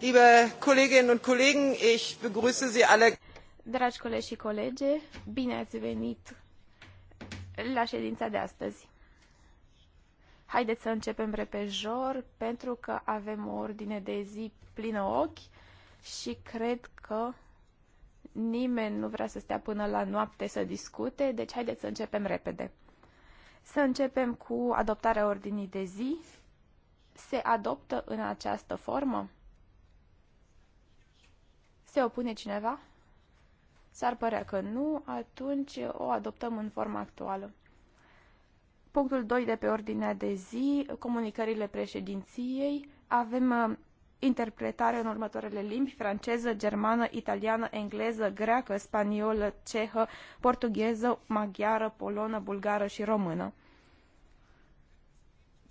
liebe Kolleginnen und Kollegen, ich begrüße Sie alle. Dragi colegi și colege, bine ați venit la ședința de astăzi. Haideți să începem repejor, pentru că avem o ordine de zi plină ochi și cred că nimeni nu vrea să stea până la noapte să discute, deci haideți să începem repede. Să începem cu adoptarea ordinii de zi. Se adoptă în această formă? Se opune cineva? S-ar părea că nu, atunci o adoptăm în forma actuală. Punctul 2 de pe ordinea de zi, comunicările președinției. Avem uh, interpretare în următoarele limbi, franceză, germană, italiană, engleză, greacă, spaniolă, cehă, portugheză, maghiară, polonă, bulgară și română.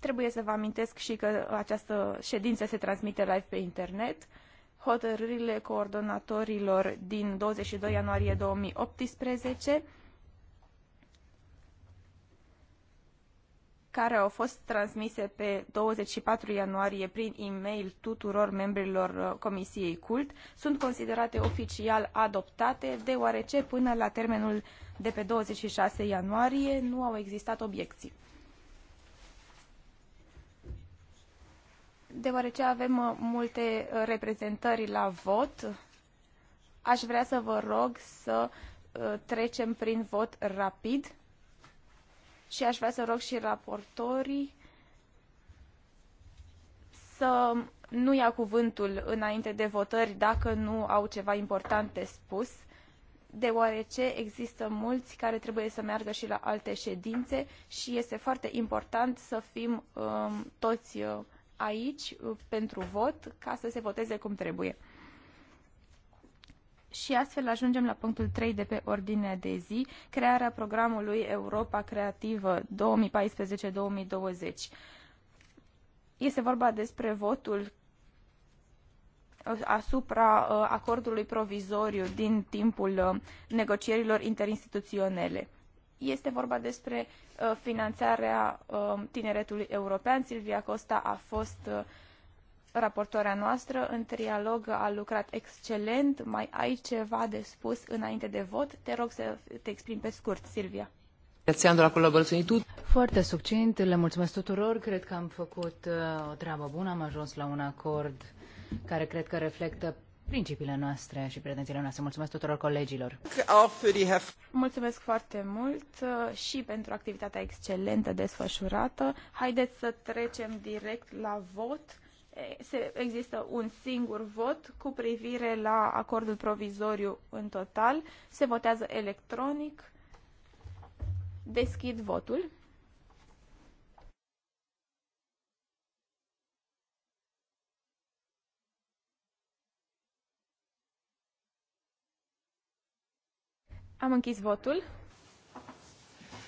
Trebuie să vă amintesc și că această ședință se transmite live pe internet hotărârile coordonatorilor din 22 ianuarie 2018, care au fost transmise pe 24 ianuarie prin e-mail tuturor membrilor uh, Comisiei Cult, sunt considerate oficial adoptate, deoarece până la termenul de pe 26 ianuarie nu au existat obiecții. Deoarece avem uh, multe uh, reprezentări la vot, aș vrea să vă rog să uh, trecem prin vot rapid și aș vrea să rog și raportorii să nu ia cuvântul înainte de votări dacă nu au ceva important de spus, deoarece există mulți care trebuie să meargă și la alte ședințe și este foarte important să fim um, toți uh, aici uh, pentru vot ca să se voteze cum trebuie. Și astfel ajungem la punctul 3 de pe ordinea de zi, crearea programului Europa Creativă 2014-2020. Este vorba despre votul uh, asupra uh, acordului provizoriu din timpul negocierilor interinstituționale. Este vorba despre Uh, finanțarea uh, tineretului european. Silvia Costa a fost uh, raportoarea noastră. În trialog a lucrat excelent. Mai ai ceva de spus înainte de vot? Te rog să te exprimi pe scurt, Silvia. Foarte succint, le mulțumesc tuturor. Cred că am făcut o treabă bună, am ajuns la un acord care cred că reflectă principiile noastre și pretențiile noastre. Mulțumesc tuturor colegilor. Mulțumesc foarte mult uh, și pentru activitatea excelentă desfășurată. Haideți să trecem direct la vot. Se Există un singur vot cu privire la acordul provizoriu în total. Se votează electronic. Deschid votul. Am închis votul.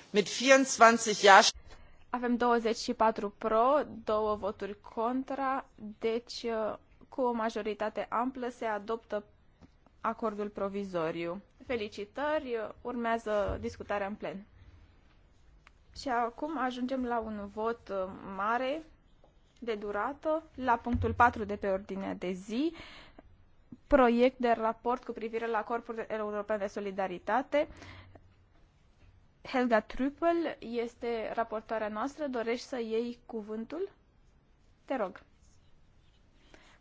Mit 24 ja. Avem 24 pro, două voturi contra, deci uh, cu o majoritate amplă se adoptă acordul provizoriu. Felicitări, uh, urmează discutarea în plen. Și acum ajungem la un vot uh, mare de durată, la punctul 4 de pe ordinea de zi, proiect de raport cu privire la Corpul European de Solidaritate. Helga Trupel este raportoarea noastră. Dorești să iei cuvântul? Te rog.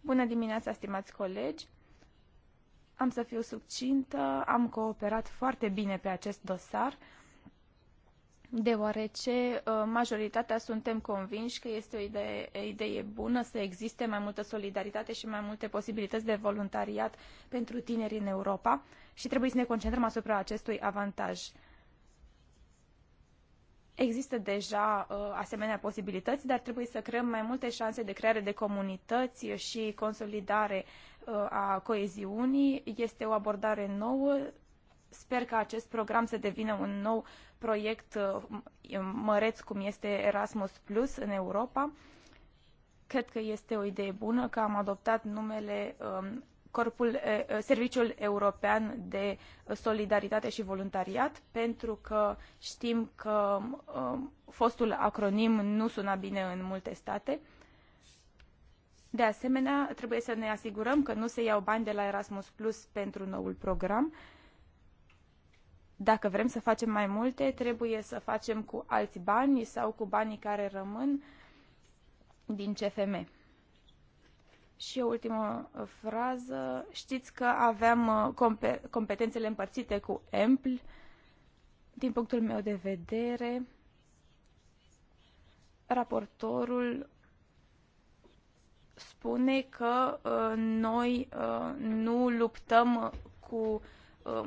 Bună dimineața, stimați colegi! Am să fiu succintă, am cooperat foarte bine pe acest dosar deoarece uh, majoritatea suntem convinși că este o idee, idee bună să existe mai multă solidaritate și mai multe posibilități de voluntariat pentru tineri în Europa și trebuie să ne concentrăm asupra acestui avantaj. Există deja uh, asemenea posibilități, dar trebuie să creăm mai multe șanse de creare de comunități și consolidare uh, a coeziunii. Este o abordare nouă. Sper că acest program să devină un nou proiect uh, măreț cum este Erasmus Plus în Europa. Cred că este o idee bună că am adoptat numele um, Corpul, uh, uh, Serviciul European de Solidaritate și Voluntariat, pentru că știm că um, fostul acronim nu suna bine în multe state. De asemenea, trebuie să ne asigurăm că nu se iau bani de la Erasmus Plus pentru noul program, uh, dacă vrem să facem mai multe, trebuie să facem cu alți bani sau cu banii care rămân din CFM. Și o ultimă uh, frază. Știți că aveam uh, competențele împărțite cu EMPL. Din punctul meu de vedere, raportorul spune că uh, noi uh, nu luptăm cu uh,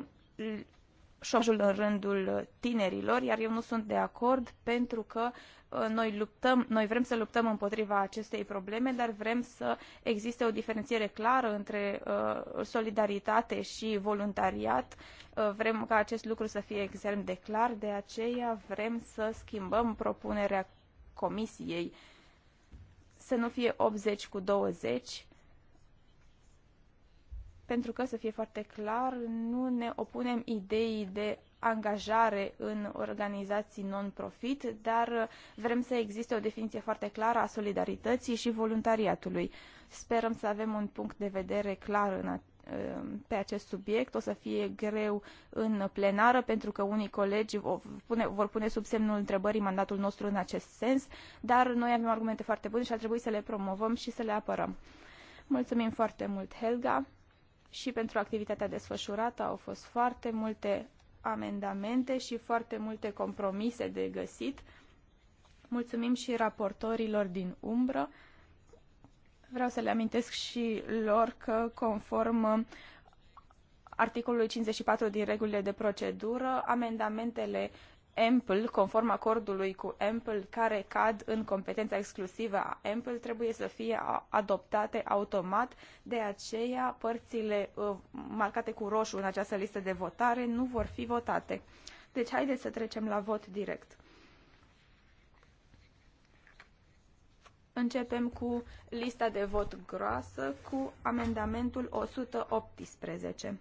șomajul în rândul tinerilor, iar eu nu sunt de acord pentru că uh, noi, luptăm, noi vrem să luptăm împotriva acestei probleme, dar vrem să existe o diferențiere clară între uh, solidaritate și voluntariat. Uh, vrem ca acest lucru să fie extrem de clar, de aceea vrem să schimbăm propunerea Comisiei să nu fie 80 cu 20, pentru că, să fie foarte clar, nu ne opunem ideii de angajare în organizații non-profit, dar vrem să existe o definiție foarte clară a solidarității și voluntariatului. Sperăm să avem un punct de vedere clar în pe acest subiect. O să fie greu în plenară pentru că unii colegi vor pune sub semnul întrebării mandatul nostru în acest sens, dar noi avem argumente foarte bune și ar trebui să le promovăm și să le apărăm. Mulțumim foarte mult, Helga și pentru activitatea desfășurată au fost foarte multe amendamente și foarte multe compromise de găsit. Mulțumim și raportorilor din umbră. Vreau să le amintesc și lor că, conform articolului 54 din regulile de procedură, amendamentele Ample, conform acordului cu Ample, care cad în competența exclusivă a Ample, trebuie să fie adoptate automat. De aceea, părțile uh, marcate cu roșu în această listă de votare nu vor fi votate. Deci, haideți să trecem la vot direct. Începem cu lista de vot groasă cu amendamentul 118.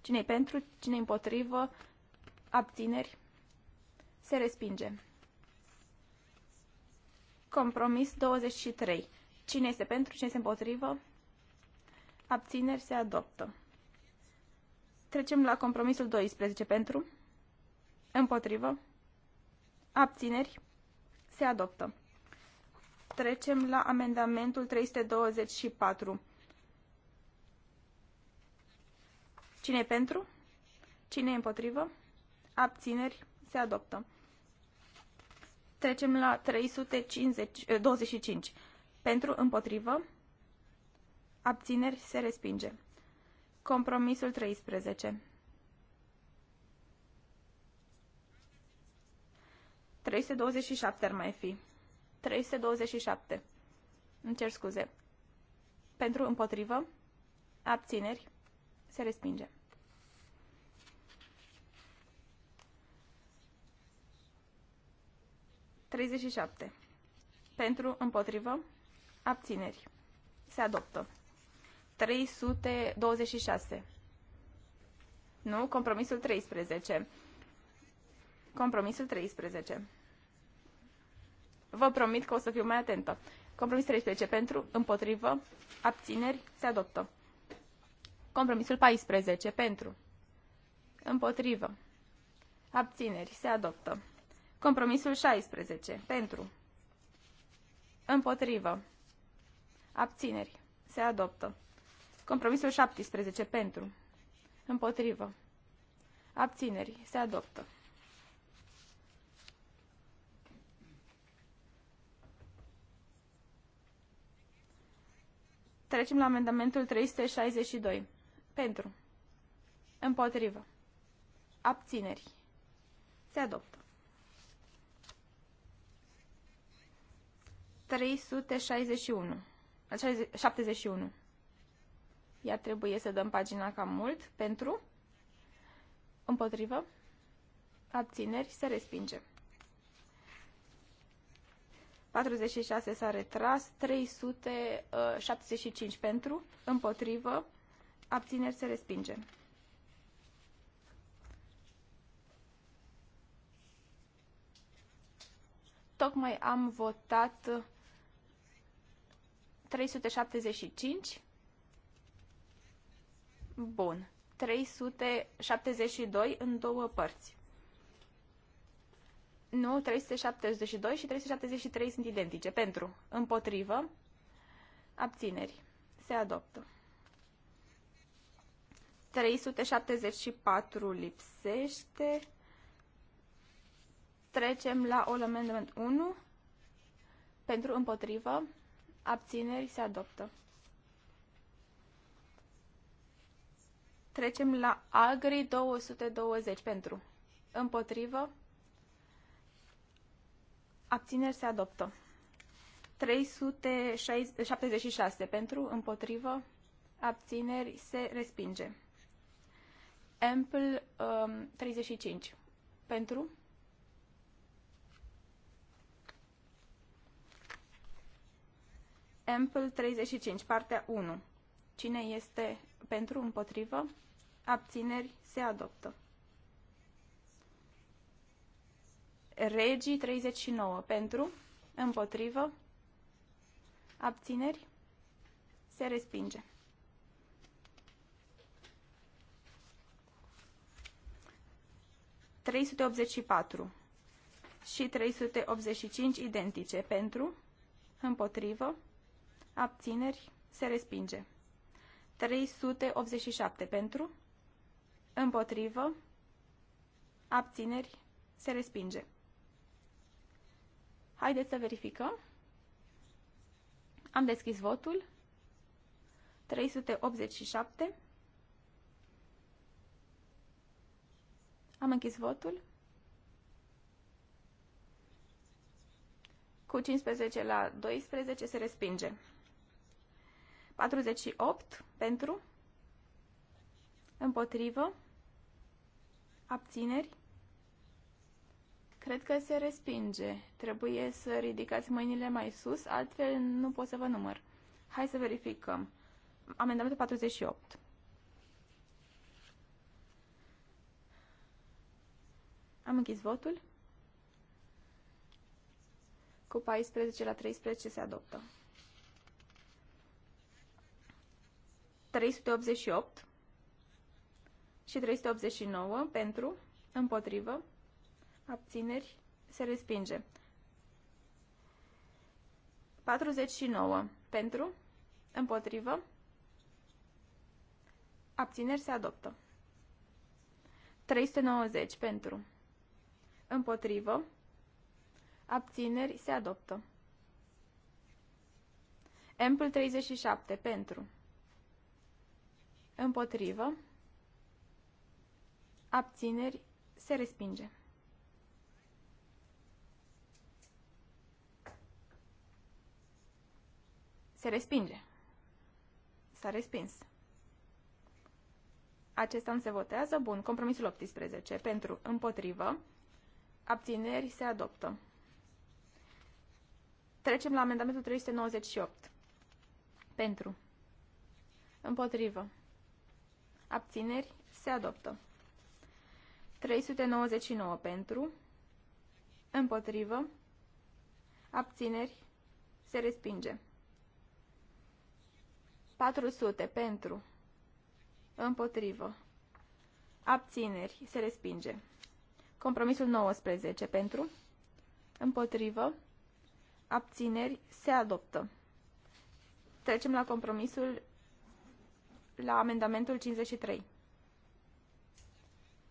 Cine-i pentru, cine-i împotrivă, abțineri? Se respinge. Compromis 23. Cine este pentru, cine este împotrivă? Abțineri se adoptă. Trecem la compromisul 12. Pentru, împotrivă, abțineri se adoptă. Trecem la amendamentul 324. Cine e pentru? Cine e împotrivă? Abțineri se adoptă. Trecem la 325. Eh, Pentru, împotrivă, abțineri, se respinge. Compromisul 13. 327 ar mai fi. 327. Îmi cer scuze. Pentru, împotrivă, abțineri, se respinge. 37. Pentru, împotrivă, abțineri. Se adoptă. 326. Nu, compromisul 13. Compromisul 13. Vă promit că o să fiu mai atentă. Compromis 13 pentru, împotrivă, abțineri, se adoptă. Compromisul 14 pentru, împotrivă, abțineri, se adoptă. Compromisul 16. Pentru. Împotrivă. Abțineri. Se adoptă. Compromisul 17. Pentru. Împotrivă. Abțineri. Se adoptă. Trecem la amendamentul 362. Pentru. Împotrivă. Abțineri. Se adoptă. 361. 71. Iar trebuie să dăm pagina cam mult pentru, împotrivă, abțineri, se respinge. 46 s-a retras, 375 pentru, împotrivă, abțineri se respinge. Tocmai am votat 375. Bun. 372 în două părți. Nu, 372 și 373 sunt identice. Pentru, împotrivă, abțineri. Se adoptă. 374 lipsește. Trecem la all amendment 1. Pentru, împotrivă, Abțineri se adoptă. Trecem la Agri 220 pentru. Împotrivă. Abțineri se adoptă. 376 pentru. Împotrivă. Abțineri se respinge. Ample um, 35 pentru. Ample 35, partea 1. Cine este pentru, împotrivă, abțineri, se adoptă. Regii 39, pentru, împotrivă, abțineri, se respinge. Trei sute optzeci patru și trei sute optzeci cinci identice pentru, împotrivă, abțineri, se respinge. 387 pentru, împotrivă, abțineri, se respinge. Haideți să verificăm. Am deschis votul. 387. Am închis votul. Cu 15 la 12 se respinge. 48 pentru, împotrivă, abțineri. Cred că se respinge. Trebuie să ridicați mâinile mai sus, altfel nu pot să vă număr. Hai să verificăm. Amendamentul 48. Am închis votul. Cu 14 la 13 se adoptă. 388 și 389 pentru, împotrivă, abțineri, se respinge. 49 pentru, împotrivă, abțineri, se adoptă. 390 pentru, împotrivă, abțineri, se adoptă. Ample 37 pentru. Împotrivă. Abțineri. Se respinge. Se respinge. S-a respins. Acesta nu se votează. Bun. Compromisul 18. Pentru. Împotrivă. Abțineri. Se adoptă. Trecem la amendamentul 398. Pentru. Împotrivă abțineri, se adoptă. 399 pentru, împotrivă, abțineri, se respinge. 400 pentru, împotrivă, abțineri, se respinge. Compromisul 19 pentru, împotrivă, abțineri, se adoptă. Trecem la compromisul la amendamentul 53.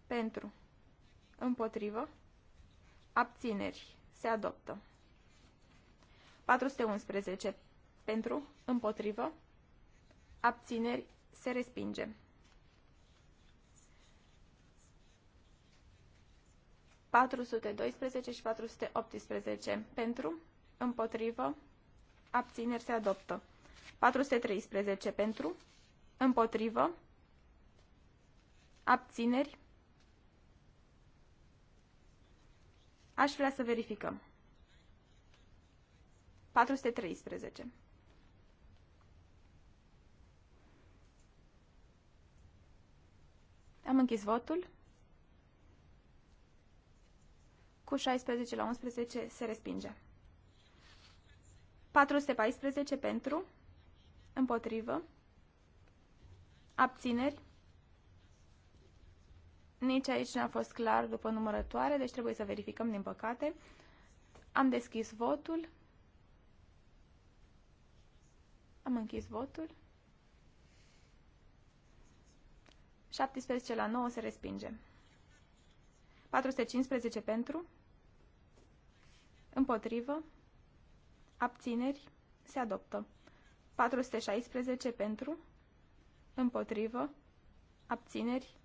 Pentru. Împotrivă. Abțineri. Se adoptă. 411. Pentru. Împotrivă. Abțineri. Se respinge. 412 și 418. Pentru. Împotrivă. Abțineri. Se adoptă. 413. Pentru. Împotrivă. Abțineri. Aș vrea să verificăm. 413. Am închis votul. Cu 16 la 11 se respinge. 414 pentru, împotrivă, Abțineri? Nici aici n-a fost clar după numărătoare, deci trebuie să verificăm din păcate. Am deschis votul. Am închis votul. 17 la 9 se respinge. 415 pentru. Împotrivă. Abțineri. Se adoptă. 416 pentru împotrivă, abțineri,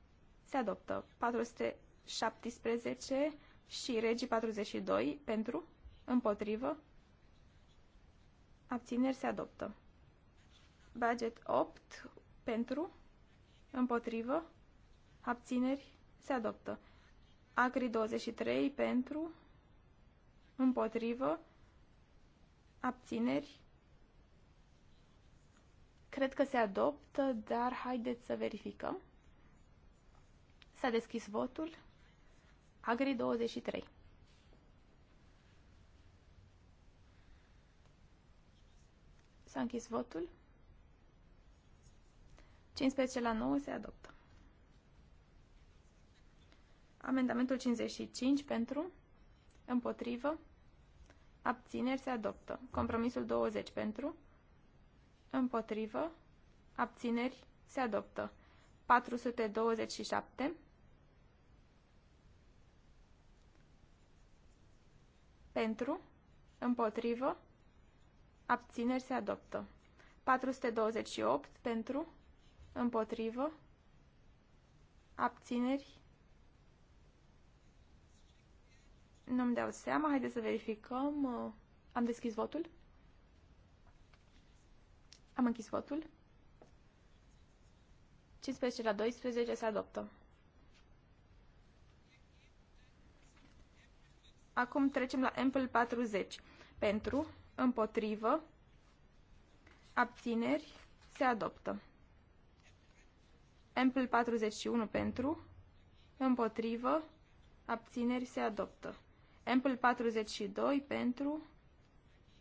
se adoptă. 417 și regii 42 pentru, împotrivă, abțineri, se adoptă. Budget 8 pentru, împotrivă, abțineri, se adoptă. Acri 23 pentru, împotrivă, abțineri, Cred că se adoptă, dar haideți să verificăm. S-a deschis votul. Agri 23. S-a închis votul. 15 la 9 se adoptă. Amendamentul 55 pentru, împotrivă, abțineri se adoptă. Compromisul 20 pentru, împotrivă, abțineri, se adoptă. 427 pentru, împotrivă, abțineri, se adoptă. 428 pentru, împotrivă, abțineri, nu-mi dau seama, haideți să verificăm. Am deschis votul? Am închis votul. 15 la 12 se adoptă. Acum trecem la Ample 40. Pentru, împotrivă, abțineri, se adoptă. Ample 41 pentru, împotrivă, abțineri, se adoptă. Ample 42 pentru,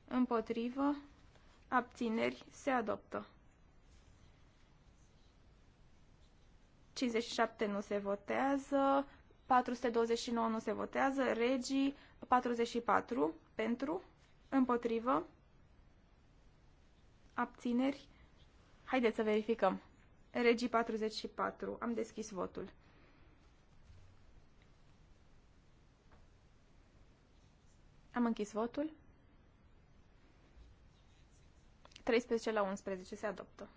împotrivă, abțineri, se adoptă. 57 nu se votează, 429 nu se votează, regii 44 pentru, împotrivă, abțineri. Haideți să verificăm. Regii 44. Am deschis votul. Am închis votul. 13 la 11 se adoptă.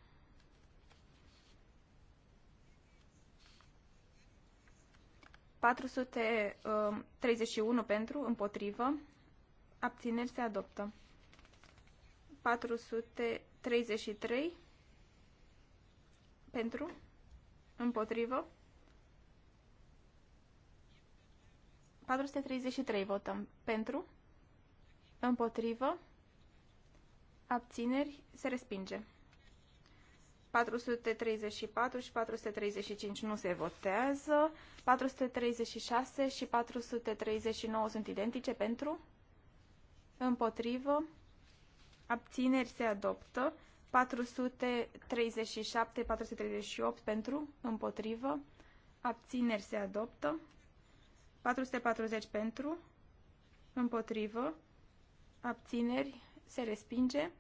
Patrusute um, pentru, împotrivă, abțineri se adoptă. 433 pentru, împotrivă. 433 votăm pentru, împotrivă. Abțineri se respinge. 434 și 435 nu se votează. 436 și 439 sunt identice pentru. Împotrivă. Abțineri se adoptă. 437, 438 pentru. Împotrivă. Abțineri se adoptă. 440 pentru. Împotrivă. Abțineri se respinge.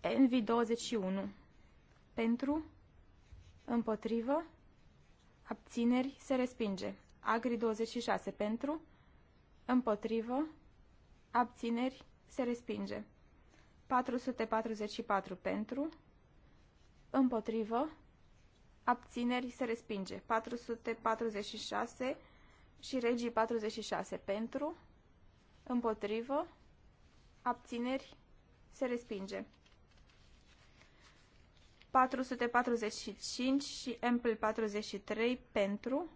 Envi 21 pentru, împotrivă, abțineri, se respinge. Agri 26 pentru, împotrivă, abțineri, se respinge. 444 pentru, împotrivă, abțineri, se respinge. 446 și regii 46 pentru, împotrivă, abțineri, se respinge. 445 și Ample 43 pentru,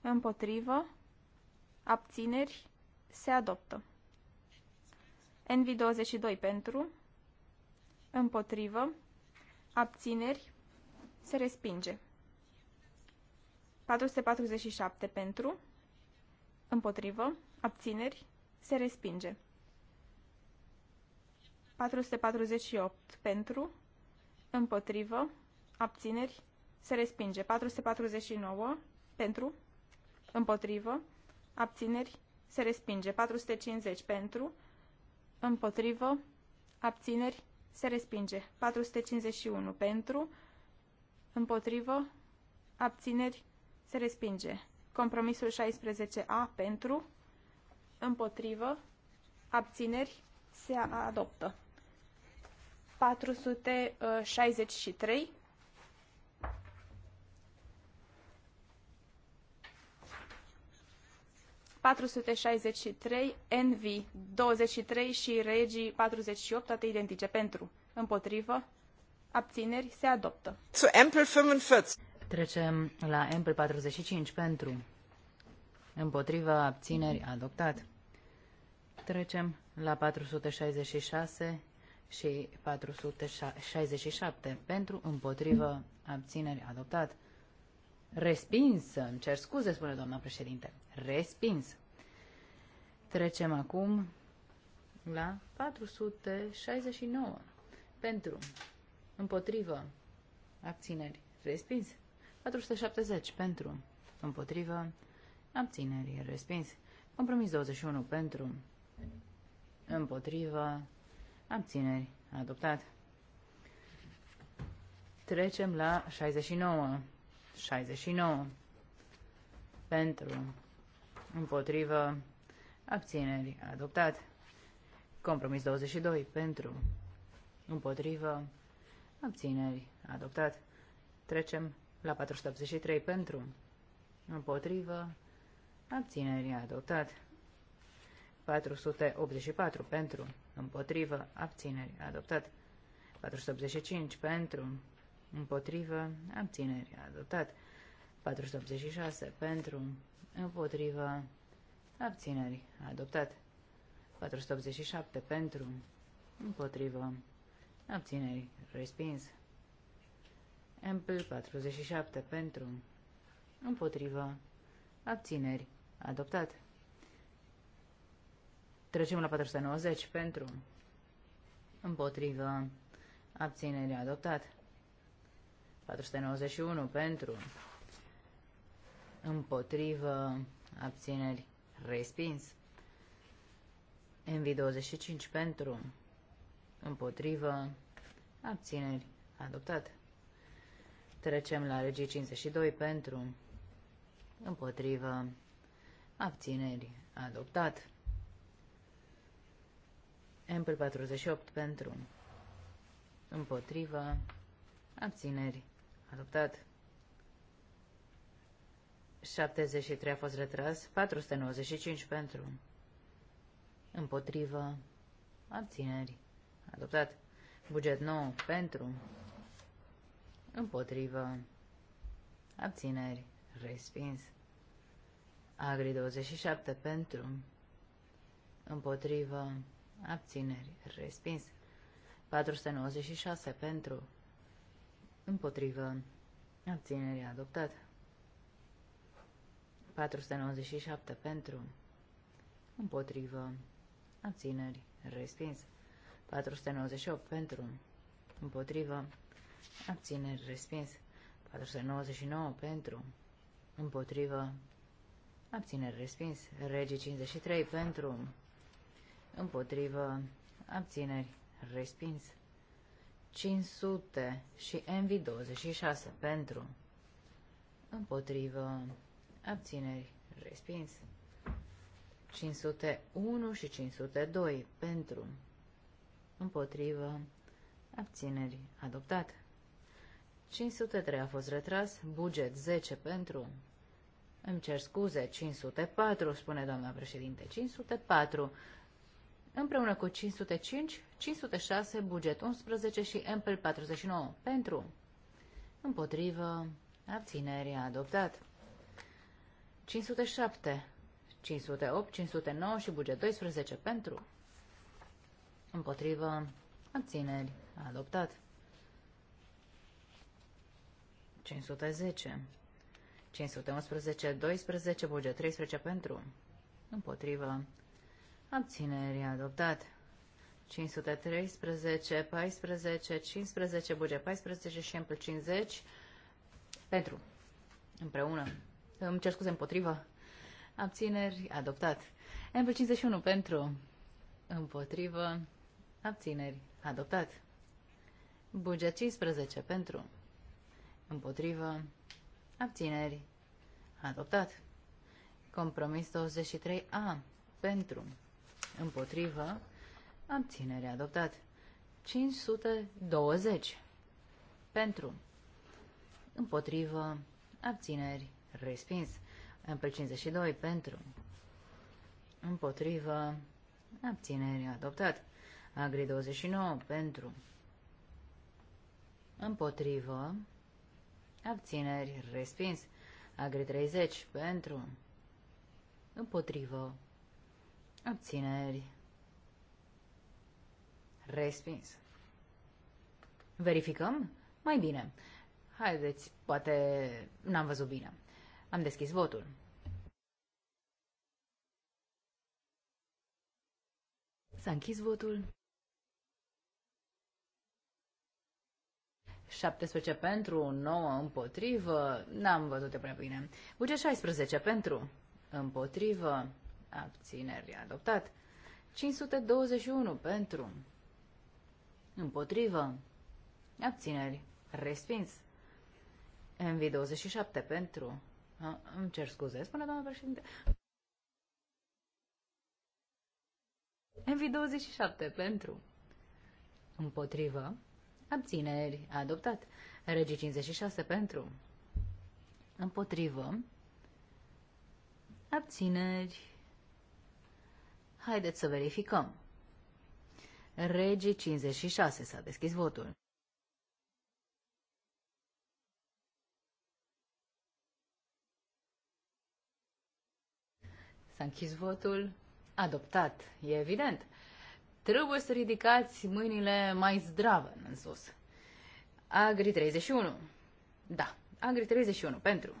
împotrivă, abțineri, se adoptă. Envi 22 pentru, împotrivă, abțineri, se respinge. 447 pentru, împotrivă, abțineri, se respinge. 448 pentru, împotrivă, abțineri, se respinge. 449 pentru, împotrivă, abțineri, se respinge. 450 pentru, împotrivă, abțineri, se respinge. 451 pentru, împotrivă, abțineri, se respinge. Compromisul 16A pentru, împotrivă, abțineri, se adoptă. 463. ...463, Envy 23 și Regii 48, toate identice. Pentru, împotrivă, abțineri, se adoptă. Ample 45. Trecem la Ample 45, pentru, împotriva, abțineri, adoptat. Trecem la 466, și 467 pentru, împotrivă, abțineri, adoptat. Respins, îmi cer scuze, spune doamna președinte. Respins. Trecem acum la 469 pentru, împotrivă, abțineri, respins. 470 pentru, împotrivă, abțineri, respins. Compromis 21 pentru, împotrivă, abțineri, adoptat. Trecem la 69. 69. Pentru, împotrivă, abțineri, adoptat. Compromis 22. Pentru, împotrivă, abțineri, adoptat. Trecem la 483. Pentru, împotrivă, abțineri, adoptat. 484. Pentru, împotrivă, abțineri, adoptat. 485 pentru, împotrivă, abțineri, adoptat. 486 pentru, împotrivă, abțineri, adoptat. 487 pentru, împotrivă, abțineri, respins. Ample 47 pentru, împotrivă, abțineri, adoptat. Trecem la 490 pentru împotrivă abținerea adoptat. 491 pentru împotrivă abțineri respins. MV25 pentru împotrivă abțineri adoptat. Trecem la regii 52 pentru împotrivă abțineri adoptat. Ample 48 pentru. Împotrivă. Abțineri. Adoptat. 73 a fost retras. 495 pentru. Împotrivă. Abțineri. Adoptat. Buget 9 pentru. Împotrivă. Abțineri. Respins. Agri 27 pentru. Împotrivă abțineri, respins. 496 pentru, împotrivă, abținere, adoptat. 497 pentru, împotrivă, abțineri, respins. 498 pentru, împotrivă, abțineri, respins. 499 pentru, împotrivă, abțineri, respins. Regi 53 pentru, împotrivă, abțineri, respins. 500 și MV26 pentru, împotrivă, abțineri, respins. 501 și 502 pentru, împotrivă, abțineri, adoptat. 503 a fost retras, buget 10 pentru, îmi cer scuze, 504, spune doamna președinte, 504 împreună cu 505, 506, buget 11 și Empel 49 pentru, împotrivă, abținere adoptat. 507, 508, 509 și buget 12 pentru, împotrivă, abțineri adoptat. 510, 511, 12, buget 13 pentru, împotrivă, Abțineri adoptat. 513, 14, 15, buget 14 și ampl 50 pentru împreună. Îmi cer scuze împotriva. Abțineri adoptat. Ampl 51 pentru împotrivă. Abțineri adoptat. Buget 15 pentru împotrivă. Abțineri adoptat. Compromis 23A pentru Împotrivă. Abținere. Adoptat. 520. Pentru. Împotrivă. Abțineri. Respins. MP52. Pentru. Împotrivă. abțineri Adoptat. Agri 29. Pentru. Împotrivă. Abțineri. Respins. Agri 30. Pentru. Împotrivă. Abțineri. Respins. Verificăm? Mai bine. Haideți, poate n-am văzut bine. Am deschis votul. S-a închis votul. 17 pentru, 9 împotrivă, n-am văzut-o prea bine. Buget 16 pentru, împotrivă, abțineri, adoptat. 521 pentru, împotrivă, abțineri, respins. MV27 pentru, a, îmi cer scuze, spune doamna președinte. MV27 pentru, împotrivă, abțineri, adoptat. Regi 56 pentru, împotrivă, abțineri, Haideți să verificăm. Regii 56 s-a deschis votul. S-a închis votul. Adoptat, e evident. Trebuie să ridicați mâinile mai zdravă în sus. Agri 31. Da, Agri 31 pentru.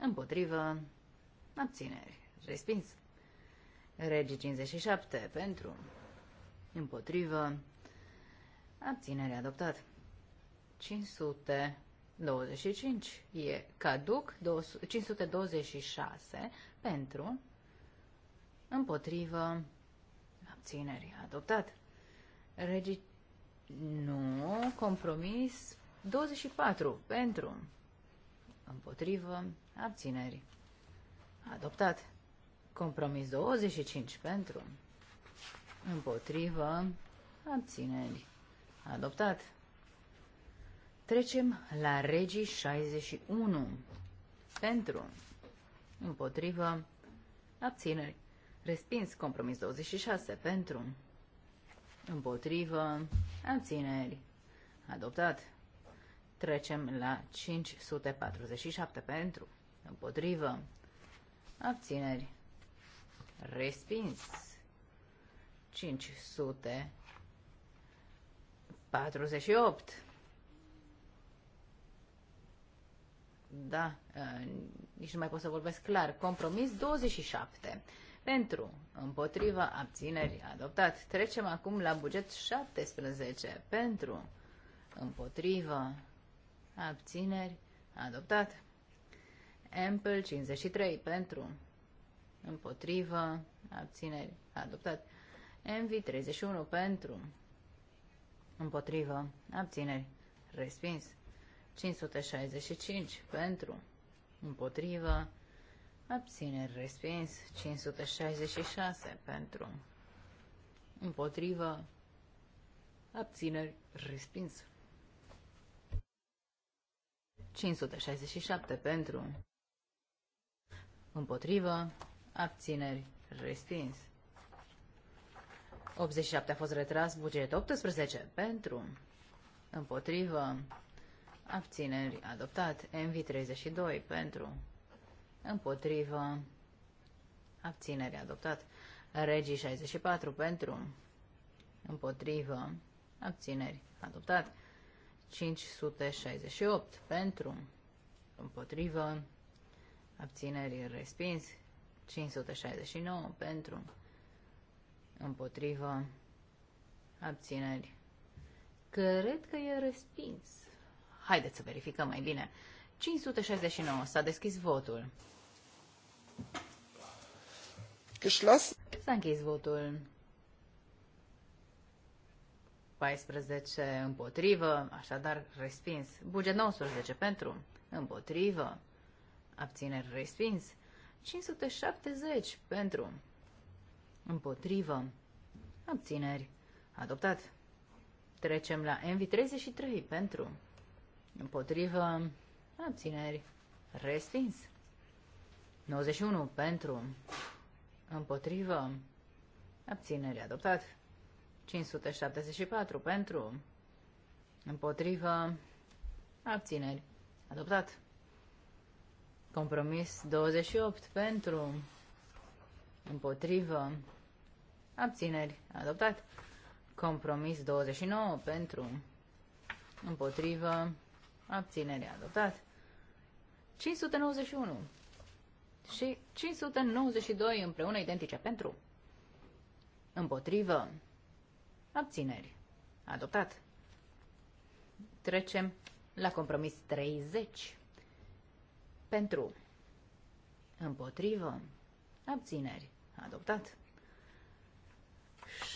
Împotrivă. Abțineri. Respins. Regii 57 pentru, împotrivă, abținere adoptat. 525 e caduc, 526 pentru, împotrivă, abținere adoptat. Regii nu, compromis 24 pentru, împotrivă, abțineri adoptat. Compromis 25 pentru. Împotrivă. Abțineri. Adoptat. Trecem la regii 61. Pentru. Împotrivă. Abțineri. Respins compromis 26 pentru. Împotrivă. Abțineri. Adoptat. Trecem la 547 pentru. Împotrivă. Abțineri. Respins. 548 Da, ă, nici nu mai pot să vorbesc clar. Compromis 27. Pentru, împotriva, abțineri, adoptat. Trecem acum la buget 17. Pentru, împotriva, abțineri, adoptat. Ample 53. Pentru, împotrivă, abțineri, adoptat. MV 31 pentru, împotrivă, abțineri, respins. 565 pentru, împotrivă, abțineri, respins. 566 pentru, împotrivă, abțineri, respins. 567 pentru, împotrivă, abțineri, respins. 87 a fost retras, buget 18 pentru, împotrivă, abțineri, adoptat, MV 32 pentru, împotrivă, abțineri, adoptat, Regii 64 pentru, împotrivă, abțineri, adoptat, 568 pentru, împotrivă, abțineri, respins, 569 pentru, împotrivă, abțineri. Cred că e respins. Haideți să verificăm mai bine. 569. S-a deschis votul. Geschloss. S-a închis votul. 14 împotrivă, așadar respins. Buget 19 pentru, împotrivă, abțineri respins. 570 pentru. Împotrivă. Abțineri. Adoptat. Trecem la MV33 pentru. Împotrivă. Abțineri. Respins. 91 pentru. Împotrivă. Abțineri. Adoptat. 574 pentru. Împotrivă. Abțineri. Adoptat. Compromis 28 pentru, împotrivă, abțineri, adoptat. Compromis 29 pentru, împotrivă, abțineri, adoptat. 591 și 592 împreună identice pentru, împotrivă, abțineri, adoptat. Trecem la compromis 30 pentru. Împotrivă. Abțineri. Adoptat.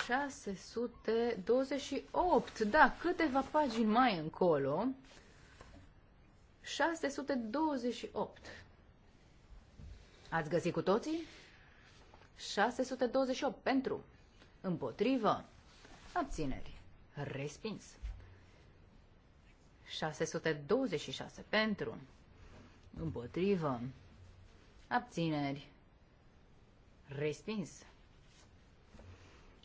628. Da, câteva pagini mai încolo. 628. Ați găsit cu toții? 628 pentru. Împotrivă. Abțineri. Respins. 626 pentru. Împotrivă. Abțineri. Respins.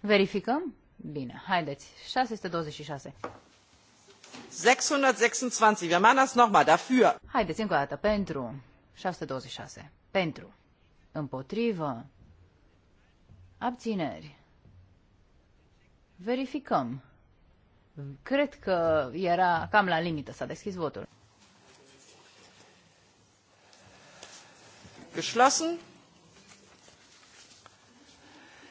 Verificăm? Bine, haideți. 626. 626. Wir machen das nochmal. Dafür. Haideți încă o dată. Pentru. 626. Pentru. Împotrivă. Abțineri. Verificăm. Cred că era cam la limită. S-a deschis votul. geschlossen.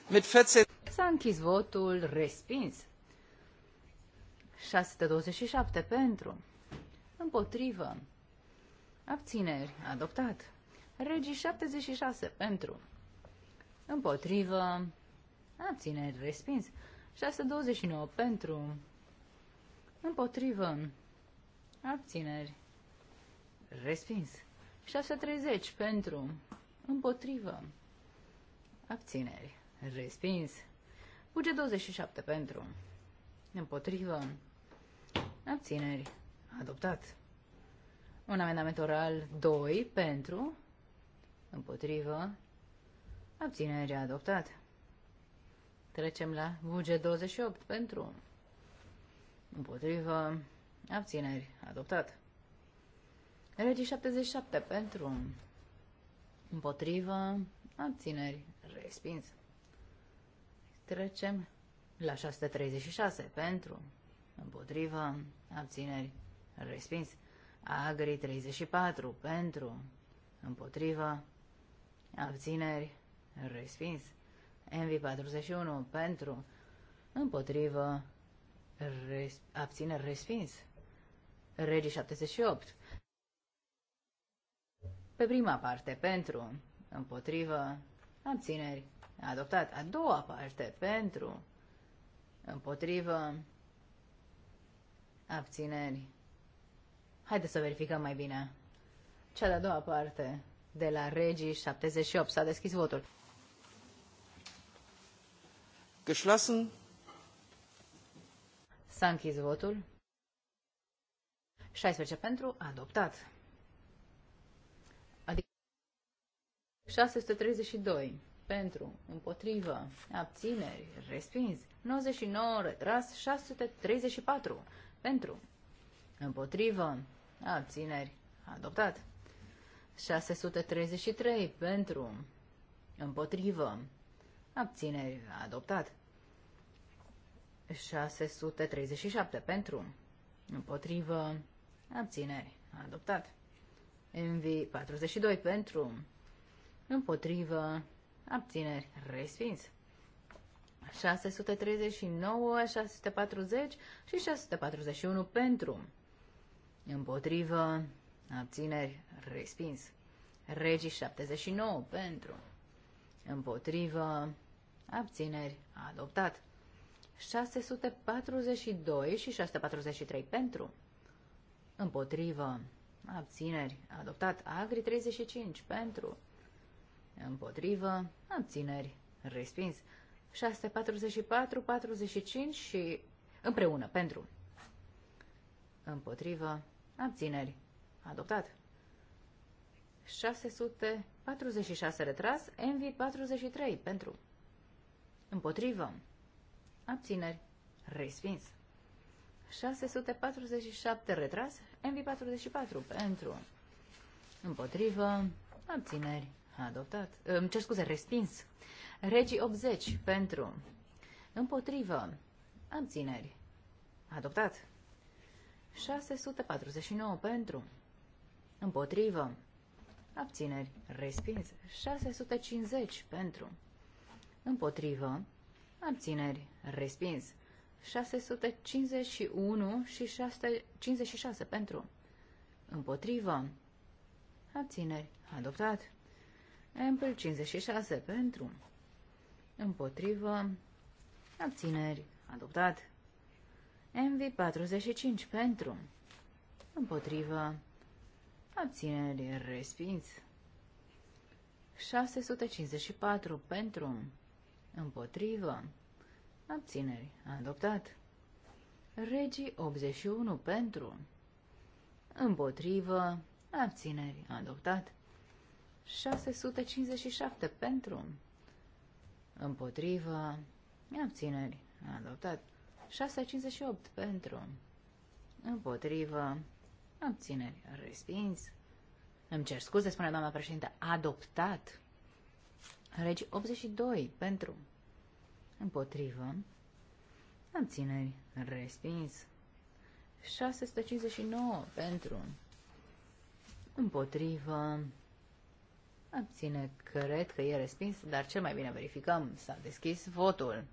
Mit 14 S-a închis votul respins. 627 pentru. Împotrivă. Abțineri. Adoptat. Regii 76 pentru. Împotrivă. Abțineri. Respins. 629 pentru. Împotrivă. Abțineri. Respins. 630 pentru, împotrivă, abțineri, respins. Buge 27 pentru, împotrivă, abțineri, adoptat. Un amendament oral 2 pentru, împotrivă, abțineri, adoptat. Trecem la buge 28 pentru, împotrivă, abțineri adoptat. Regii 77 pentru împotrivă abțineri respins. Trecem la 636 pentru împotrivă abțineri respins. Agri 34 pentru împotrivă abțineri respins. Envi 41 pentru împotrivă res, abțineri respins. Regii 78 pe prima parte, pentru, împotrivă, abțineri, adoptat. A doua parte, pentru, împotrivă, abțineri. Haideți să verificăm mai bine. Cea de-a doua parte, de la Regii 78, s-a deschis votul. Geschlossen. S-a închis votul. 16 pentru, adoptat. 632. Pentru, împotrivă, abțineri, respins. 99, retras, 634. Pentru, împotrivă, abțineri, adoptat. 633. Pentru, împotrivă, abțineri, adoptat. 637. Pentru, împotrivă, abțineri, adoptat. MV 42. Pentru, împotrivă, abțineri, respins. 639, 640 și 641 pentru, împotrivă, abțineri, respins. Regii 79 pentru, împotrivă, abțineri, adoptat. 642 și 643 pentru, împotrivă, abțineri, adoptat. Agri 35 pentru, împotrivă, abțineri, respins. 644, 45 și împreună, pentru, împotrivă, abțineri, adoptat. 646 retras, Envy 43 pentru. Împotrivă. Abțineri. Respins. 647 retras, Envy 44 pentru. Împotrivă. Abțineri. Adoptat. Îmi cer scuze, respins. Regii 80 pentru. Împotrivă. Abțineri. Adoptat. 649 pentru. Împotrivă. Abțineri. Respins. 650 pentru. Împotrivă. Abțineri. Respins. 651 și 656 pentru. Împotrivă. Abțineri. Adoptat. Ample 56 pentru, împotrivă, abțineri, adoptat. MV 45 pentru, împotrivă, abțineri, respins. 654 pentru, împotrivă, abțineri, adoptat. Regii 81 pentru, împotrivă, abțineri, adoptat. 657 pentru, împotrivă, abțineri, adoptat. 658 pentru, împotrivă, abțineri, respins. Îmi cer scuze, spune doamna președinte, adoptat. Regi 82 pentru, împotrivă, abțineri, respins. 659 pentru, împotrivă, Abține, cred că e respins, dar cel mai bine verificăm. S-a deschis votul.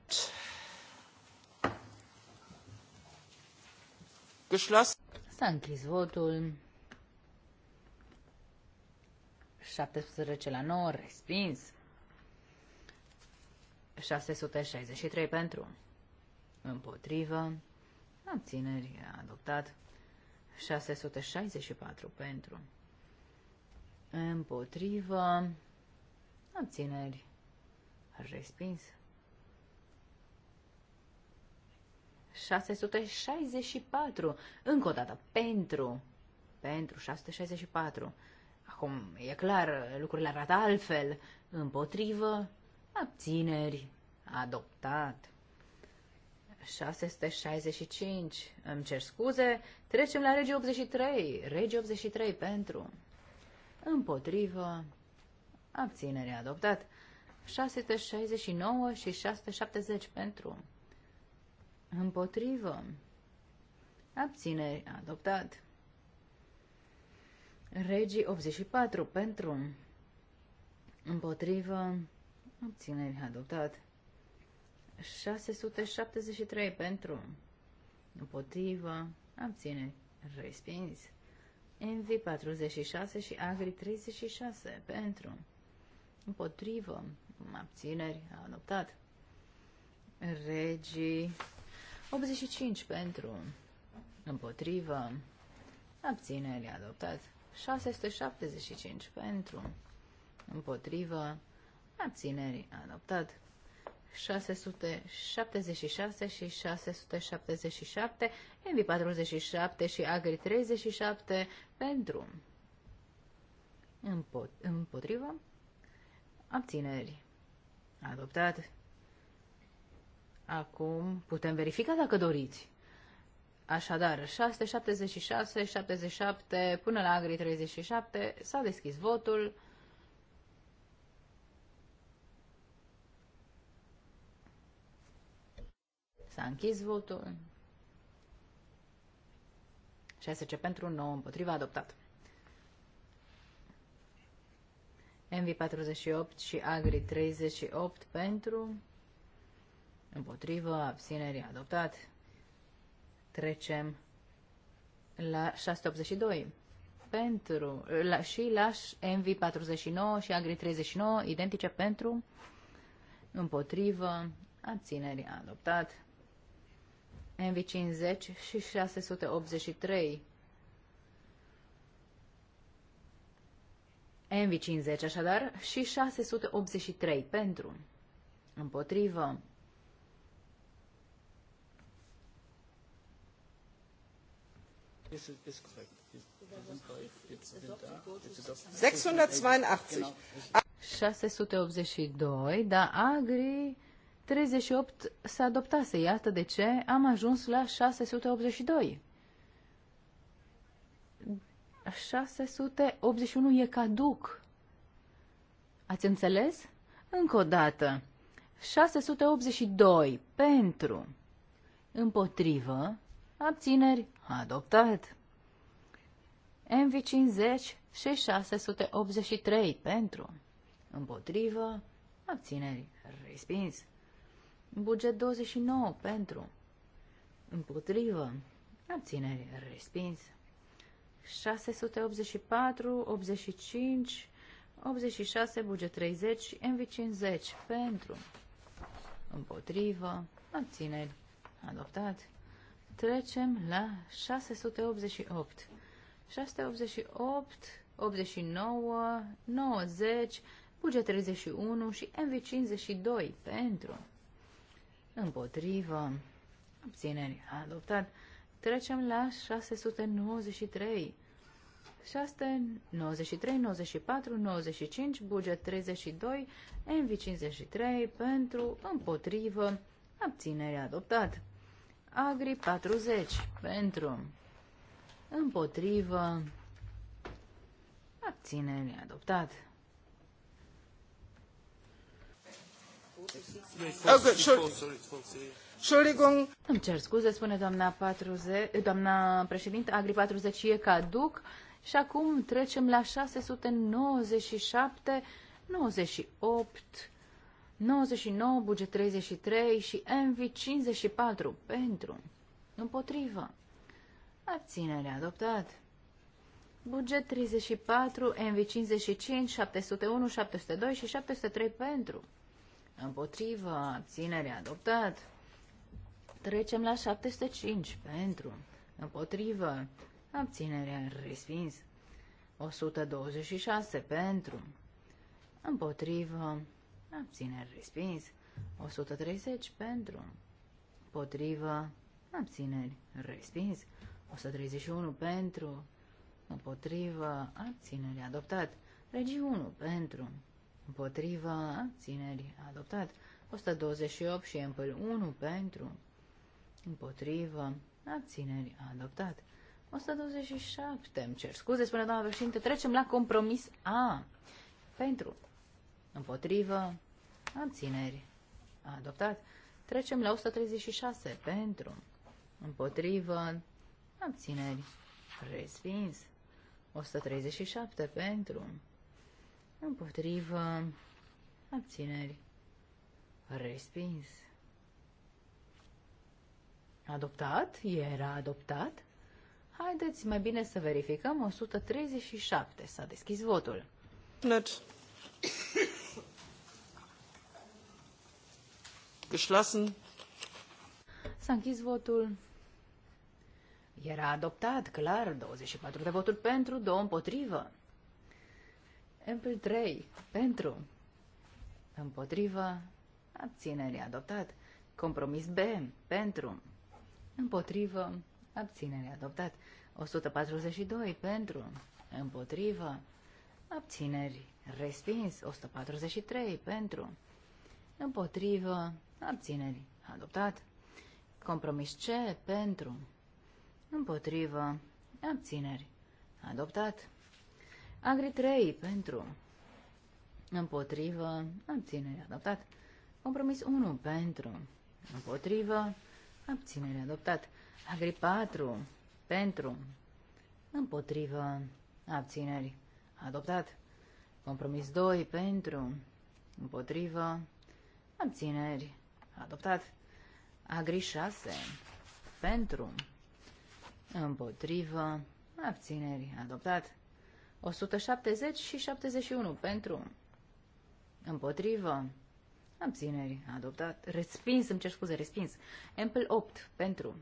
Geschloss. S-a închis votul. 17 la 9, respins. 663 pentru. Împotrivă. Abțineri, adoptat. 664 pentru. Împotrivă. Abțineri. Respins. 664. Încă o dată. Pentru. Pentru 664. Acum, e clar, lucrurile arată altfel. Împotrivă. Abțineri. Adoptat. 665. Îmi cer scuze. Trecem la regi 83. Regi 83 pentru împotrivă, abținere adoptat, 669 și 670 pentru, împotrivă, abținere adoptat, regii 84 pentru, împotrivă, abținere adoptat, 673 pentru, împotrivă, abțineri, respins. Envy 46 și Agri 36 pentru. Împotrivă. Abțineri. Adoptat. Regii 85 pentru. Împotrivă. Abțineri. Adoptat. 675 pentru. Împotrivă. Abțineri. Adoptat. 676 și 677, Envy 47 și Agri 37 pentru Împot împotrivă abțineri. Adoptat. Acum putem verifica dacă doriți. Așadar, 676, 77 până la Agri 37 s-a deschis votul. S-a închis votul. ce pentru, 9 împotriva, adoptat. MV48 și Agri 38 pentru, împotrivă, abținerii, adoptat. Trecem la 682 pentru la, și la MV49 și Agri 39 identice pentru, împotrivă, abținerii, adoptat mv 50 și 683. mv 50 așadar și 683 pentru. Împotrivă. Is is correct. 682, da, Agri 38 se adoptase, iată de ce am ajuns la 682. 681 e caduc. Ați înțeles? Încă o dată. 682 pentru, împotrivă, abțineri, adoptat. MV50 și 683 pentru, împotrivă, abțineri, respins. Buget 29 pentru. Împotrivă. Abținere. respins. 684, 85, 86, buget 30, MV50 pentru. Împotrivă. Abțineri. Adoptat. Trecem la 688. 688, 89, 90, buget 31 și MV52 pentru împotrivă, abțineri, adoptat. Trecem la 693. 693, 94, 95, buget 32, MV 53, pentru, împotrivă, abținere adoptat. Agri 40, pentru, împotrivă, abținere adoptat. Entschuldigung. Îmi cer scuze, spune doamna, 40, doamna președinte, Agri 40 e caduc și acum trecem la 697, 98, 99, buget 33 și Envi 54 pentru, împotrivă, abținere adoptat. Buget 34, MV 55, 701, 702 și 703 pentru. Împotrivă, abținere adoptat. Trecem la 705 pentru. Împotrivă, abținere respins. 126 pentru. Împotrivă, abținere respins. 130 pentru. Împotrivă, abțineri respins. 131 pentru. Împotrivă, abținere adoptat. Regi 1 pentru împotriva abținerii adoptat. 128 și Ample 1 pentru împotriva abținerii adoptat. 127, îmi cer scuze, spune doamna președinte, trecem la compromis A. Pentru împotriva abțineri adoptat. Trecem la 136 pentru împotriva abțineri respins. 137 pentru împotrivă, abțineri, respins. Adoptat? Era adoptat? Haideți mai bine să verificăm. 137. S-a deschis votul. Net. Geschlossen. S-a închis votul. Era adoptat, clar, 24 de voturi pentru, 2 împotrivă mp 3. Pentru. Împotrivă. Abținere adoptat. Compromis B. Pentru. Împotrivă. Abținere adoptat. 142. Pentru. Împotrivă. Abțineri. Respins. 143. Pentru. Împotrivă. Abțineri. Adoptat. Compromis C. Pentru. Împotrivă. Abțineri. Adoptat. Agri 3 pentru. Împotrivă. Abținere adoptat. Compromis 1 pentru. Împotrivă. Abținere adoptat. Agri 4 pentru. Împotrivă. Abțineri. Adoptat. Compromis 2 pentru. Împotrivă. Abțineri. Adoptat. Agri 6 pentru. Împotrivă. Abțineri. Adoptat. 170 și 71 pentru, împotrivă, abțineri, adoptat, respins, îmi cer scuze, respins, Ample 8 pentru,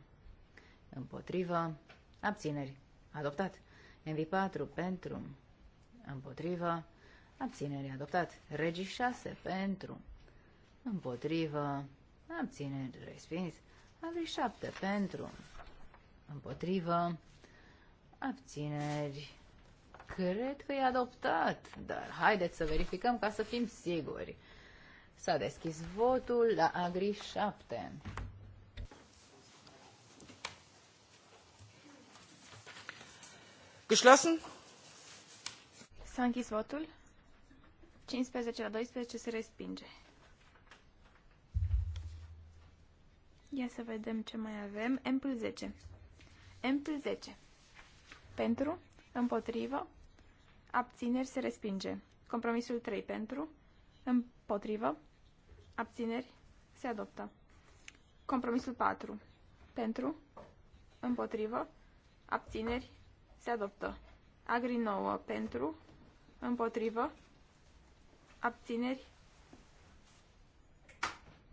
împotrivă, abțineri, adoptat, MV4 pentru, împotrivă, abțineri, adoptat, Regi 6 pentru, împotrivă, abțineri, respins, Agri 7 pentru, împotrivă, abțineri, Cred că e adoptat, dar haideți să verificăm ca să fim siguri. S-a deschis votul la Agri 7. Geschlossen? S-a închis votul. 15 la 12 se respinge. Ia să vedem ce mai avem. M 10. M 10. Pentru, împotrivă, Abțineri se respinge. Compromisul 3 pentru. Împotrivă. Abțineri se adoptă. Compromisul 4 pentru. Împotrivă. Abțineri se adoptă. Agri 9 pentru. Împotrivă. Abțineri.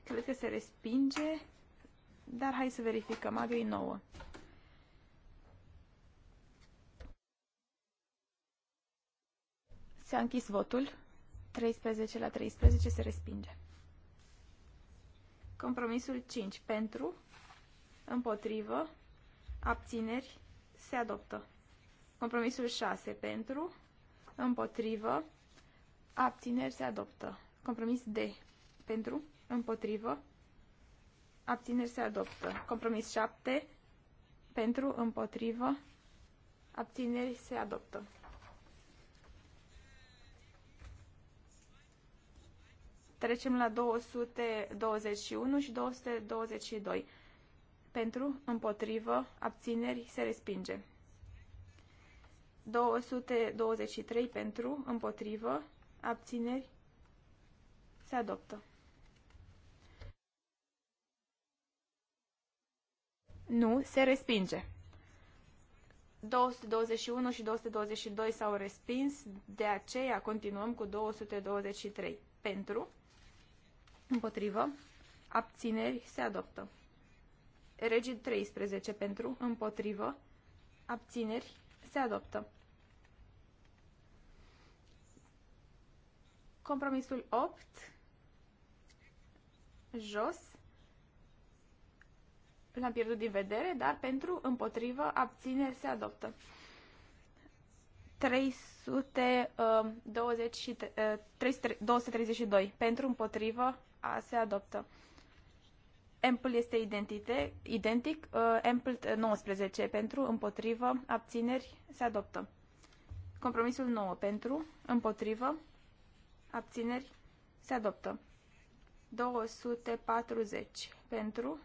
Cred că se respinge. Dar hai să verificăm. Agri 9. S-a închis votul. 13 la 13 se respinge. Compromisul 5. Pentru, împotrivă, abțineri, se adoptă. Compromisul 6. Pentru, împotrivă, abțineri, se adoptă. Compromis D. Pentru, împotrivă, abțineri, se adoptă. Compromis 7. Pentru, împotrivă, abțineri, se adoptă. Trecem la 221 și 222. Pentru, împotrivă, abțineri, se respinge. 223 pentru, împotrivă, abțineri, se adoptă. Nu, se respinge. 221 și 222 s-au respins, de aceea continuăm cu 223. Pentru, Împotrivă. Abțineri se adoptă. Regid 13 pentru. Împotrivă. Abțineri se adoptă. Compromisul 8. Jos. L-am pierdut din vedere, dar pentru, împotrivă, abțineri se adoptă. 320 uh, și, 332. Uh, pentru, împotrivă, a, se adoptă. Ample este identite, identic, uh, Ample 19 uh, pentru, împotrivă, abțineri, se adoptă. Compromisul 9 pentru, împotrivă, abțineri, se adoptă. 240 pentru,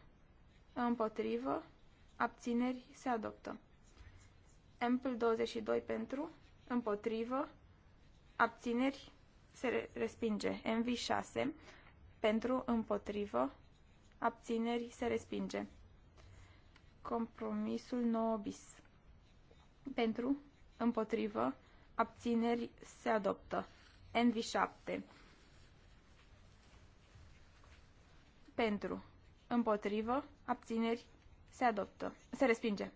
împotrivă, abțineri, se adoptă. Ample 22 pentru, împotrivă, abțineri, se respinge. MV6 pentru, împotrivă, abțineri se respinge. Compromisul 9 bis. Pentru, împotrivă, abțineri se adoptă. NV7. Pentru, împotrivă, abțineri se adoptă. Se respinge.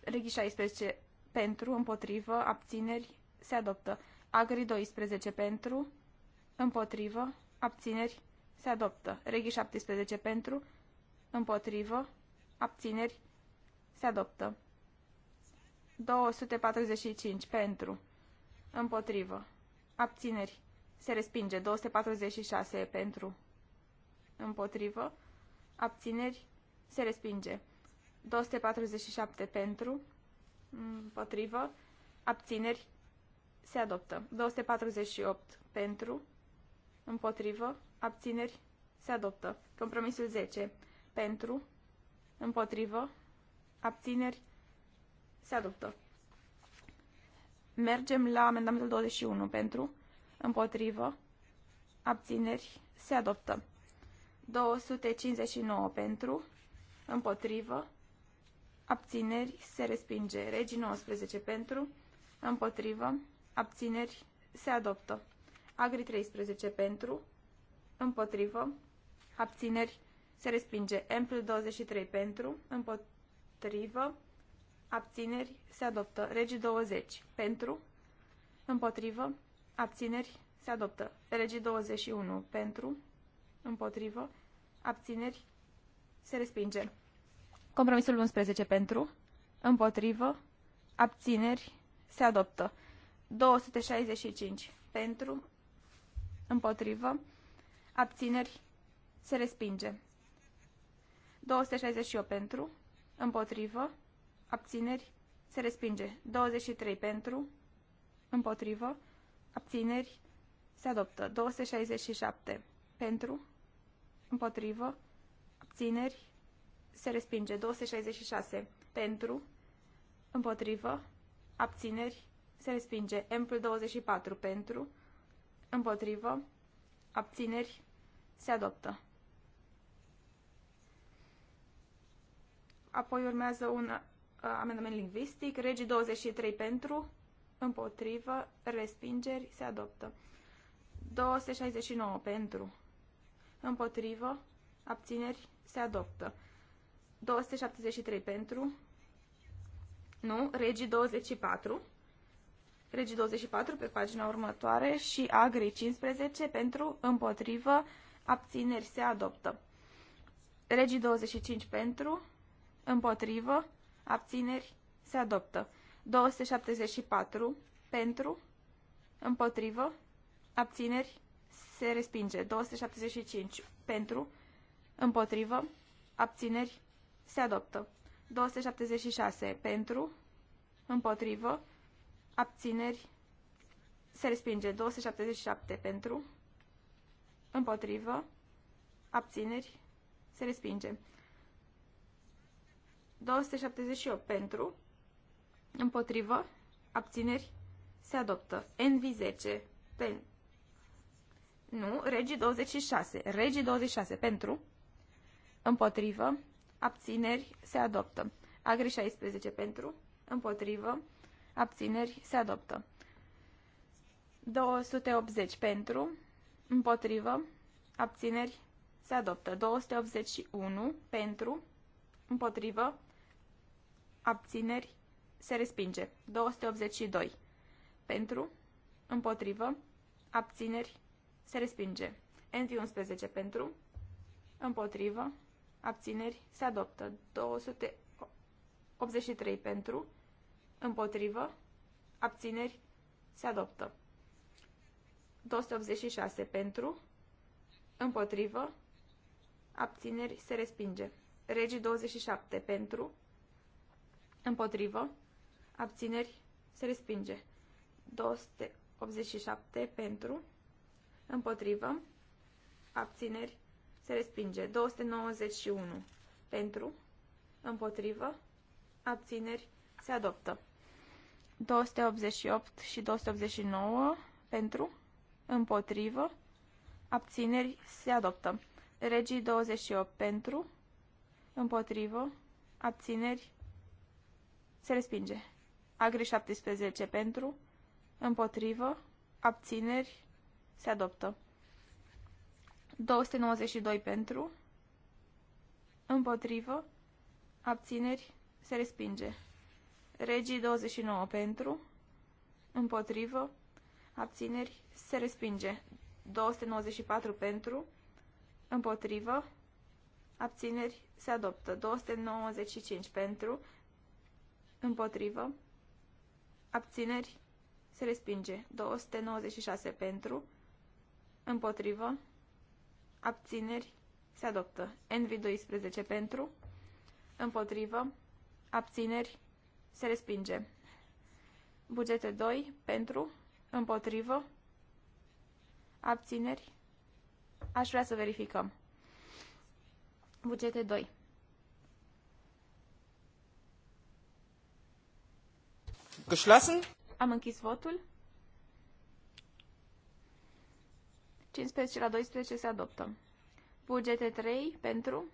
Reghi 16 pentru, împotrivă, abțineri se adoptă. Agri 12 pentru, împotrivă, abțineri, se adoptă. Reghi 17 pentru, împotrivă, abțineri, se adoptă. 245 pentru, împotrivă, abțineri, se respinge. 246 pentru, împotrivă, abțineri, se respinge. 247 pentru, împotrivă, abțineri, se adoptă. 248 pentru, împotrivă, abțineri, se adoptă. Compromisul 10, pentru, împotrivă, abțineri, se adoptă. Mergem la amendamentul 21, pentru, împotrivă, abțineri, se adoptă. 259 pentru, împotrivă, abțineri, se respinge. Regii 19 pentru, împotrivă, abțineri, se adoptă. Agri 13 pentru, împotrivă, abțineri, se respinge. Empl 23 pentru, împotrivă, abțineri, se adoptă. Regi 20 pentru, împotrivă, abțineri, se adoptă. Regi 21 pentru, împotrivă, abțineri, se respinge. Compromisul 11 pentru, împotrivă, abțineri, se adoptă. 265 pentru, Împotrivă. Abțineri. Se respinge. 268 pentru. Împotrivă. Abțineri. Se respinge. 23 pentru. Împotrivă. Abțineri. Se adoptă. 267 pentru. Împotrivă. Abțineri. Se respinge. 266 pentru. Împotrivă. Abțineri. Se respinge. Ample 24 pentru. Împotrivă. Abțineri. Se adoptă. Apoi urmează un uh, amendament lingvistic. Regii 23 pentru. Împotrivă. Respingeri. Se adoptă. 269 pentru. Împotrivă. Abțineri. Se adoptă. 273 pentru. Nu. Regii 24 Regii 24 pe pagina următoare și Agri 15 pentru împotrivă abțineri se adoptă. Regii 25 pentru împotrivă abțineri se adoptă. 274 pentru împotrivă abțineri se respinge. 275 pentru împotrivă abțineri se adoptă. 276 pentru împotrivă abțineri, se respinge. 277 pentru, împotrivă, abțineri, se respinge. 278 pentru, împotrivă, abțineri, se adoptă. NV10 pentru. Nu, regii 26. Regii 26 pentru, împotrivă, abțineri, se adoptă. Agri 16 pentru, împotrivă, abțineri, se adoptă. 280 pentru, împotrivă, abțineri, se adoptă. 281 pentru, împotrivă, abțineri, se respinge. 282 pentru, împotrivă, abțineri, se respinge. NV11 pentru, împotrivă, abțineri, se adoptă. 283 pentru, Împotrivă. Abțineri. Se adoptă. 286 pentru. Împotrivă. Abțineri. Se respinge. Regii 27 pentru. Împotrivă. Abțineri. Se respinge. 287 pentru. Împotrivă. Abțineri. Se respinge. 291 pentru. Împotrivă. Abțineri se adoptă. 288 și 289 pentru, împotrivă, abțineri, se adoptă. Regii 28 pentru, împotrivă, abțineri, se respinge. Agri 17 pentru, împotrivă, abțineri, se adoptă. 292 pentru, împotrivă, abțineri, se respinge. Regii 29 pentru, împotrivă, abțineri, se respinge. 294 pentru, împotrivă, abțineri, se adoptă. 295 pentru, împotrivă, abțineri, se respinge. 296 pentru, împotrivă, abțineri, se adoptă. NV12 pentru, împotrivă, abțineri, se respinge. Bugete 2. Pentru. Împotrivă. Abțineri. Aș vrea să verificăm. Bugete 2. Geschlossen. Am închis votul. 15 la 12 se adoptă. Bugete 3 pentru,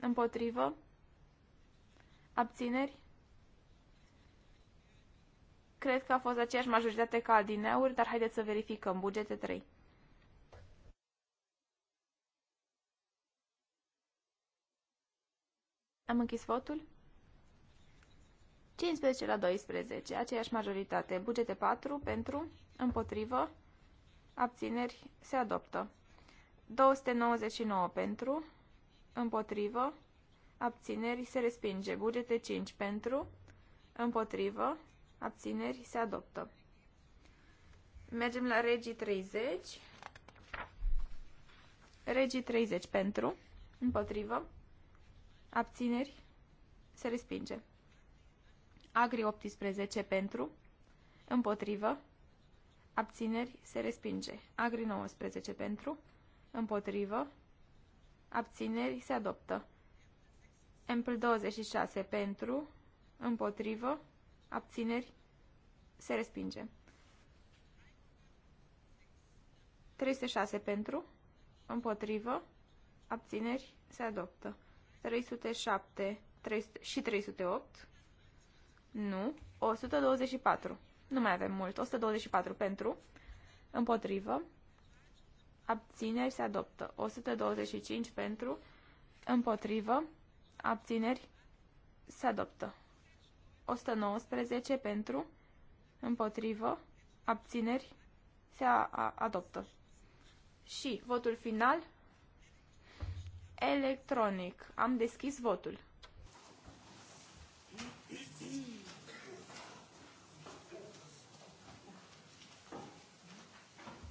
împotrivă, abțineri, Cred că a fost aceeași majoritate ca adineuri, dar haideți să verificăm. Bugete 3. Am închis votul. 15 la 12, aceeași majoritate. Bugete 4 pentru, împotrivă, abțineri, se adoptă. 299 pentru, împotrivă, abțineri, se respinge. Bugete 5 pentru, împotrivă, abțineri, se adoptă. Mergem la regii 30. Regii 30 pentru, împotrivă, abțineri, se respinge. Agri 18 pentru, împotrivă, abțineri, se respinge. Agri 19 pentru, împotrivă, abțineri, se adoptă. Ample 26 pentru, împotrivă, abțineri, se respinge. 306 pentru, împotrivă, abțineri, se adoptă. 307 3, și 308, nu, 124, nu mai avem mult, 124 pentru, împotrivă, abțineri, se adoptă. 125 pentru, împotrivă, abțineri, se adoptă. 119 pentru, împotrivă, abțineri, se a, a, adoptă. Și votul final, electronic. Am deschis votul.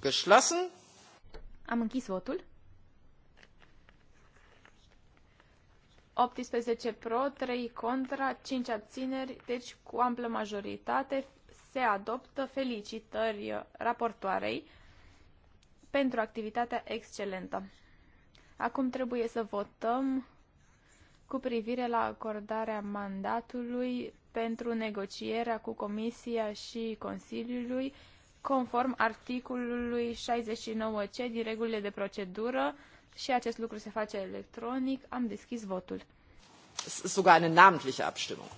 Geschlossen. Am închis votul. optsprezece pro, trei contra, cinci abineri deci cu amplă majoritate se adoptă felicitări raportoarei pentru activitatea excelentă. Acum trebuie să votăm cu privire la acordarea mandatului pentru negocierea cu Comisia și Consiliului conform articolului 69C din regulile de procedură și acest lucru se face electronic. Am deschis votul. sogar eine namentliche Abstimmung.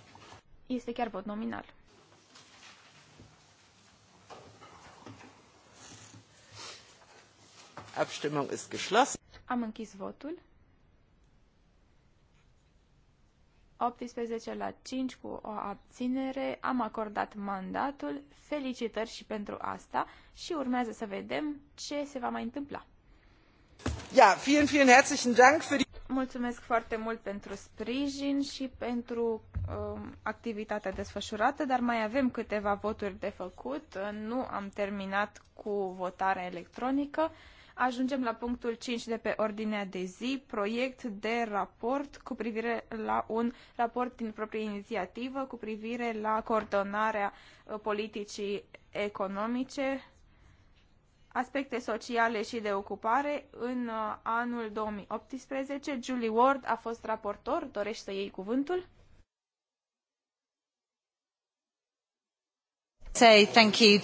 Este chiar vot nominal. Abstimmung ist geschlossen. Am închis votul. 18 la 5 cu o abținere, am acordat mandatul, felicitări și pentru asta și urmează să vedem ce se va mai întâmpla. Ja, vielen, vielen herzlichen Dank für die... Mulțumesc foarte mult pentru sprijin și pentru um, activitatea desfășurată, dar mai avem câteva voturi de făcut. Nu am terminat cu votarea electronică. Ajungem la punctul 5 de pe ordinea de zi, proiect de raport cu privire la un raport din proprie inițiativă cu privire la coordonarea uh, politicii economice aspecte sociale și de ocupare în uh, anul 2018. Julie Ward a fost raportor. Dorești să iei cuvântul? Say thank you.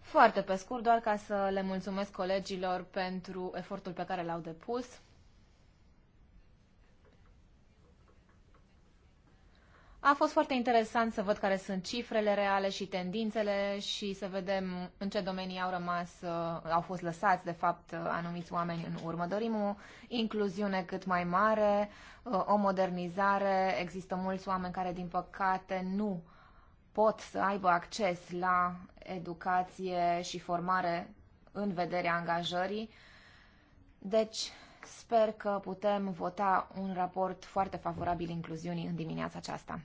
Foarte pe scurt, doar ca să le mulțumesc colegilor pentru efortul pe care l-au depus. A fost foarte interesant să văd care sunt cifrele reale și tendințele și să vedem în ce domenii au rămas, uh, au fost lăsați, de fapt, uh, anumiți oameni în urmă. Dorim o incluziune cât mai mare, uh, o modernizare. Există mulți oameni care, din păcate, nu pot să aibă acces la educație și formare în vederea angajării. Deci, Sper că putem vota un raport foarte favorabil incluziunii în dimineața aceasta.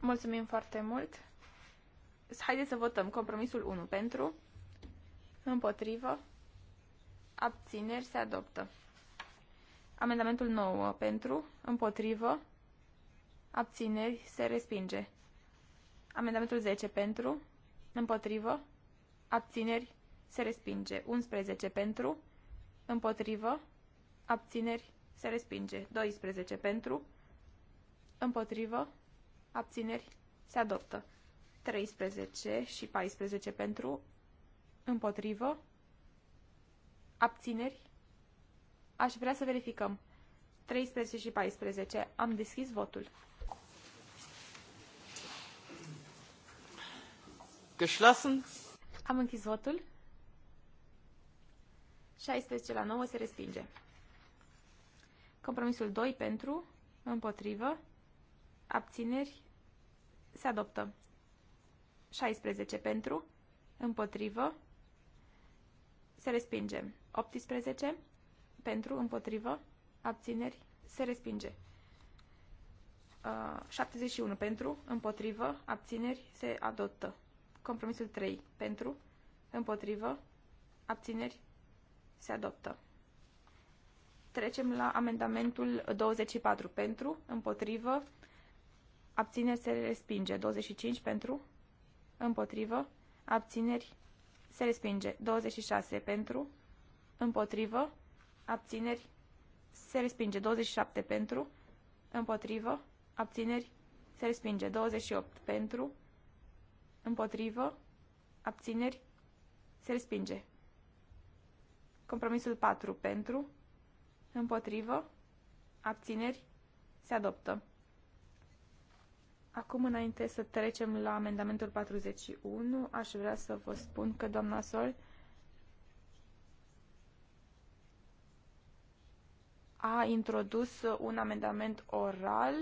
Mulțumim foarte mult. Haideți să votăm. Compromisul 1 pentru, împotrivă, abțineri se adoptă. Amendamentul 9 pentru, împotrivă, abțineri se respinge. Amendamentul 10 pentru, împotrivă, abțineri se respinge. 11 pentru, Împotrivă. Abțineri. Se respinge. 12 pentru. Împotrivă. Abțineri. Se adoptă. 13 și 14 pentru. Împotrivă. Abțineri. Aș vrea să verificăm. 13 și 14. Am deschis votul. Geschlossen. Am închis votul. 16 la 9 se respinge. Compromisul 2 pentru, împotrivă, abțineri, se adoptă. 16 pentru, împotrivă, se respinge. 18 pentru, împotrivă, abțineri, se respinge. Uh, 71 pentru, împotrivă, abțineri, se adoptă. Compromisul 3 pentru, împotrivă, abțineri, se adoptă. Trecem la amendamentul 24 pentru, împotrivă, abțineri se respinge. 25 pentru, împotrivă, abțineri se respinge. 26 pentru, împotrivă, abțineri se respinge. 27 pentru, împotrivă, abțineri se respinge. 28 pentru, împotrivă, abțineri se respinge. Compromisul 4 pentru, împotrivă, abțineri, se adoptă. Acum, înainte să trecem la amendamentul 41, aș vrea să vă spun că doamna Sol a introdus un amendament oral,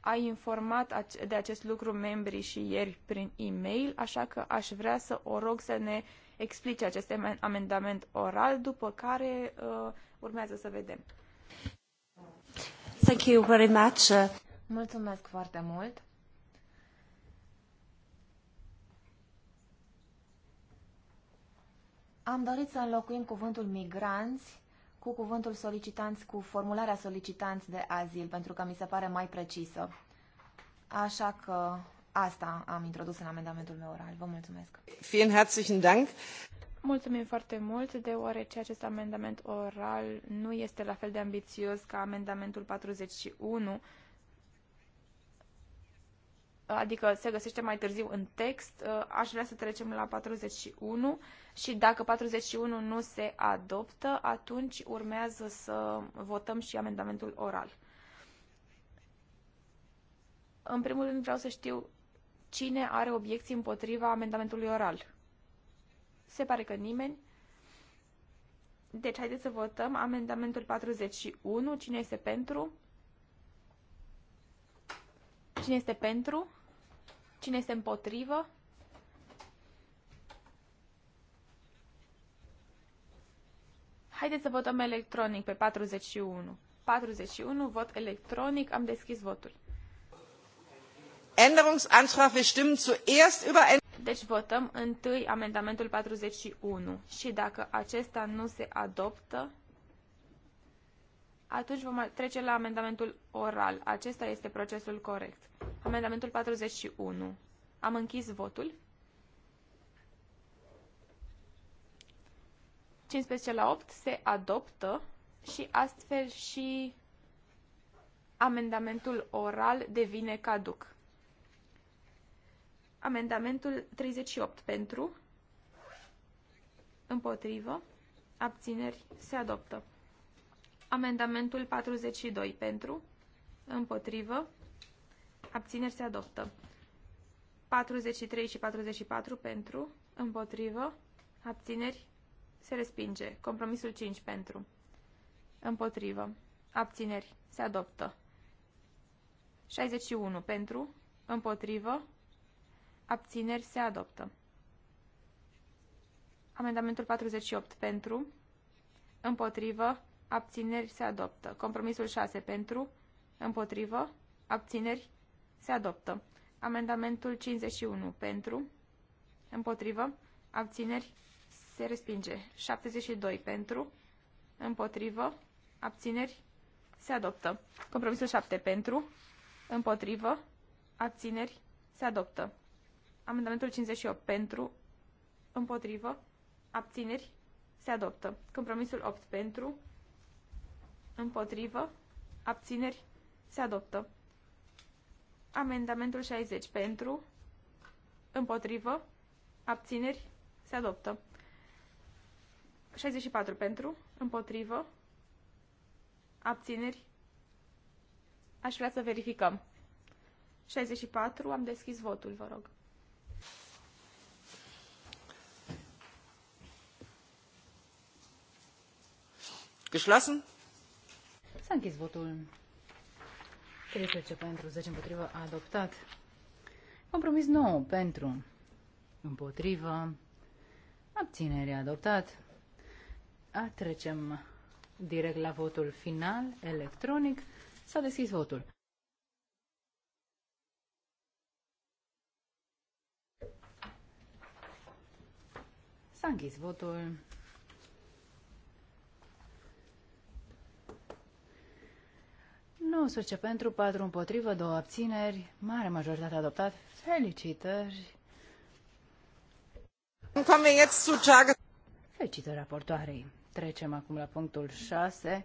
a informat de acest lucru membrii și ieri prin e-mail, așa că aș vrea să o rog să ne uh, explice acest amendament oral, după care uh, urmează să vedem. Thank you very much. Mulțumesc foarte mult. Am dorit să înlocuim cuvântul migranți cu cuvântul solicitanți, cu formularea solicitanți de azil, pentru că mi se pare mai precisă. Așa că Asta am introdus în amendamentul meu oral. Vă mulțumesc. Vielen herzlichen Dank. Mulțumim foarte mult, deoarece acest amendament oral nu este la fel de ambițios ca amendamentul 41, adică se găsește mai târziu în text. Aș vrea să trecem la 41 și dacă 41 nu se adoptă, atunci urmează să votăm și amendamentul oral. În primul rând vreau să știu Cine are obiecții împotriva amendamentului oral? Se pare că nimeni. Deci, haideți să votăm amendamentul 41. Cine este pentru? Cine este pentru? Cine este împotrivă? Haideți să votăm electronic pe 41. 41, vot electronic, am deschis votul. Änderungsantrag. Wir stimmen zuerst über Deci votăm întâi amendamentul 41 și dacă acesta nu se adoptă, atunci vom trece la amendamentul oral. Acesta este procesul corect. Amendamentul 41. Am închis votul. 15 la 8 se adoptă și astfel și amendamentul oral devine caduc. Amendamentul 38 pentru, împotrivă, abțineri, se adoptă. Amendamentul 42 pentru, împotrivă, abțineri, se adoptă. 43 și 44 pentru, împotrivă, abțineri, se respinge. Compromisul 5 pentru, împotrivă, abțineri, se adoptă. 61 pentru, împotrivă, Abțineri se adoptă. Amendamentul 48 pentru. Împotrivă. Abțineri se adoptă. Compromisul 6 pentru. Împotrivă. Abțineri se adoptă. Amendamentul 51 pentru. Împotrivă. Abțineri se respinge. 72 pentru. Împotrivă. Abțineri se adoptă. Compromisul 7 pentru. Împotrivă. Abțineri se adoptă. Amendamentul 58 pentru, împotrivă, abțineri, se adoptă. Compromisul 8 pentru, împotrivă, abțineri, se adoptă. Amendamentul 60 pentru, împotrivă, abțineri, se adoptă. 64 pentru, împotrivă, abțineri, aș vrea să verificăm. 64, am deschis votul, vă rog. Geschlossen. S-a închis votul. 13 pentru, 10 împotrivă, adoptat. Compromis 9 pentru, împotrivă, abținere, adoptat. A, trecem direct la votul final, electronic. S-a deschis votul. S-a închis votul. 19 pentru, 4 împotrivă, 2 abțineri, mare majoritate adoptat. Felicitări! Felicitări raportoarei. Trecem acum la punctul 6.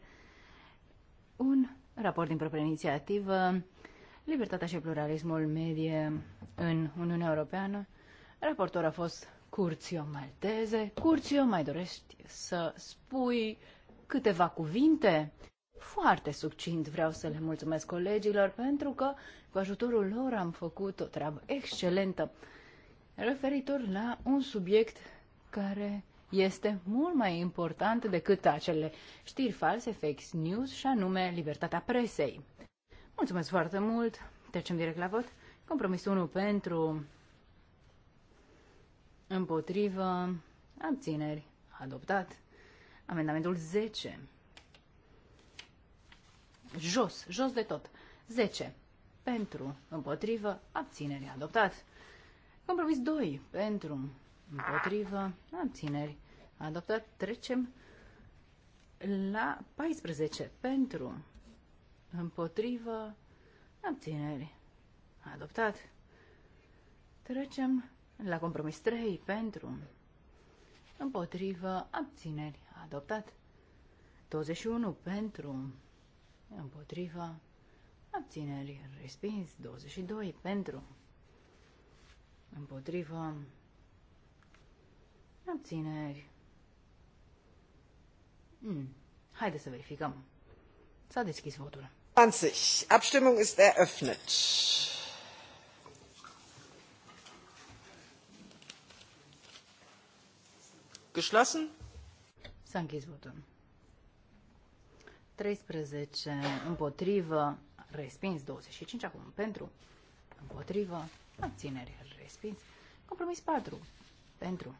Un raport din proprie inițiativă, libertatea și pluralismul medie în Uniunea Europeană. Raportor a fost Curțio Malteze. Curțio, mai dorești să spui câteva cuvinte? Foarte succint vreau să le mulțumesc colegilor pentru că cu ajutorul lor am făcut o treabă excelentă referitor la un subiect care este mult mai important decât acele știri false, fake news și anume libertatea presei. Mulțumesc foarte mult. Trecem direct la vot. Compromisul 1 pentru, împotrivă, abțineri, adoptat. Amendamentul 10 jos, jos de tot. 10. Pentru, împotrivă, abțineri, adoptat. Compromis 2. Pentru, împotrivă, abțineri, adoptat. Trecem la 14. Pentru, împotrivă, abțineri, adoptat. Trecem la compromis 3. Pentru, împotrivă, abțineri, adoptat. 21. Pentru, împotriva, abțineri, respins, 22 pentru, împotriva, abțineri. Hmm. Haide să verificăm. S-a deschis votul. 20. Abstimmung ist eröffnet. Geschlossen? S-a închis votul. 13 împotrivă, respins 25 acum pentru, împotrivă, abțineri, respins. Compromis 4 pentru,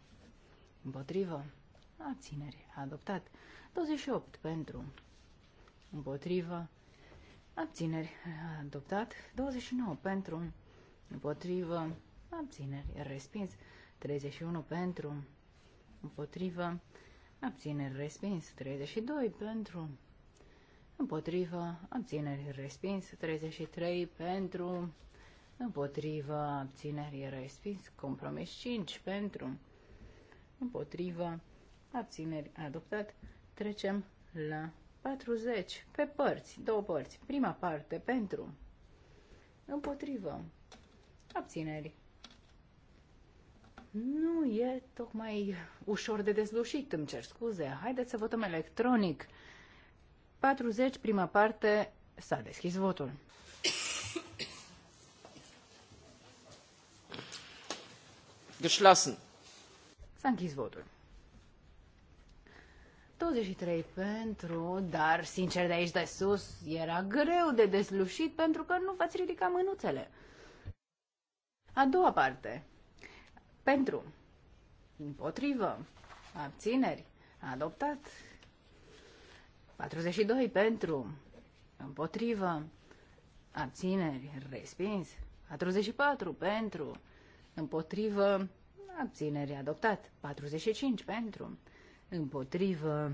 împotrivă, abțineri, adoptat. 28 pentru, împotrivă, abțineri, adoptat. 29 pentru, împotrivă, abțineri, respins. 31 pentru, împotrivă, abțineri, respins. 32 pentru, împotrivă, abțineri respins, 33 pentru, împotrivă, abțineri respins, compromis 5 pentru, împotrivă, abțineri adoptat, trecem la 40, pe părți, două părți, prima parte pentru, împotrivă, abțineri. Nu e tocmai ușor de dezlușit, îmi cer scuze. Haideți să votăm electronic. 40, prima parte, s-a deschis votul. Geschlossen. S-a închis votul. 23 pentru, dar sincer de aici de sus era greu de deslușit pentru că nu v-ați ridicat mânuțele. A doua parte. Pentru. Împotrivă. Abțineri. Adoptat. 42 pentru, împotrivă, abțineri, respins. 44 pentru, împotrivă, abțineri, adoptat. 45 pentru, împotrivă,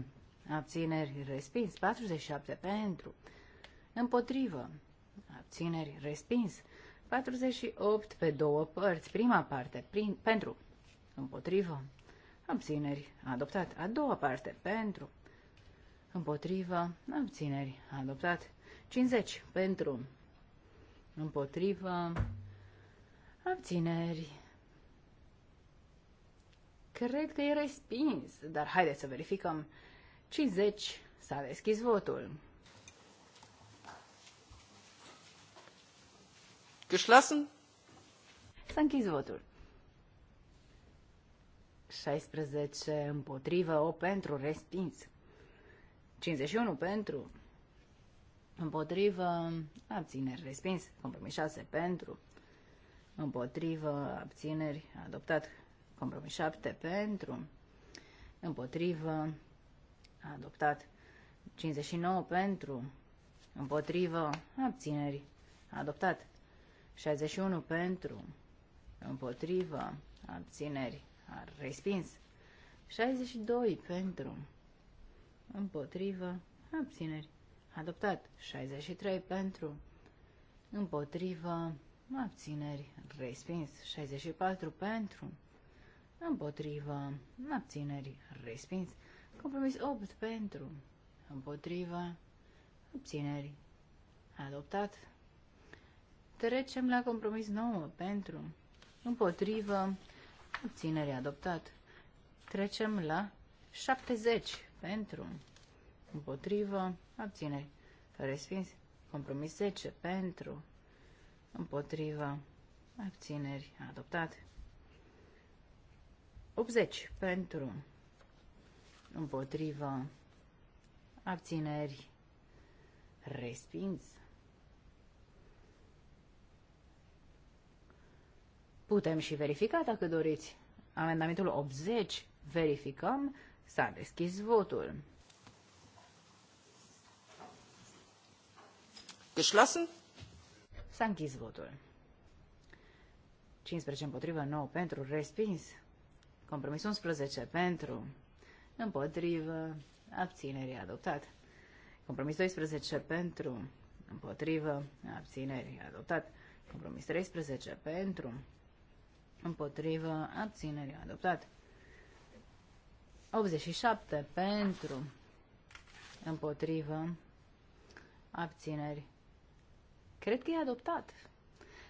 abțineri, respins. 47 pentru, împotrivă, abțineri, respins. 48 pe două părți, prima parte, prin, pentru, împotrivă, abțineri, adoptat. A doua parte, pentru, împotrivă, abțineri, adoptat. 50 pentru, împotrivă, abțineri. Cred că e respins, dar haideți să verificăm. 50 s-a deschis votul. Geschlossen? S-a închis votul. 16 împotrivă, o pentru respins. 51 pentru, împotrivă, abțineri, respins. Compromis 6 pentru, împotrivă, abțineri, adoptat. Compromis 7 pentru, împotrivă, adoptat. 59 pentru, împotrivă, abțineri, adoptat. 61 pentru, împotrivă, abțineri, respins. 62 pentru, împotrivă, abțineri. Adoptat. 63 pentru, împotrivă, abțineri. Respins. 64 pentru, împotrivă, abțineri. Respins. Compromis 8 pentru, împotrivă, abțineri. Adoptat. Trecem la compromis 9 pentru, împotrivă, Abțineri. adoptat. Trecem la 70 pentru, împotrivă, abțineri, respins. Compromis 10 pentru, împotrivă, abțineri, adoptat. 80 pentru, împotrivă, abțineri, respins. Putem și verifica dacă doriți. Amendamentul 80 verificăm S-a deschis votul. Geschlossen? S-a închis votul. 15 împotrivă, 9 pentru, respins. Compromis 11 pentru, împotrivă, abțineri adoptat. Compromis 12 pentru, împotrivă, abțineri adoptat. Compromis 13 pentru, împotrivă, abțineri adoptat. 87 pentru, împotrivă, abțineri. Cred că e adoptat.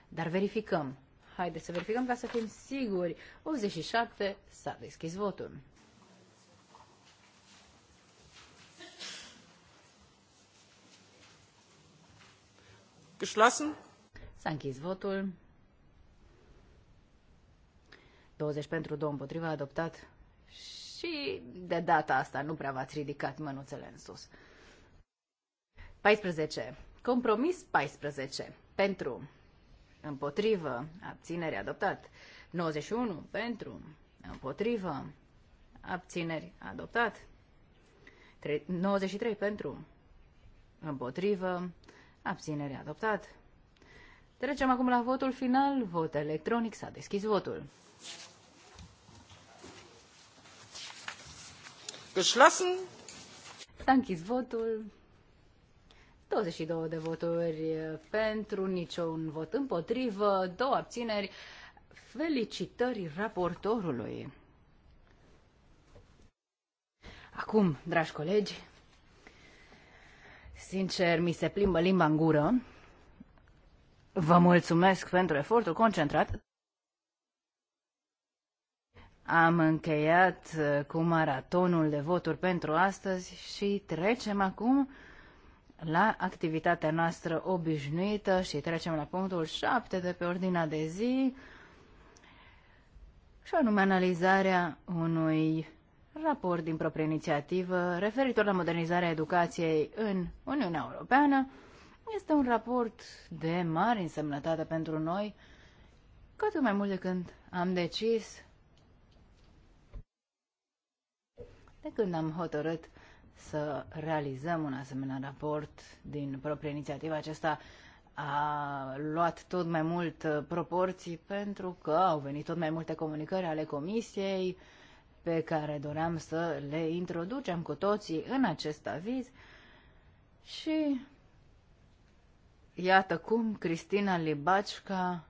Dar verificăm. Haideți să verificăm ca să fim siguri. 87 s-a deschis votul. Geschlossen. S-a închis votul. 20 pentru, 2 împotriva, adoptat și de data asta nu prea v-ați ridicat mânuțele în sus. 14. Compromis 14. Pentru. Împotrivă. Abțineri adoptat. 91. Pentru. Împotrivă. Abțineri adoptat. 93. Pentru. Împotrivă. Abțineri adoptat. Trecem acum la votul final. Vot electronic. S-a deschis votul. geschlossen. S-a închis votul. 22 de voturi eh, pentru, niciun vot împotrivă, două abțineri. Felicitări raportorului. Acum, dragi colegi, sincer, mi se plimbă limba în gură. Vă mulțumesc pentru efortul concentrat. Am încheiat uh, cu maratonul de voturi pentru astăzi și trecem acum la activitatea noastră obișnuită și trecem la punctul 7 de pe ordinea de zi și anume analizarea unui raport din proprie inițiativă referitor la modernizarea educației în Uniunea Europeană. Este un raport de mare însemnătate pentru noi, cât mai mult de când am decis de când am hotărât să realizăm un asemenea raport din proprie inițiativă. Acesta a luat tot mai mult uh, proporții pentru că au venit tot mai multe comunicări ale comisiei pe care doream să le introducem cu toții în acest aviz și iată cum Cristina Libacica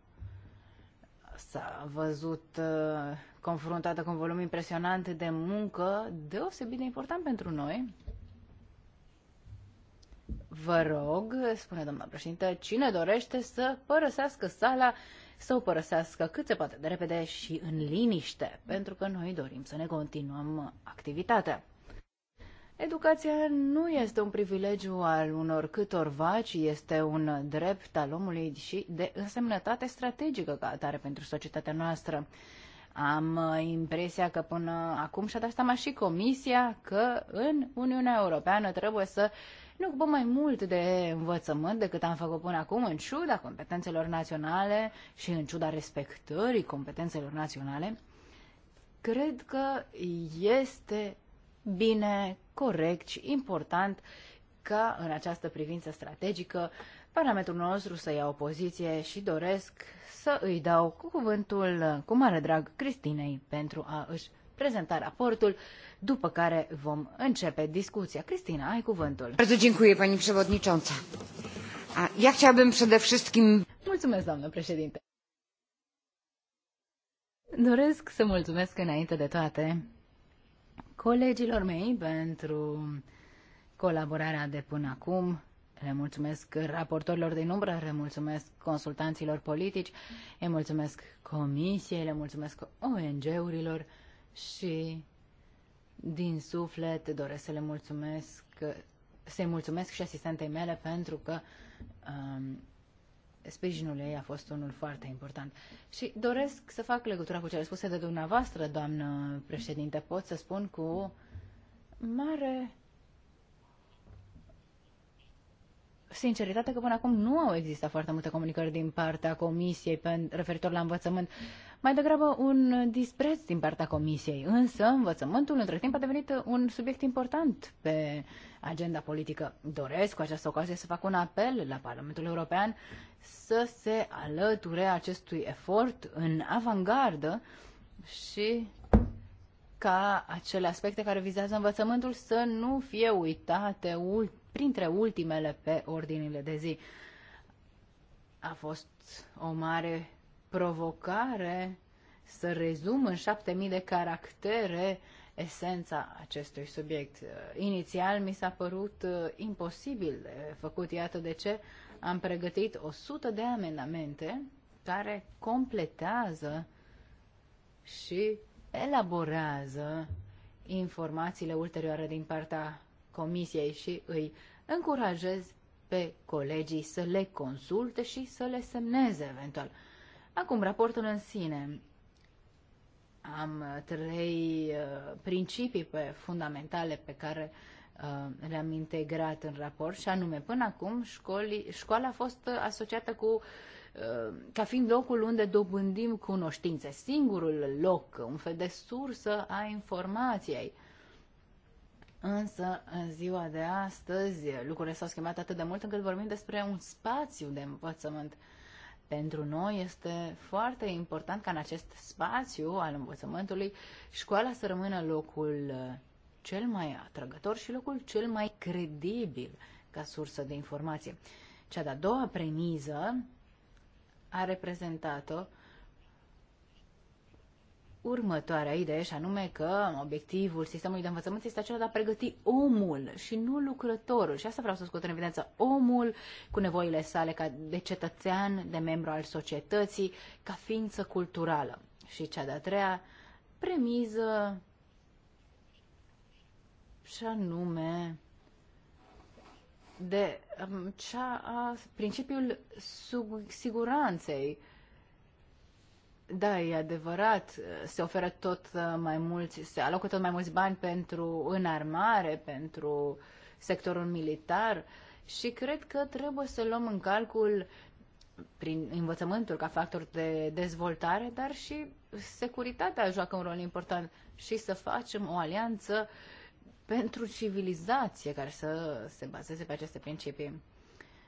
s-a văzut uh, confruntată cu un volum impresionant de muncă, deosebit de important pentru noi. Vă rog, spune doamna președintă, cine dorește să părăsească sala, să o părăsească cât se poate de repede și în liniște, pentru că noi dorim să ne continuăm activitatea. Educația nu este un privilegiu al unor câtorva, ci este un drept al omului și de însemnătate strategică ca atare pentru societatea noastră. Am uh, impresia că până acum și-a dat seama și Comisia că în Uniunea Europeană trebuie să ne ocupăm mai mult de învățământ decât am făcut până acum, în ciuda competențelor naționale și în ciuda respectării competențelor naționale. Cred că este bine, corect și important ca în această privință strategică Parlamentul nostru să ia o poziție și doresc să îi dau cu cuvântul cu mare drag Cristinei pentru a își prezenta raportul, după care vom începe discuția. Cristina, ai cuvântul. Bardzo dziękuję, pani przewodnicząca. Ja chciałabym przede wszystkim... Mulțumesc, doamnă președinte. Doresc să mulțumesc înainte de toate colegilor mei pentru colaborarea de până acum, le mulțumesc raportorilor din umbră, le mulțumesc consultanților politici, le mulțumesc comisiei, le mulțumesc ONG-urilor și din suflet doresc să le mulțumesc, să-i mulțumesc și asistentei mele pentru că um, sprijinul ei a fost unul foarte important. Și doresc să fac legătura cu cele spuse de dumneavoastră, doamnă președinte. Pot să spun cu mare sinceritate că până acum nu au existat foarte multe comunicări din partea Comisiei referitor la învățământ, mai degrabă un dispreț din partea Comisiei. Însă învățământul între timp a devenit un subiect important pe agenda politică. Doresc cu această ocazie să fac un apel la Parlamentul European să se alăture acestui efort în avangardă și ca acele aspecte care vizează învățământul să nu fie uitate ulterior printre ultimele pe ordinile de zi. A fost o mare provocare să rezum în șapte mii de caractere esența acestui subiect. Inițial mi s-a părut uh, imposibil de făcut, iată de ce am pregătit o sută de amendamente care completează și elaborează informațiile ulterioare din partea comisiei și îi încurajez pe colegii să le consulte și să le semneze eventual. Acum, raportul în sine. Am trei uh, principii pe, fundamentale pe care uh, le-am integrat în raport și anume, până acum, școli, școala a fost uh, asociată cu uh, ca fiind locul unde dobândim cunoștințe, singurul loc, un fel de sursă a informației. Uh, Însă, în ziua de astăzi, lucrurile s-au schimbat atât de mult încât vorbim despre un spațiu de învățământ. Pentru noi este foarte important ca în acest spațiu al învățământului școala să rămână locul uh, cel mai atrăgător și locul cel mai credibil ca sursă de informație. Cea de-a doua premiză a reprezentat-o următoarea idee, și anume că obiectivul sistemului de învățământ este acela de a pregăti omul și nu lucrătorul. Și asta vreau să scot în evidență. Omul cu nevoile sale ca de cetățean, de membru al societății, ca ființă culturală. Și cea de-a treia premiză și anume de um, cea a principiul siguranței da, e adevărat, uh, se oferă tot uh, mai mulți, se alocă tot mai mulți bani pentru înarmare, pentru sectorul militar și cred că trebuie să luăm în calcul prin învățământul ca factor de dezvoltare, dar și securitatea joacă un rol important și să facem o alianță pentru civilizație care să se bazeze pe aceste principii.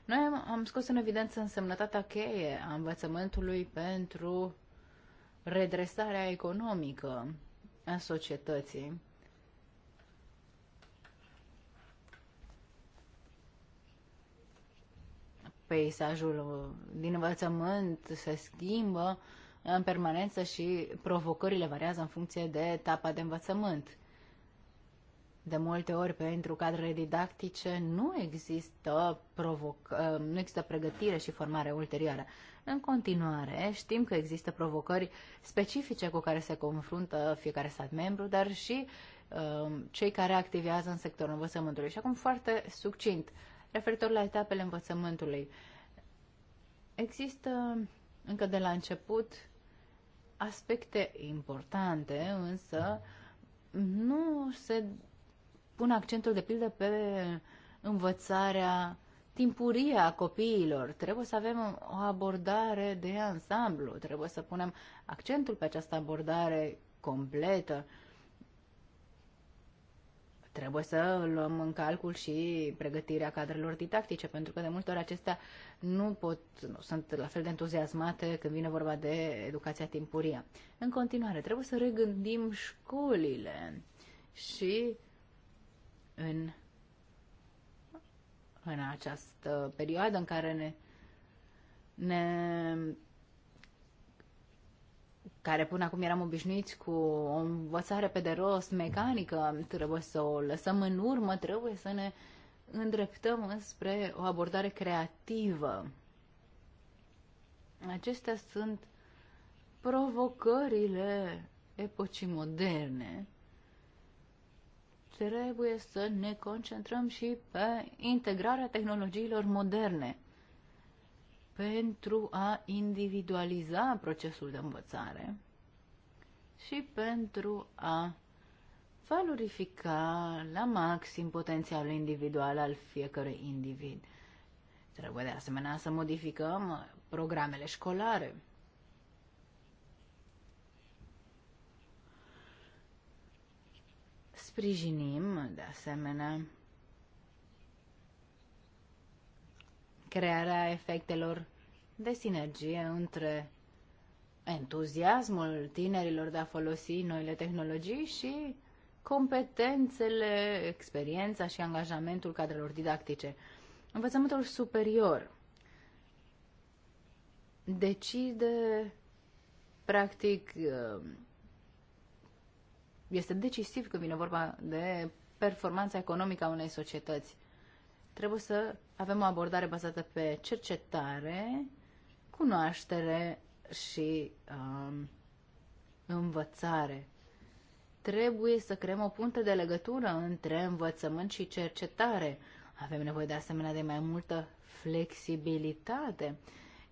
Noi am scos în evidență însemnătatea cheie a învățământului pentru redresarea economică a societății. Peisajul din învățământ se schimbă în permanență și provocările variază în funcție de etapa de învățământ. De multe ori pentru cadrele didactice nu există, provoc- ă, nu există pregătire și formare ulterioară. În continuare, știm că există provocări specifice cu care se confruntă fiecare stat membru, dar și um, cei care activează în sectorul învățământului. Și acum foarte succint, referitor la etapele învățământului. Există încă de la început aspecte importante, însă nu se pun accentul de pildă pe învățarea timpurie a copiilor. Trebuie să avem o abordare de ansamblu, trebuie să punem accentul pe această abordare completă. Trebuie să luăm în calcul și pregătirea cadrelor didactice, pentru că de multe ori acestea nu pot, nu sunt la fel de entuziasmate când vine vorba de educația timpurie. În continuare, trebuie să regândim școlile și în, în această perioadă în care ne, ne care până acum eram obișnuiți cu o învățare pe de rost mecanică, trebuie să o lăsăm în urmă, trebuie să ne îndreptăm spre o abordare creativă. Acestea sunt provocările epocii moderne trebuie să ne concentrăm și pe integrarea tehnologiilor moderne pentru a individualiza procesul de învățare și pentru a valorifica la maxim potențialul individual al fiecărui individ. Trebuie de asemenea să modificăm programele școlare. Sprijinim, de asemenea, crearea efectelor de sinergie între entuziasmul tinerilor de a folosi noile tehnologii și competențele, experiența și angajamentul cadrelor didactice. Învățământul superior decide, practic, este decisiv când vine vorba de performanța economică a unei societăți. Trebuie să avem o abordare bazată pe cercetare, cunoaștere și um, învățare. Trebuie să creăm o punte de legătură între învățământ și cercetare. Avem nevoie de asemenea de mai multă flexibilitate.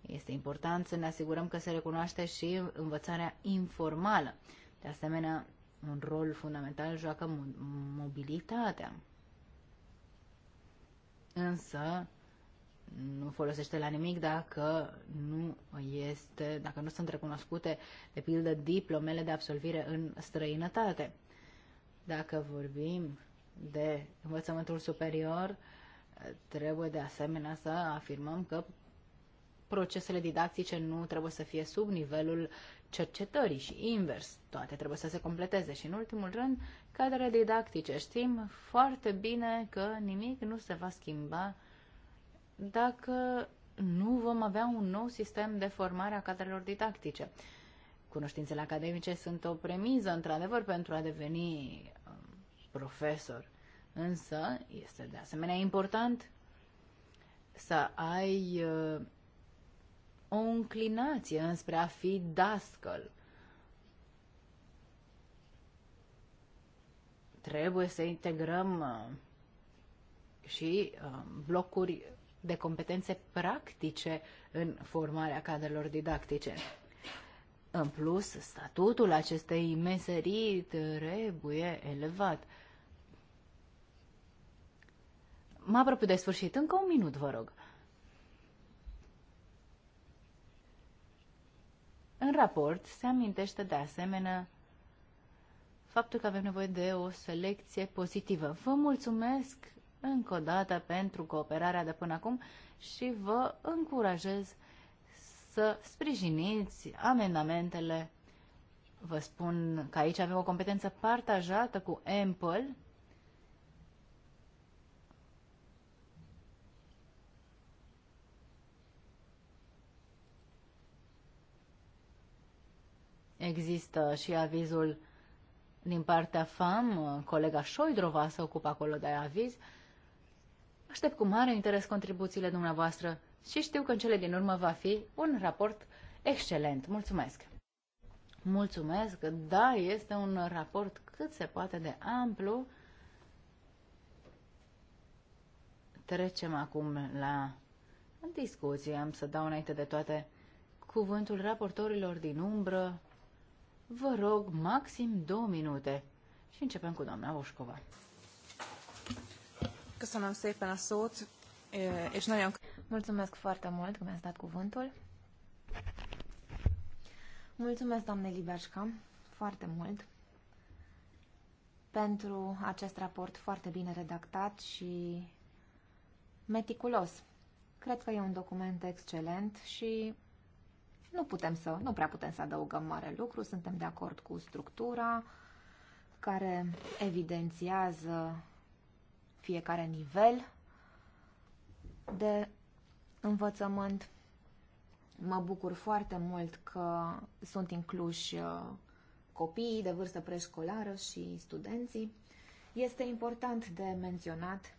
Este important să ne asigurăm că se recunoaște și învățarea informală. De asemenea, un rol fundamental joacă mobilitatea. Însă, nu folosește la nimic dacă nu este, dacă nu sunt recunoscute, de pildă, diplomele de absolvire în străinătate. Dacă vorbim de învățământul superior, trebuie de asemenea să afirmăm că procesele didactice nu trebuie să fie sub nivelul cercetării și invers. Toate trebuie să se completeze și, în ultimul rând, cadrele didactice. Știm foarte bine că nimic nu se va schimba dacă nu vom avea un nou sistem de formare a cadrelor didactice. Cunoștințele academice sunt o premiză, într-adevăr, pentru a deveni um, profesor. Însă, este de asemenea important să ai uh, o înclinație înspre a fi dascăl. Trebuie să integrăm uh, și uh, blocuri de competențe practice în formarea cadrelor didactice. În plus, statutul acestei meserii trebuie elevat. Mă apropiu de sfârșit. Încă un minut, vă rog. În raport se amintește de asemenea faptul că avem nevoie de o selecție pozitivă. Vă mulțumesc încă o dată pentru cooperarea de până acum și vă încurajez să sprijiniți amendamentele. Vă spun că aici avem o competență partajată cu Ample Există și avizul din partea FAM, colega Șoidrova se ocupă acolo de aviz. Aștept cu mare interes contribuțiile dumneavoastră și știu că în cele din urmă va fi un raport excelent. Mulțumesc! Mulțumesc! Da, este un raport cât se poate de amplu. Trecem acum la discuție. Am să dau înainte de toate cuvântul raportorilor din umbră. Vă rog, maxim două minute. Și începem cu doamna Oșcova. Köszönöm szépen a szót, és nagyon... Mulțumesc foarte mult că mi-ați dat cuvântul. Mulțumesc, doamne Libeașca, foarte mult pentru acest raport foarte bine redactat și meticulos. Cred că e un document excelent și nu putem să, nu prea putem să adăugăm mare lucru, suntem de acord cu structura care evidențiază fiecare nivel de învățământ. Mă bucur foarte mult că sunt incluși uh, copiii de vârstă preșcolară și studenții. Este important de menționat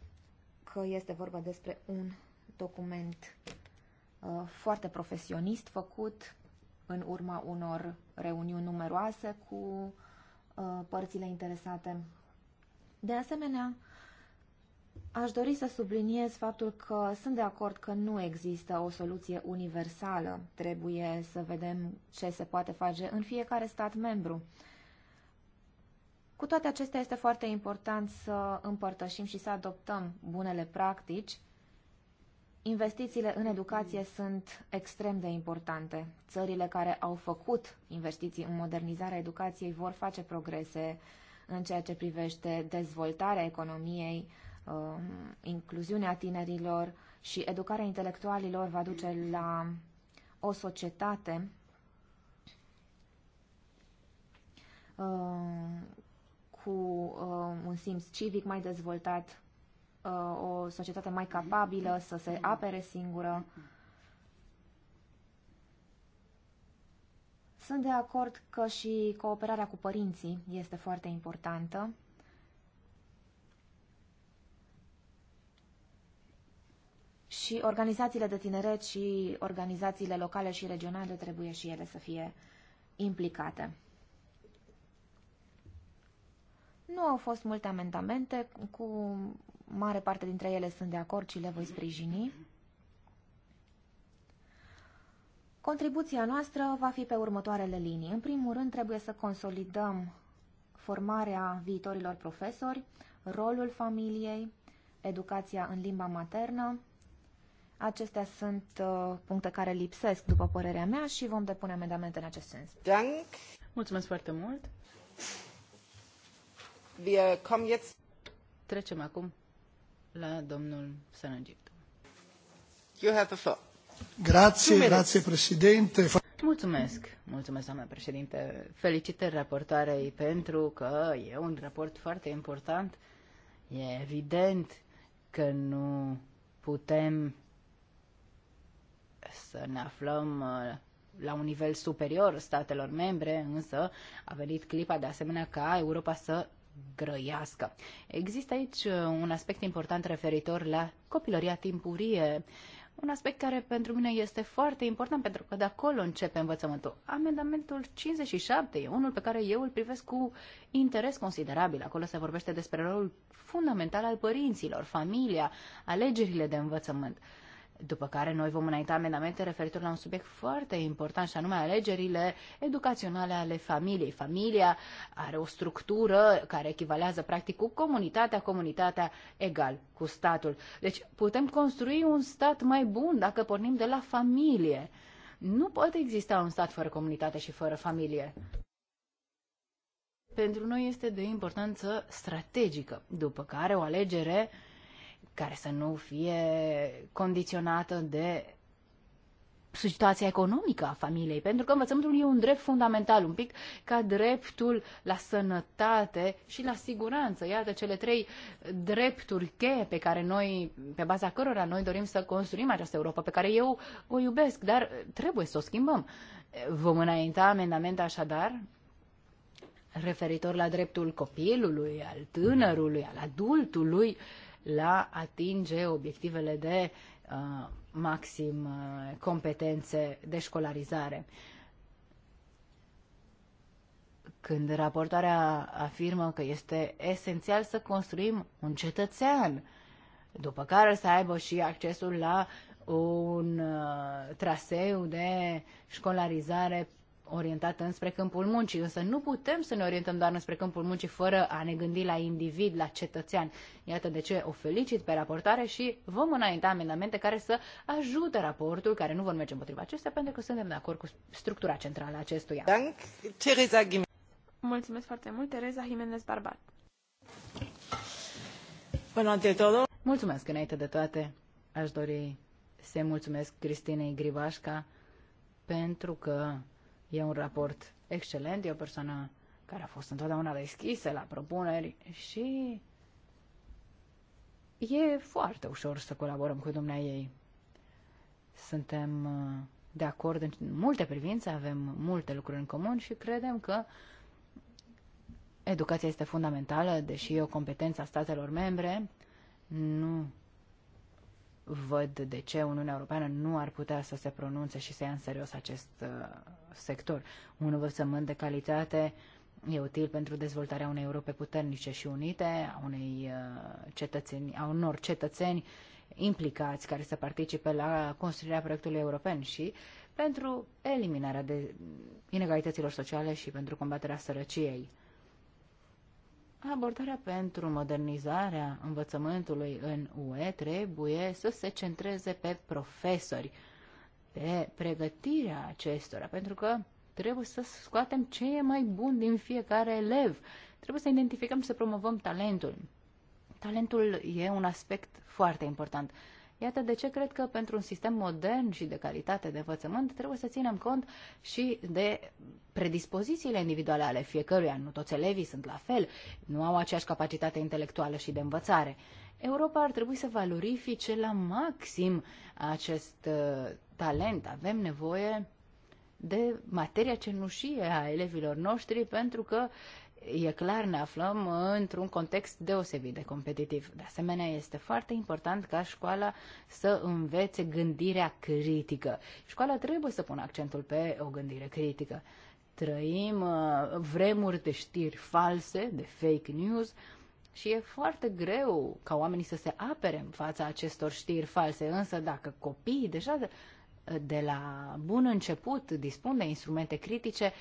că este vorba despre un document Uh, foarte profesionist, făcut în urma unor reuniuni numeroase cu uh, părțile interesate. De asemenea, aș dori să subliniez faptul că sunt de acord că nu există o soluție universală. Trebuie să vedem ce se poate face în fiecare stat membru. Cu toate acestea, este foarte important să împărtășim și să adoptăm bunele practici Investițiile în educație sunt extrem de importante. Țările care au făcut investiții în modernizarea educației vor face progrese în ceea ce privește dezvoltarea economiei, um, incluziunea tinerilor și educarea intelectualilor va duce la o societate um, cu um, un simț civic mai dezvoltat, Uh, o societate mai capabilă să se apere singură. Sunt de acord că și cooperarea cu părinții este foarte importantă. Și organizațiile de tineret și organizațiile locale și regionale trebuie și ele să fie implicate. Nu au fost multe amendamente, cu mare parte dintre ele sunt de acord și le voi sprijini. Contribuția noastră va fi pe următoarele linii. În primul rând, trebuie să consolidăm formarea viitorilor profesori, rolul familiei, educația în limba maternă. Acestea sunt uh, puncte care lipsesc, după părerea mea, și vom depune amendamente în acest sens. Dank. Mulțumesc foarte mult. Wir kommen jetzt... Trecem acum la domnul Sănăgiptu. You have the floor. Grazie, grazie președinte. Mulțumesc, mulțumesc, doamna președinte. Felicitări raportoarei pentru că e un raport foarte important. E evident că nu putem să ne aflăm uh, la un nivel superior statelor membre, însă a venit clipa de asemenea ca Europa să grăiască. Există aici uh, un aspect important referitor la copilăria timpurie, un aspect care pentru mine este foarte important pentru că de acolo începe învățământul. Amendamentul 57 e unul pe care eu îl privesc cu interes considerabil. Acolo se vorbește despre rolul fundamental al părinților, familia, alegerile de învățământ. Uh, după care noi vom înainta amendamente referitor la un subiect foarte important și anume alegerile educaționale ale familiei. Familia are o structură care echivalează practic cu comunitatea, comunitatea egal cu statul. Deci putem construi un stat mai bun dacă pornim de la familie. Nu poate exista un stat fără comunitate și fără familie. Pentru noi este de importanță strategică, după care o alegere uh, care să nu fie condiționată de situația economică a familiei, pentru că învățământul e un drept fundamental, un pic ca dreptul la sănătate și la siguranță. Iată cele trei drepturi cheie pe care noi, pe baza cărora noi dorim să construim această Europa, pe care eu o iubesc, dar trebuie să o schimbăm. Vom înainta amendamente așadar referitor la dreptul copilului, al tânărului, al adultului, uh, la atinge obiectivele de uh, maxim uh, competențe de școlarizare. Când raportarea afirmă că este esențial să construim un cetățean, după care să aibă și accesul la un uh, traseu de școlarizare orientată înspre câmpul muncii, însă nu putem să ne orientăm doar înspre câmpul muncii fără a ne gândi la individ, la cetățean. Iată de ce o felicit pe raportare și vom înainta amendamente care să ajute raportul, care nu vor merge împotriva acestea, pentru că suntem de acord cu structura centrală a acestuia. Mulțumesc foarte mult, Tereza Jimenez Barbat. Mulțumesc înainte de toate. Aș dori să mulțumesc Cristinei Grivașca pentru că E un raport excelent, e o persoană care a fost întotdeauna deschisă la propuneri și e foarte ușor să colaborăm cu dumnea ei. Suntem uh, de acord în multe privințe, avem multe lucruri în comun și credem că educația este fundamentală, deși e o competență a statelor membre, nu văd de ce Uniunea Europeană nu ar putea să se pronunțe și să ia în serios acest uh, sector. Un învățământ de calitate e util pentru dezvoltarea unei Europe puternice și unite, a unei uh, cetățeni, a unor cetățeni implicați care să participe la construirea proiectului european și pentru eliminarea de inegalităților sociale și pentru combaterea sărăciei. Abordarea pentru modernizarea învățământului în UE trebuie să se centreze pe profesori, pe pregătirea acestora, pentru că trebuie să scoatem ce e mai bun din fiecare elev. Trebuie să identificăm și să promovăm talentul. Talentul e un aspect foarte important. Iată de ce cred că pentru un sistem modern și de calitate de învățământ trebuie să ținem cont și de predispozițiile individuale ale fiecăruia. Nu toți elevii sunt la fel, nu au aceeași capacitate intelectuală și de învățare. Europa ar trebui să valorifice la maxim acest uh, talent. Avem nevoie de materia cenușie a elevilor noștri pentru că E clar, ne aflăm într-un context deosebit de competitiv. De asemenea, este foarte important ca școala să învețe gândirea critică. Școala trebuie să pună accentul pe o gândire critică. Trăim uh, vremuri de știri false, de fake news, și e foarte greu ca oamenii să se apere în fața acestor știri false. Însă dacă copiii deja de, de la bun început dispun de instrumente critice,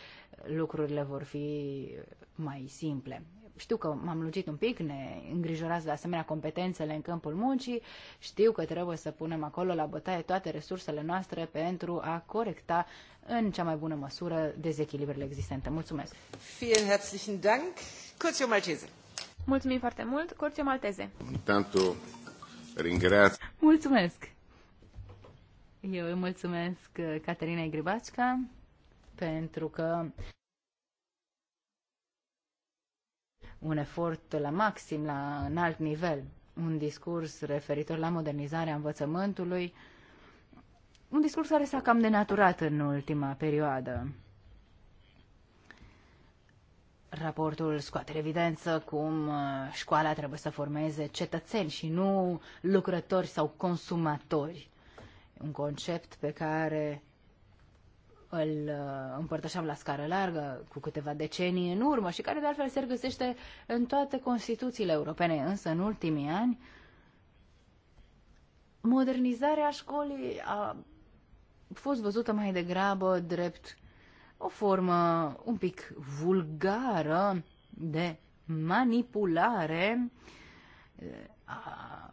lucrurile vor fi mai simple. Știu că m-am lungit un pic, ne îngrijorați de asemenea competențele în câmpul muncii, știu că trebuie să punem acolo la bătaie toate resursele noastre pentru a corecta în cea mai bună măsură dezechilibrele existente. Mulțumesc! Vielen herzlichen Dank! Curzio Malteze! Mulțumim foarte mult, Curțiu Malteze! Tanto ringraz... Mulțumesc! Eu îi mulțumesc Caterina Gribacica, pentru că un efort la maxim, la un alt nivel, un discurs referitor la modernizarea învățământului, un discurs care s-a cam denaturat în ultima perioadă. Raportul scoate în evidență cum uh, școala trebuie să formeze cetățeni și nu lucrători sau consumatori. Un concept pe care îl uh, împărtășeam la scară largă cu câteva decenii în urmă și care de altfel se regăsește în toate constituțiile europene, însă în ultimii ani modernizarea școlii a fost văzută mai degrabă drept o formă un pic vulgară de manipulare uh, a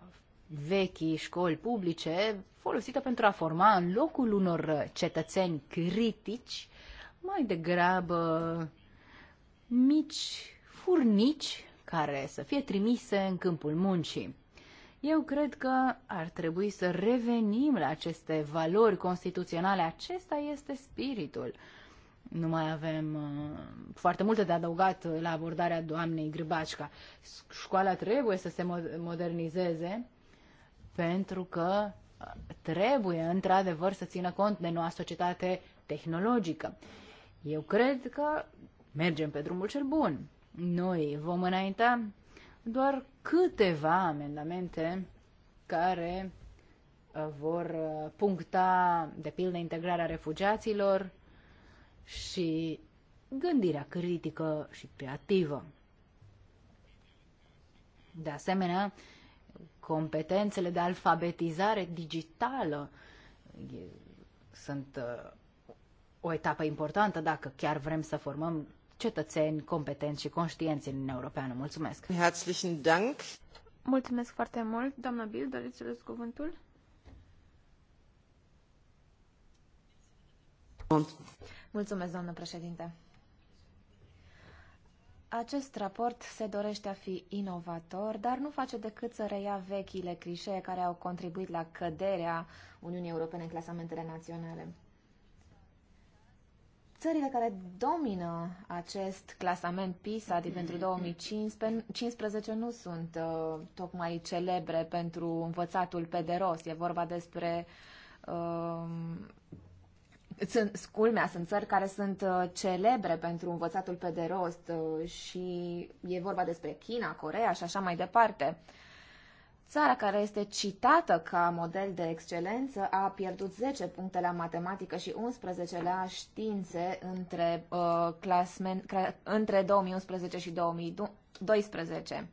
vechii școli publice folosită pentru a forma în locul unor cetățeni critici mai degrabă mici furnici care să fie trimise în câmpul muncii. Eu cred că ar trebui să revenim la aceste valori constituționale. Acesta este spiritul. Nu mai avem uh, foarte multe de adăugat la abordarea doamnei Grbacica. Școala trebuie să se modernizeze pentru că trebuie într-adevăr să țină cont de noua societate tehnologică. Eu cred că mergem pe drumul cel bun. Noi vom înainta doar câteva amendamente care uh, vor uh, puncta, de pildă, integrarea refugiaților și gândirea critică și creativă. De asemenea, competențele de alfabetizare digitală sunt uh, o etapă importantă dacă chiar vrem să formăm cetățeni competenți și conștienți în Europeană. Mulțumesc! Herzlichen Dank! Mulțumesc foarte mult! Doamna Bill, doriți să cuvântul? Mulțumesc, doamnă președinte! Acest raport se dorește a fi inovator, dar nu face decât să reia vechile clișee care au contribuit la căderea Uniunii Europene în clasamentele naționale. Țările care domină acest clasament PISA din pentru 2015 nu sunt uh, tocmai celebre pentru învățatul pe de rost. E vorba despre uh, sunt, culmea, sunt țări care sunt uh, celebre pentru învățatul pe de rost uh, și e vorba despre China, Corea și așa mai departe. Țara care este citată ca model de excelență a pierdut 10 puncte la matematică și 11 la științe între, uh, clasmen, cre, între 2011 și 2012.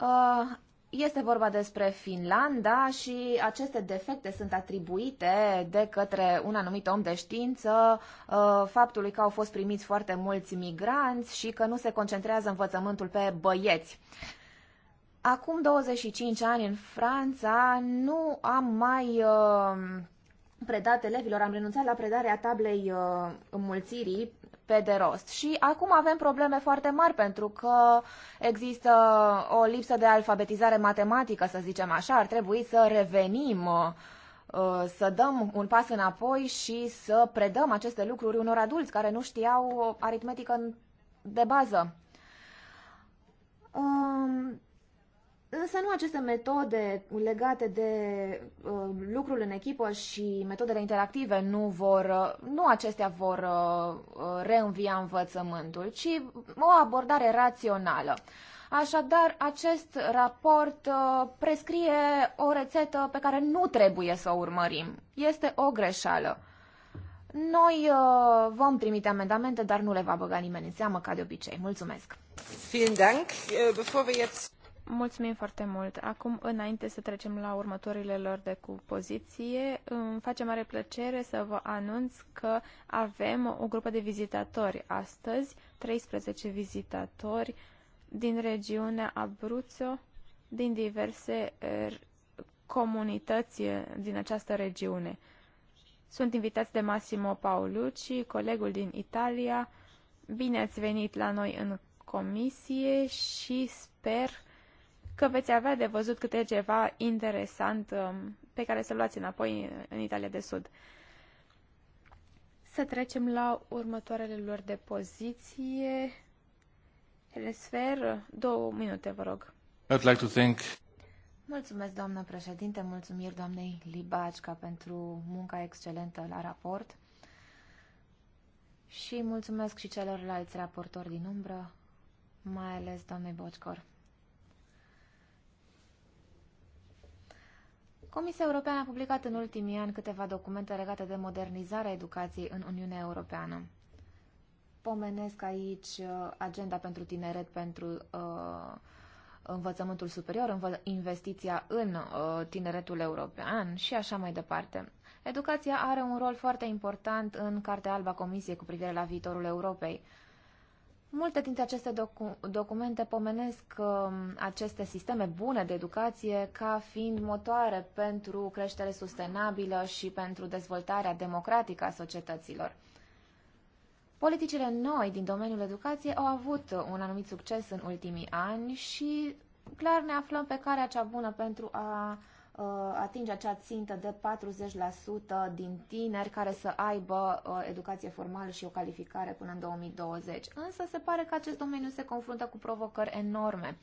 Uh, este vorba despre Finlanda și aceste defecte sunt atribuite de către un anumit om de știință uh, faptului că au fost primiți foarte mulți migranți și că nu se concentrează învățământul pe băieți. Acum 25 ani în Franța nu am mai uh, predat elevilor, am renunțat la predarea tablei uh, înmulțirii pe de rost. Și acum avem probleme foarte mari pentru că există o lipsă de alfabetizare matematică, să zicem așa. Ar trebui să revenim, uh, să dăm un pas înapoi și să predăm aceste lucruri unor adulți care nu știau aritmetică de bază. Um, Însă nu aceste metode legate de uh, lucrul în echipă și metodele interactive nu vor, uh, nu acestea vor uh, uh, reînvia învățământul, ci o abordare rațională. Așadar, acest raport uh, prescrie o rețetă pe care nu trebuie să o urmărim. Este o greșeală. Noi uh, vom trimite amendamente, dar nu le va băga nimeni în seamă, ca de obicei. Mulțumesc! Vielen Dank. Äh, bevor wir jetzt Mulțumim foarte mult. Acum, înainte să trecem la următorile lor de cu poziție, îmi face mare plăcere să vă anunț că avem o grupă de vizitatori astăzi, 13 vizitatori din regiunea Abruzzo, din diverse er, comunități eh, din această regiune. Sunt invitați de Massimo Paolucci, colegul din Italia. Bine ați venit la noi în comisie și sper că veți avea de văzut câte ceva interesant um, pe care să-l luați înapoi în Italia de Sud. Să trecem la următoarele lor de poziție. Resfer, două minute, vă rog. I'd like to thank... Mulțumesc, doamnă președinte, mulțumiri doamnei Libacica pentru munca excelentă la raport și mulțumesc și celorlalți raportori din umbră, mai ales doamnei Boccor. Comisia Europeană a publicat în ultimii ani câteva documente legate de modernizarea educației în Uniunea Europeană. Pomenesc aici uh, agenda pentru tineret pentru uh, învățământul superior, învă- investiția în uh, tineretul european și așa mai departe. Educația are un rol foarte important în Cartea Alba Comisiei cu privire la viitorul Europei. Uh, Multe dintre aceste docu- documente pomenesc uh, aceste sisteme bune de educație ca fiind motoare pentru creștere sustenabilă și pentru dezvoltarea democratică a societăților. Politicile noi din domeniul educației au avut un anumit succes în ultimii ani și clar ne aflăm pe calea cea bună pentru a Uh, atinge acea țintă de 40% din tineri care să aibă uh, educație formală și o calificare până în 2020. Însă se pare că acest domeniu se confruntă cu provocări enorme.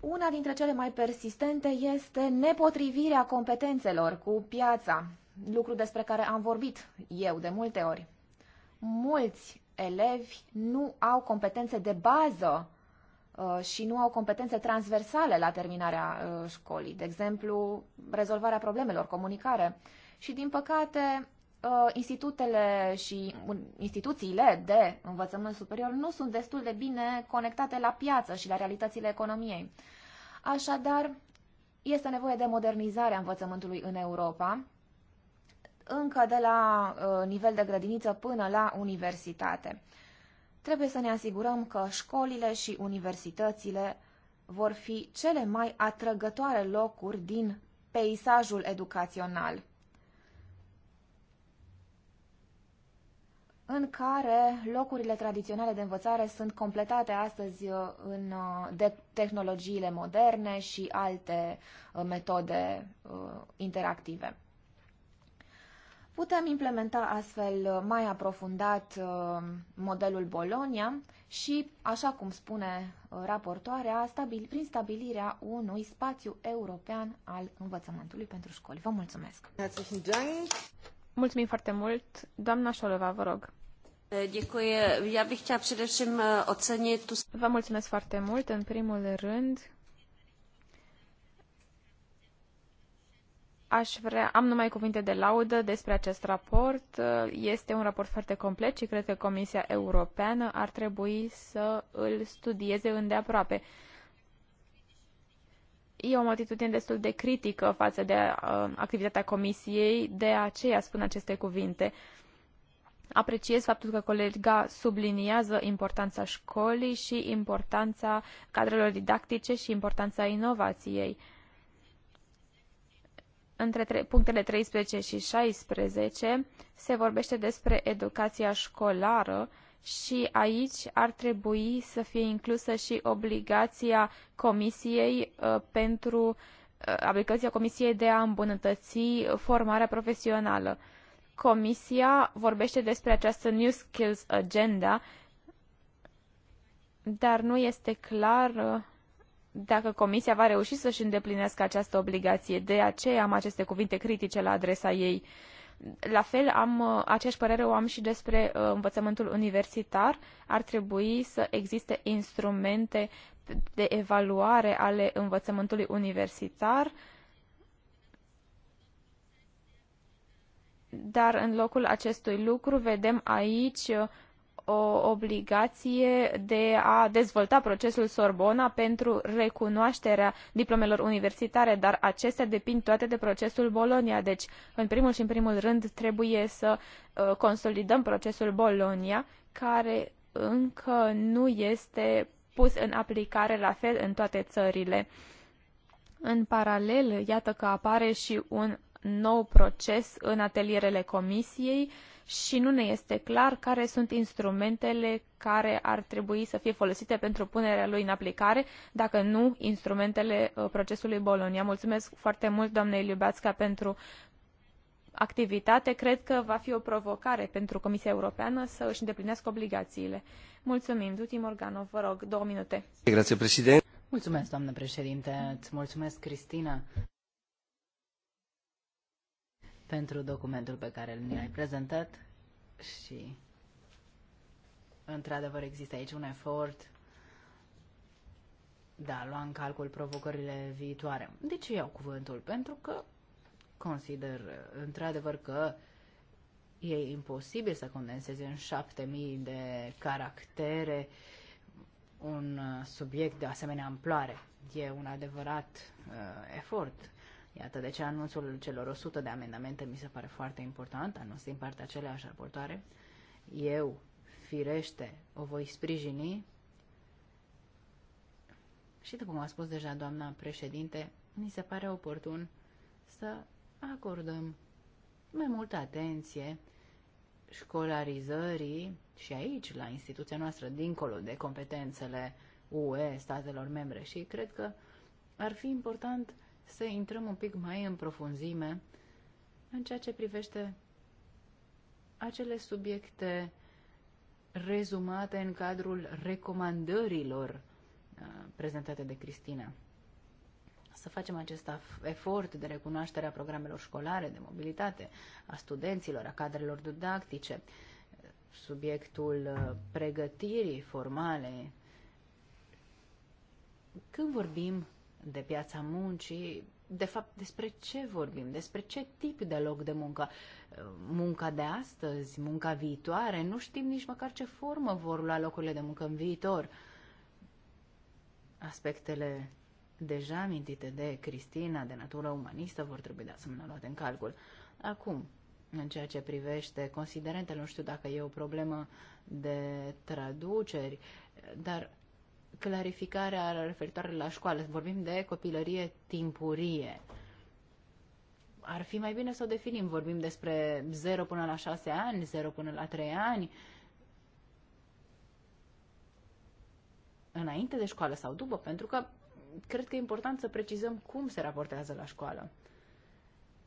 Una dintre cele mai persistente este nepotrivirea competențelor cu piața, lucru despre care am vorbit eu de multe ori. Mulți elevi nu au competențe de bază Uh, și nu au competențe transversale la terminarea uh, școlii, de exemplu, rezolvarea problemelor, comunicare. Și, din păcate, uh, institutele și instituțiile de învățământ superior nu sunt destul de bine conectate la piață și la realitățile economiei. Așadar, este nevoie de modernizarea învățământului în Europa, încă de la nivel de grădiniță până la universitate. Trebuie să ne asigurăm că școlile și universitățile vor fi cele mai atrăgătoare locuri din peisajul educațional, în care locurile tradiționale de învățare sunt completate astăzi uh, în, uh, de tehnologiile moderne și alte uh, metode interactive. Putem implementa astfel uh, mai aprofundat uh, modelul Bologna și, așa cum spune uh, raportoarea, stabil, prin stabilirea unui spațiu european al învățământului pentru școli. Vă mulțumesc! Mulțumim foarte mult! Doamna Șolova, vă rog! Eh, eh, vă mulțumesc foarte mult, în primul rând, Aș vrea, am numai cuvinte de laudă despre acest raport. Este un raport foarte complet și cred că Comisia Europeană ar trebui să îl studieze îndeaproape. E o atitudine destul de critică față de uh, activitatea Comisiei, de aceea spun aceste cuvinte. Apreciez faptul că colega subliniază importanța școlii și importanța cadrelor didactice și importanța inovației. Uh, între punctele 13 și 16 se vorbește despre educația școlară și aici ar trebui să fie inclusă și obligația comisiei uh, pentru uh, obligația comisiei de a îmbunătăți formarea profesională. Comisia vorbește despre această New Skills Agenda, dar nu este clar uh, dacă Comisia va reui să-și îndeplinească această obligație. De aceea am aceste cuvinte critice la adresa ei. La fel, am, uh, aceeași părere o am și despre uh, învățământul universitar. Ar trebui să existe instrumente de evaluare ale învățământului universitar, dar în locul acestui lucru vedem aici uh, o obligație de a dezvolta procesul Sorbona pentru recunoașterea diplomelor universitare, dar acestea depind toate de procesul Bologna. Deci, în primul și în primul rând, trebuie să uh, consolidăm procesul Bologna, care încă nu este pus în aplicare la fel în toate țările. În paralel, iată că apare și un nou proces în atelierele comisiei, uh, și nu ne este clar care sunt instrumentele care ar trebui să fie folosite pentru punerea lui în aplicare, dacă nu instrumentele uh, procesului Bologna. Mulțumesc foarte mult doamnei Liubeațca pentru activitate. Cred că va fi o provocare pentru Comisia Europeană să își îndeplinească obligațiile. Mulțumim. Duti Morganov, vă rog, două minute. Grazie, președinte. Mulțumesc, doamnă președinte. Îți mulțumesc, Cristina pentru documentul pe care l ai prezentat și într-adevăr există aici un efort de a lua în calcul provocările viitoare. De deci ce iau cuvântul? Pentru că consider într-adevăr că e imposibil să condensezi în șapte mii de caractere un uh, subiect de asemenea amploare. E un adevărat uh, efort Iată de ce anunțul celor 100 de amendamente mi se pare foarte important, anunț din partea aceleași raportoare. Eu, firește, o voi sprijini. Și după cum a spus deja doamna președinte, mi se pare oportun să acordăm mai multă atenție școlarizării și aici, la instituția noastră, dincolo de competențele UE, statelor membre. Și cred că ar fi important să intrăm un pic mai în profunzime în ceea ce privește acele subiecte rezumate în cadrul recomandărilor uh, prezentate de Cristina. Să facem acest efort de recunoaștere a programelor școlare, de mobilitate, a studenților, a cadrelor didactice, subiectul uh, pregătirii formale. Când vorbim de piața muncii, de fapt, despre ce vorbim, despre ce tip de loc de muncă, munca de astăzi, munca viitoare, nu știm nici măcar ce formă vor lua locurile de muncă în viitor. Aspectele deja amintite de Cristina, de natură umanistă, vor trebui de asemenea luate în calcul. Acum, în ceea ce privește considerentele, nu știu dacă e o problemă de traduceri, dar clarificarea referitoare la școală. Vorbim de copilărie timpurie. Ar fi mai bine să o definim. Vorbim despre 0 până la 6 ani, 0 până la 3 ani, înainte de școală sau după, pentru că cred că e important să precizăm cum se raportează la școală.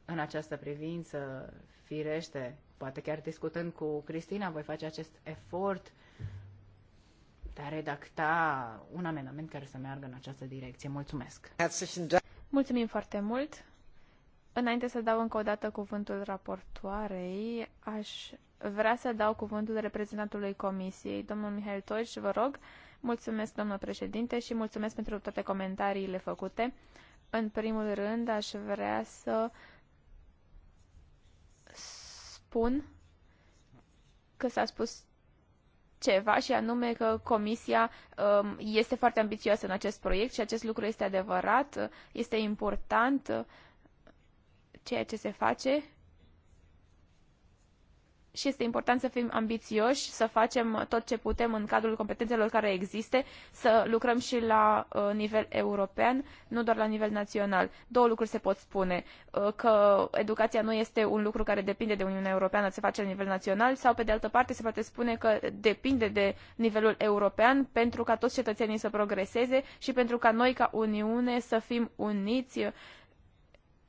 În această privință, firește, poate chiar discutând cu Cristina, voi face acest efort uh, de a redacta un amendament care să meargă în această direcție. Mulțumesc! Mulțumim foarte mult! Înainte să dau încă o dată cuvântul raportoarei, aș vrea să dau cuvântul reprezentantului Comisiei. Domnul Mihail Toș, vă rog, mulțumesc, domnul președinte, și mulțumesc pentru toate comentariile făcute. În primul rând, aș vrea să spun că s-a spus ceva și anume că Comisia um, este foarte ambițioasă în acest proiect și acest lucru este adevărat, este important uh, ceea ce se face și este important să fim ambițioși, să facem tot ce putem în cadrul competențelor care există, să lucrăm și la uh, nivel european, nu doar la nivel național. Două lucruri se pot spune, uh, că educația nu este un lucru care depinde de Uniunea Europeană, se face la nivel național, sau pe de altă parte se poate spune că depinde de nivelul european pentru ca toți cetățenii să progreseze și pentru ca noi ca Uniune să fim uniți,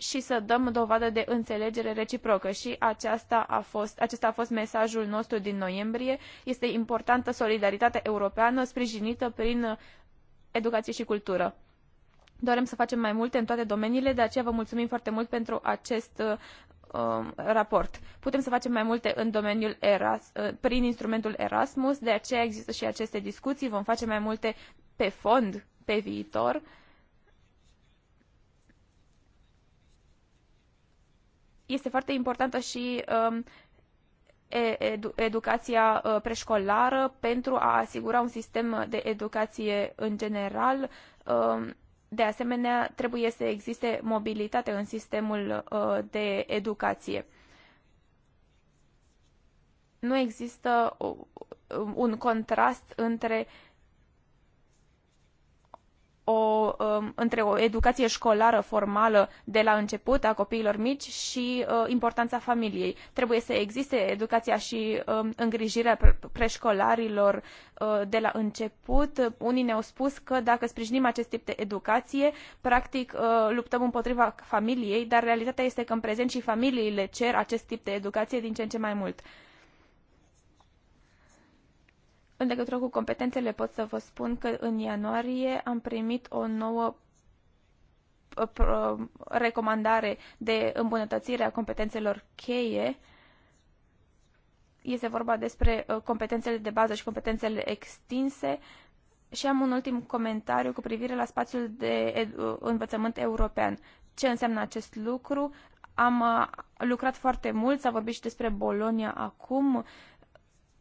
și să dăm dovadă de înțelegere reciprocă și aceasta a fost, acesta a fost mesajul nostru din noiembrie. Este importantă solidaritatea europeană sprijinită prin uh, educație și cultură. Dorem să facem mai multe în toate domeniile, de aceea vă mulțumim foarte mult pentru acest uh, um, raport. Putem să facem mai multe în domeniul Eras, uh, prin instrumentul Erasmus, de aceea există și aceste discuții, vom face mai multe pe fond, pe viitor. Uh, este foarte importantă și um, edu educația uh, preșcolară pentru a asigura un sistem de educație în general. Um, de asemenea, trebuie să existe mobilitate în sistemul uh, de educație. Nu există uh, un contrast între uh, o, um, între o educație școlară formală de la început a copiilor mici și uh, importanța familiei. Trebuie să existe educația și um, îngrijirea preșcolarilor uh, de la început. Unii ne-au spus că dacă sprijinim acest tip de educație, practic uh, luptăm împotriva familiei, dar realitatea este că în prezent și familiile cer acest tip de educație din ce în ce mai mult. În legătură cu competențele pot să vă spun că în ianuarie am primit o nouă uh, recomandare de îmbunătățire a competențelor cheie. Este vorba despre uh, competențele de bază și competențele extinse. Și am un ultim comentariu cu privire la spațiul de uh, învățământ european. Ce înseamnă acest lucru? Am lucrat foarte mult, s-a vorbit și despre Bolonia acum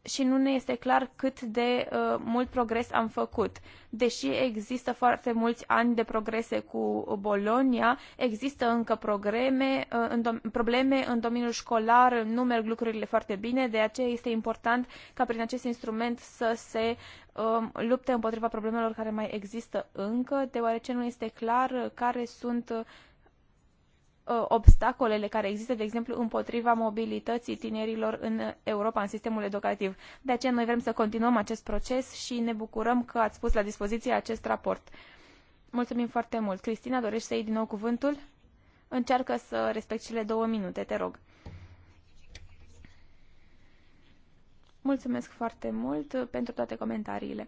și nu ne este clar cât de uh, mult progres am făcut. Deși există foarte mulți ani de progrese cu Bologna, există încă probleme, uh, în probleme în domeniul școlar, nu merg lucrurile foarte bine, de aceea este important ca prin acest instrument să se uh, lupte împotriva problemelor care mai există încă, deoarece nu este clar care sunt uh, Uh, obstacolele care există, de exemplu, împotriva mobilității tinerilor în Europa, în sistemul educativ. De aceea noi vrem să continuăm acest proces și ne bucurăm că ați pus la dispoziție acest raport. Mulțumim foarte mult. Cristina, dorești să iei din nou cuvântul? Încearcă să respecti cele două minute, te rog. Mulțumesc foarte mult pentru toate comentariile.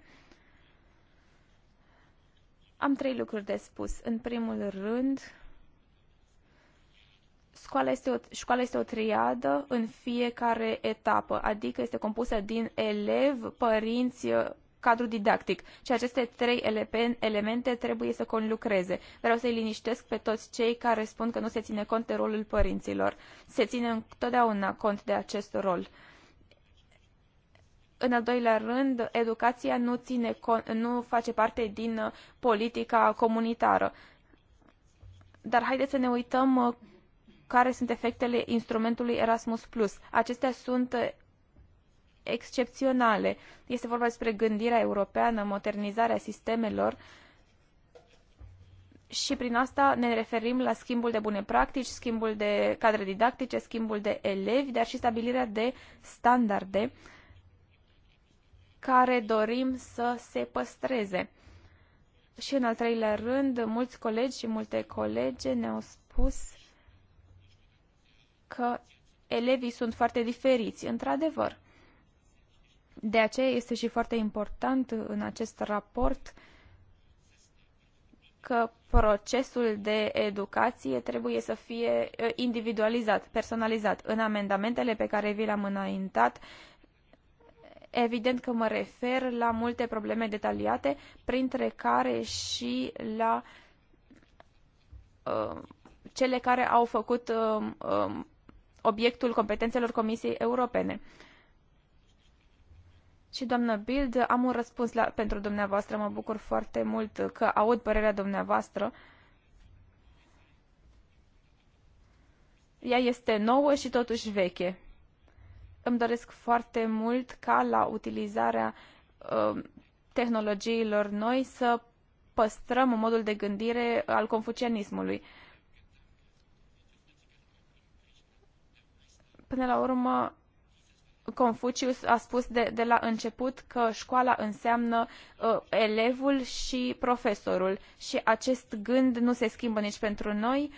Am trei lucruri de spus. În primul rând, Școala este, o, școala este o triadă în fiecare etapă, adică este compusă din elev, părinți, uh, cadru didactic și aceste trei elemente trebuie să conlucreze. Vreau să-i liniștesc pe toți cei care spun că nu se ține cont de rolul părinților. Se ține întotdeauna cont de acest rol. În al doilea rând, educația nu, ține, nu face parte din uh, politica comunitară. Dar haideți să ne uităm uh, care sunt efectele instrumentului Erasmus+. Acestea sunt uh, excepționale. Este vorba despre gândirea europeană, modernizarea sistemelor și prin asta ne referim la schimbul de bune practici, schimbul de cadre didactice, schimbul de elevi, dar și stabilirea de standarde care dorim să se păstreze. Și în al treilea rând, mulți colegi și multe colege ne-au spus că elevii sunt foarte diferiți, într-adevăr. De aceea este și foarte important în acest raport că procesul de educație trebuie să fie ă, individualizat, personalizat. În amendamentele pe care vi le-am înaintat, evident că mă refer la multe probleme detaliate, printre care și la uh, cele care au făcut uh, uh, obiectul competențelor Comisiei Europene. Și, doamnă Bild, am un răspuns la, pentru dumneavoastră. Mă bucur foarte mult că aud părerea dumneavoastră. Ea este nouă și totuși veche. Îmi doresc foarte mult ca la utilizarea uh, tehnologiilor noi să păstrăm modul de gândire al confucianismului. Uh, Până la urmă, Confucius a spus de, de la început că școala înseamnă uh, elevul și profesorul și acest gând nu se schimbă nici pentru noi.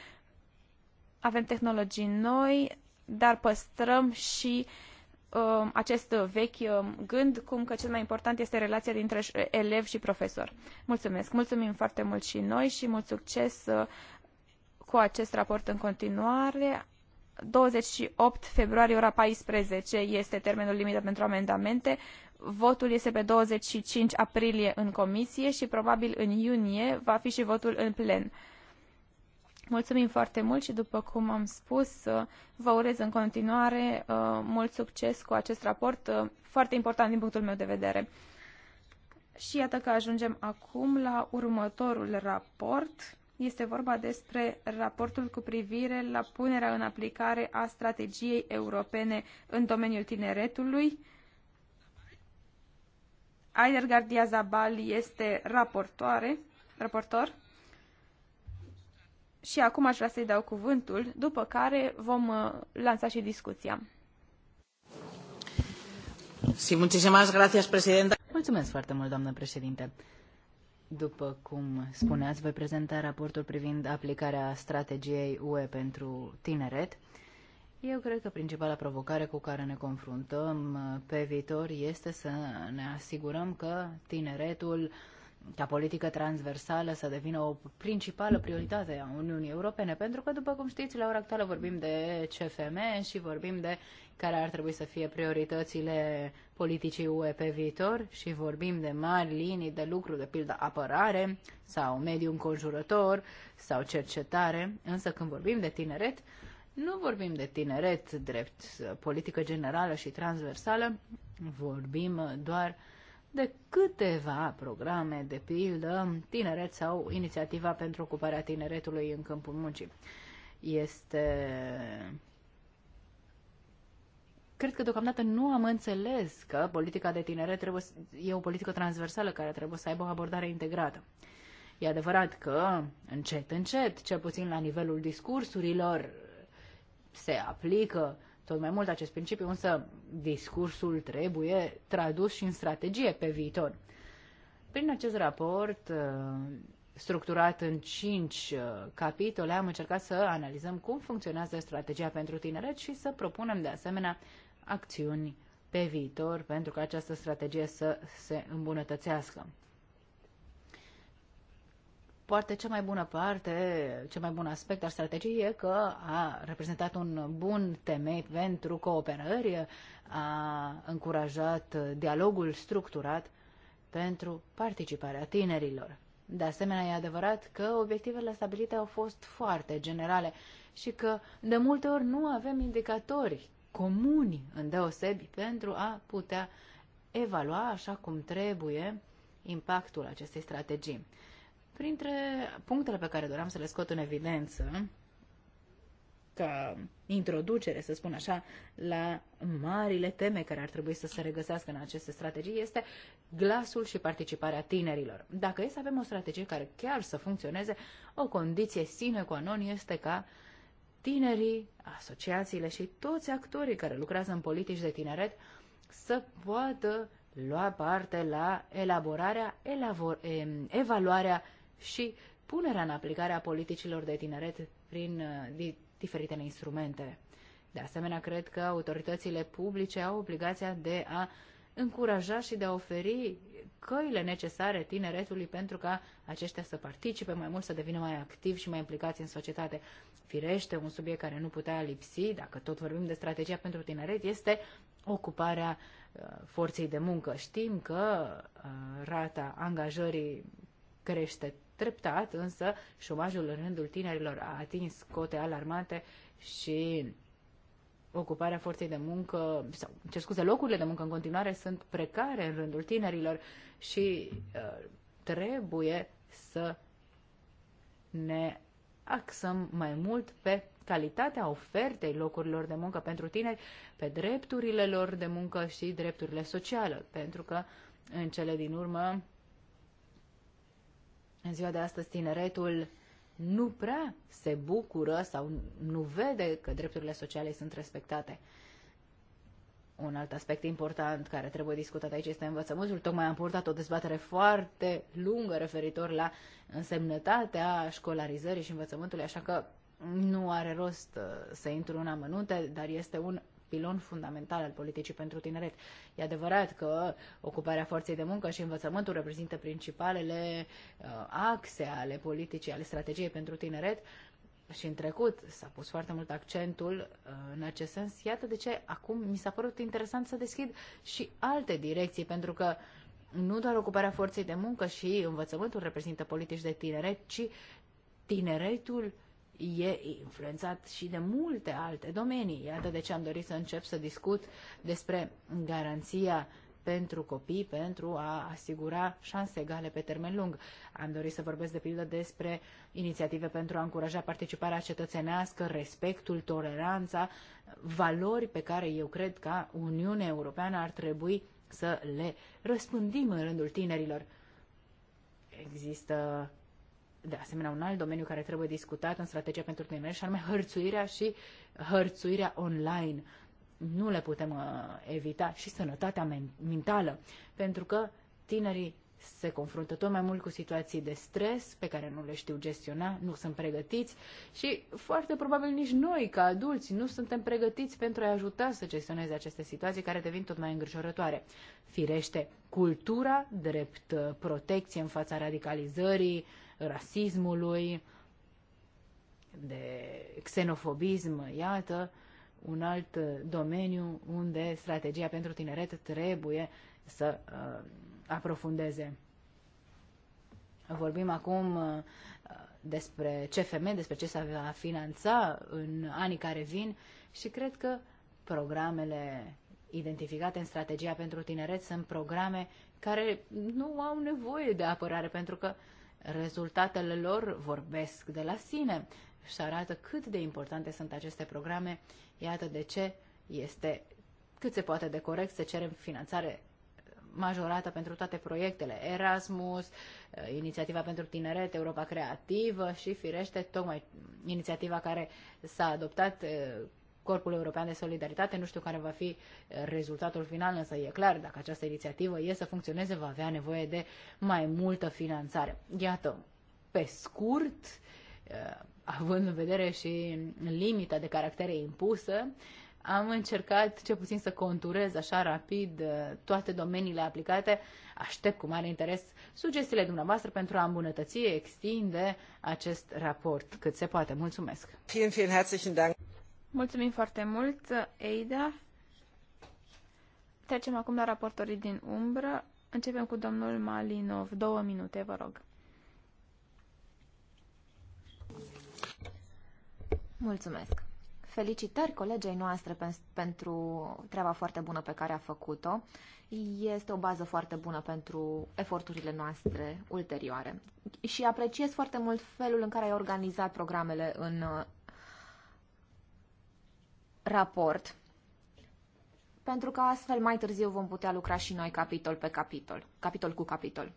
Avem tehnologii noi, dar păstrăm și uh, acest vechi uh, gând, cum că cel mai important este relația dintre elev și profesor. Mulțumesc! Mulțumim foarte mult și noi și mult succes uh, cu acest raport în continuare. 28 februarie, ora 14, este termenul limită pentru amendamente. Votul este pe 25 aprilie în comisie și probabil în iunie va fi și votul în plen. Mulțumim foarte mult și, după cum am spus, vă urez în continuare uh, mult succes cu acest raport, uh, foarte important din punctul meu de vedere. Și iată că ajungem acum la următorul raport este vorba despre raportul cu privire la punerea în aplicare a strategiei europene în domeniul tineretului. Aider Gardia Zabal este raportoare, raportor. Și acum aș vrea să-i dau cuvântul, după care vom uh, lansa și discuția. Sí, muchísimas gracias, presidenta. Mulțumesc foarte mult, doamnă președinte. După cum spuneați, voi prezenta raportul privind aplicarea strategiei UE pentru tineret. Eu cred că principala provocare cu care ne confruntăm pe viitor este să ne asigurăm că tineretul uh, ca politică transversală să devină o principală prioritate a Uniunii Europene, pentru că, după cum știți, la ora actuală vorbim de CFM și vorbim de care ar trebui să fie prioritățile politicii UE pe viitor și vorbim de mari linii de lucru, de pildă apărare sau mediu înconjurător sau cercetare, însă când vorbim de tineret, nu vorbim de tineret drept politică generală și transversală, vorbim doar uh, de câteva programe, de pildă, tineret sau inițiativa pentru ocuparea tineretului în câmpul muncii. Este... Cred că deocamdată nu am înțeles că politica de tineret trebuie, e o politică transversală care trebuie să aibă o abordare integrată. E adevărat că, încet, încet, cel puțin la nivelul discursurilor, se aplică uh, tot mai mult acest principiu, însă discursul trebuie tradus și în strategie pe viitor. Prin acest raport, uh, structurat în cinci uh, capitole, am încercat să analizăm cum funcționează strategia pentru tineret și să propunem de asemenea acțiuni pe viitor pentru ca această strategie să se îmbunătățească poate cea mai bună parte, cel mai bun aspect al strategiei e că a reprezentat un bun temei pentru cooperări, a încurajat dialogul structurat pentru participarea tinerilor. De asemenea, e adevărat că obiectivele stabilite au fost foarte generale și că de multe ori nu avem indicatori comuni în deosebi pentru a putea evalua așa cum trebuie impactul acestei strategii. Printre punctele pe care doream să le scot în evidență, ca introducere, să spun așa, la marile teme care ar trebui să se regăsească în aceste strategii este glasul și participarea tinerilor. Dacă e să avem o strategie care chiar să funcționeze, o condiție sine qua non este ca tinerii, asociațiile și toți actorii care lucrează în politici de tineret să poată lua parte la elaborarea, elabor, evaluarea și punerea în aplicare a politicilor de tineret prin uh, diferitele instrumente. De asemenea, cred că autoritățile publice au obligația de a încuraja și de a oferi căile necesare tineretului pentru ca aceștia să participe mai mult, să devină mai activi și mai implicați în societate. Firește, un subiect care nu putea lipsi, dacă tot vorbim de strategia pentru tineret, este ocuparea uh, forței de muncă. Știm că uh, rata angajării crește Treptat, însă, șomajul în rândul tinerilor a atins cote alarmante și ocuparea forței de muncă, sau, ce scuze, locurile de muncă în continuare sunt precare în rândul tinerilor și uh, trebuie să ne axăm mai mult pe calitatea ofertei locurilor de muncă pentru tineri, pe drepturile lor de muncă și drepturile sociale, pentru că în cele din urmă în ziua de astăzi, tineretul nu prea se bucură sau nu vede că drepturile sociale sunt respectate. Un alt aspect important care trebuie discutat aici este învățământul. Tocmai am purtat o dezbatere foarte lungă referitor la însemnătatea școlarizării și învățământului, așa că nu are rost uh, să intru în amănunte, dar este un pilon fundamental al politicii pentru tineret. E adevărat că ocuparea forței de muncă și învățământul reprezintă principalele uh, axe ale politicii, ale strategiei pentru tineret, și în trecut s-a pus foarte mult accentul uh, în acest sens. Iată de ce acum mi s-a părut interesant să deschid și alte direcții, pentru că nu doar ocuparea forței de muncă și învățământul reprezintă politici de tineret, ci tineretul e influențat și de multe alte domenii. Iată de ce am dorit să încep să discut despre garanția pentru copii, pentru a asigura șanse egale pe termen lung. Am dorit să vorbesc de pildă despre inițiative pentru a încuraja participarea cetățenească, respectul, toleranța, valori pe care eu cred că Uniunea Europeană ar trebui să le răspândim în rândul tinerilor. Există de asemenea, un alt domeniu care trebuie discutat în strategia pentru tineret și anume hărțuirea și hărțuirea online. Nu le putem uh, evita și sănătatea mentală, pentru că tinerii se confruntă tot mai mult cu situații de stres pe care nu le știu gestiona, nu sunt pregătiți și foarte probabil nici noi, ca adulți, nu suntem pregătiți pentru a ajuta să gestioneze aceste situații care devin tot mai îngrijorătoare. Firește, cultura drept uh, protecție în fața radicalizării, rasismului, de xenofobism, iată, un alt uh, domeniu unde strategia pentru tineret trebuie să uh, aprofundeze. Vorbim acum uh, despre CFM, despre ce s-a finanța în anii care vin și cred că programele identificate în strategia pentru tineret sunt programe care nu au nevoie de apărare pentru că uh, Rezultatele lor vorbesc de la sine și arată cât de importante sunt aceste programe. Iată de ce este cât se poate de corect să cerem finanțare majorată pentru toate proiectele Erasmus, eh, inițiativa pentru tineret, Europa Creativă și, firește, tocmai inițiativa care s-a adoptat eh, Corpul European de Solidaritate. Nu știu care va fi eh, rezultatul final, însă e clar, dacă această inițiativă e să funcționeze, va avea nevoie de mai multă finanțare. Iată, pe scurt, eh, având în vedere și limita de caractere impusă, am încercat ce puțin să conturez așa rapid eh, toate domeniile aplicate. Aștept cu mare interes sugestiile dumneavoastră pentru a îmbunătăți, extinde acest raport cât se poate. Mulțumesc! Vielen, vielen herzlichen Dank! Mulțumim foarte mult, Eida. Trecem acum la raportorii din umbră. Începem cu domnul Malinov. Două minute, vă rog. Mulțumesc. Felicitări colegei noastre pentru treaba foarte bună pe care a făcut-o. Este o bază foarte bună pentru eforturile noastre ulterioare. Și apreciez foarte mult felul în care ai organizat programele în raport, pentru că astfel mai târziu vom putea lucra și noi capitol pe capitol, capitol cu capitol.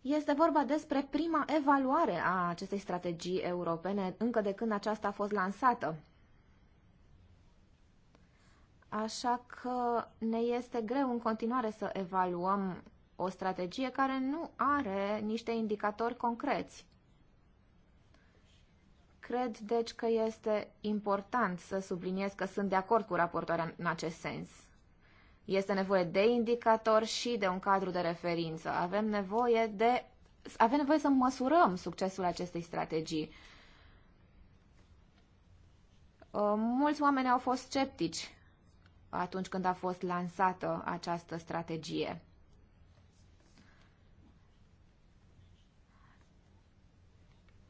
Este vorba despre prima evaluare a acestei strategii europene, încă de când aceasta a fost lansată. Așa că ne este greu în continuare să evaluăm o strategie care nu are niște indicatori concreți. Cred, deci, că este important să subliniez că sunt de acord cu raportoarea în acest sens. Este nevoie de indicator și de un cadru de referință. Avem nevoie de avem nevoie să măsurăm succesul acestei strategii. Uh, mulți oameni au fost sceptici atunci când a fost lansată această strategie.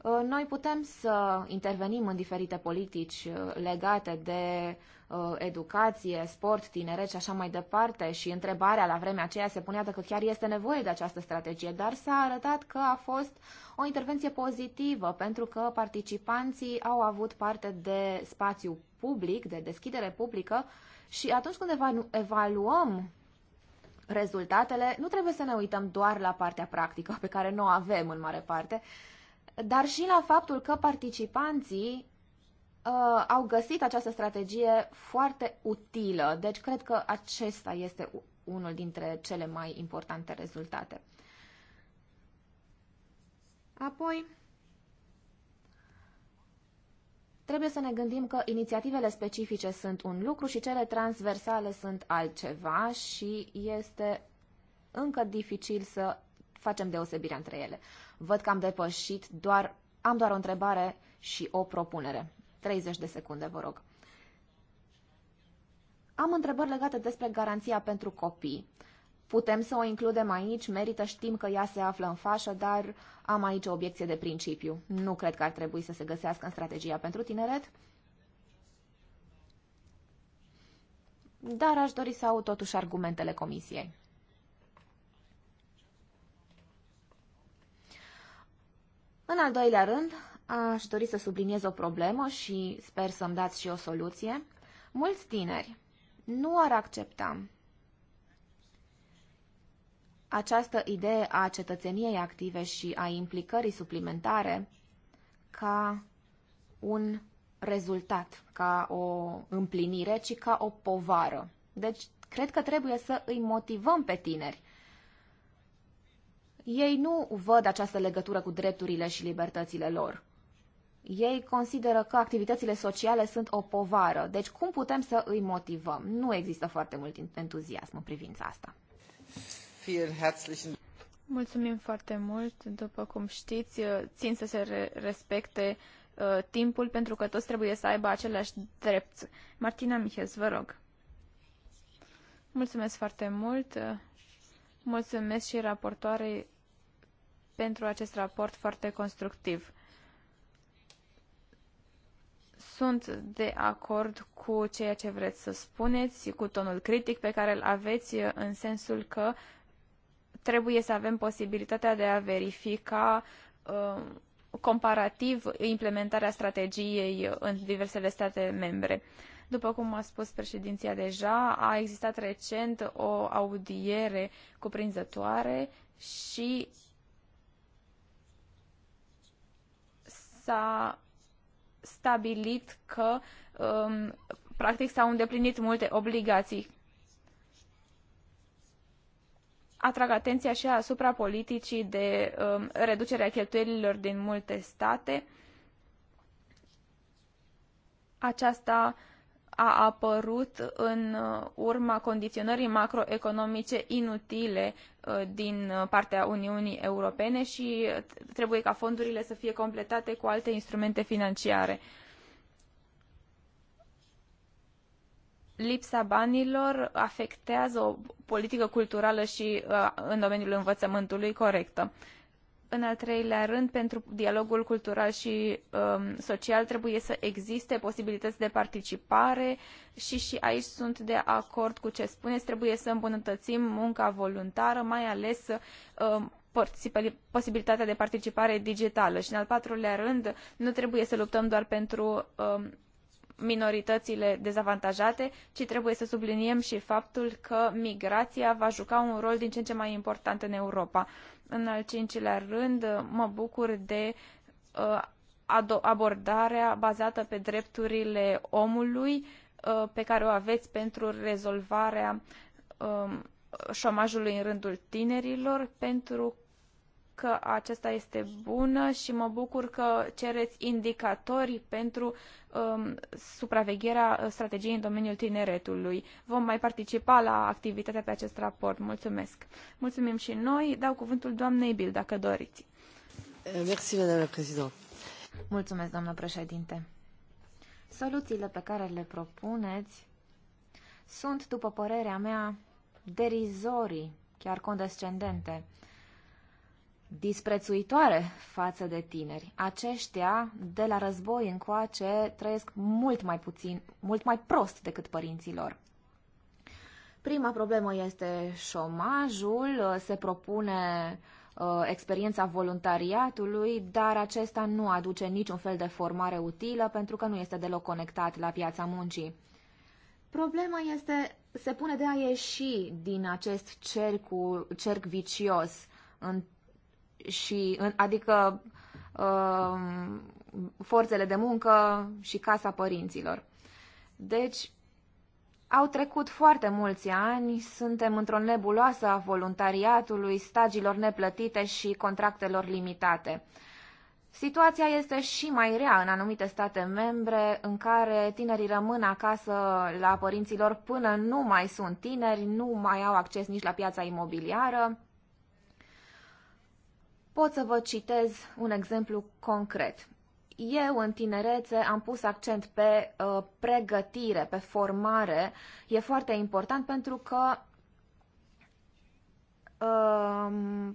Uh, noi putem să intervenim în diferite politici uh, legate de uh, educație, sport, tineret și așa mai departe și întrebarea la vremea aceea se punea dacă chiar este nevoie de această strategie, dar s-a arătat că a fost o intervenție pozitivă pentru că participanții au avut parte de spațiu public, de deschidere publică și atunci când evaluăm rezultatele, nu trebuie să ne uităm doar la partea practică pe care nu o avem în mare parte, dar și la faptul că participanții uh, au găsit această strategie foarte utilă. Deci cred că acesta este unul dintre cele mai importante rezultate. Apoi, trebuie să ne gândim că inițiativele specifice sunt un lucru și cele transversale sunt altceva și este încă dificil să facem deosebirea între ele. Văd că am depășit doar, am doar o întrebare și o propunere. 30 de secunde, vă rog. Am întrebări legate despre garanția pentru copii. Putem să o includem aici, merită, știm că ea se află în fașă, dar am aici o obiecție de principiu. Nu cred că ar trebui să se găsească în strategia pentru tineret, dar aș dori să aud totuși argumentele comisiei. În al doilea rând, aș dori să subliniez o problemă și sper să-mi dați și o soluție. Mulți tineri nu ar accepta această idee a cetățeniei active și a implicării suplimentare ca un rezultat, ca o împlinire, ci ca o povară. Deci, cred că trebuie să îi motivăm pe tineri ei nu văd această legătură cu drepturile și libertățile lor. Ei consideră că activitățile sociale sunt o povară, deci cum putem să îi motivăm? Nu există foarte mult entuziasm în privința asta. Mulțumim foarte mult. După cum știți, țin să se respecte uh, timpul pentru că toți trebuie să aibă aceleași drept. Martina Mihes, vă rog. Mulțumesc foarte mult. Mulțumesc și raportoarei pentru acest raport foarte constructiv. Sunt de acord cu ceea ce vreți să spuneți, cu tonul critic pe care îl aveți, în sensul că trebuie să avem posibilitatea de a verifica uh, comparativ implementarea strategiei în diversele state membre. După cum a spus președinția deja, a existat recent o audiere cuprinzătoare și s-a stabilit că um, practic s-au îndeplinit multe obligații. Atrag atenția și asupra politicii de um, reducere a cheltuielilor din multe state. Aceasta uh, a apărut în uh, urma condiționării macroeconomice inutile uh, din uh, partea Uniunii Europene și trebuie ca fondurile să fie completate cu alte instrumente financiare. Lipsa banilor afectează o politică culturală și în domeniul învățământului corectă. În al treilea rând, pentru dialogul cultural și um, social trebuie să existe posibilități de participare și și aici sunt de acord cu ce spunei trebuie să îmbunătățim munca voluntară, mai ales um, posibilitatea de participare digitală. i în al patrulea rând, nu trebuie să luptăm doar pentru minorităile um, minoritățile dezavantajate, ci trebuie să subliniem și faptul că migrația va juca un rol din ce în ce mai important în Europa. În al cincilea rând, mă bucur de uh, abordarea bazată pe drepturile omului uh, pe care o aveți pentru rezolvarea um, șomajului în rândul tinerilor, pentru că acesta este bună și mă bucur că cereți indicatori pentru um, supravegherea uh, strategiei în domeniul tineretului. Vom mai participa la activitatea pe acest raport. Mulțumesc. Mulțumim și noi. Dau cuvântul doamnei Bil, dacă doriți. Eh, merci, doamna președinte. Mulțumesc, doamnă președinte. Soluțiile pe care le propuneți sunt, după părerea mea, derizorii, chiar condescendente disprețuitoare față de tineri. Aceștia, de la război încoace, trăiesc mult mai puțin, mult mai prost decât părinților. Prima problemă este șomajul, se propune uh, experiența voluntariatului, dar acesta nu aduce niciun fel de formare utilă pentru că nu este deloc conectat la piața muncii. Problema este, se pune de a ieși din acest cercul, cerc vicios în și, adică um, forțele de muncă și casa părinților. Deci, au trecut foarte mulți ani, suntem într-o nebuloasă a voluntariatului, stagiilor neplătite și contractelor limitate. Situația este și mai rea în anumite state membre în care tinerii rămân acasă la părinților până nu mai sunt tineri, nu mai au acces nici la piața imobiliară Pot să vă citez un exemplu concret. Eu, în tinerețe, am pus accent pe uh, pregătire, pe formare. E foarte important pentru că uh,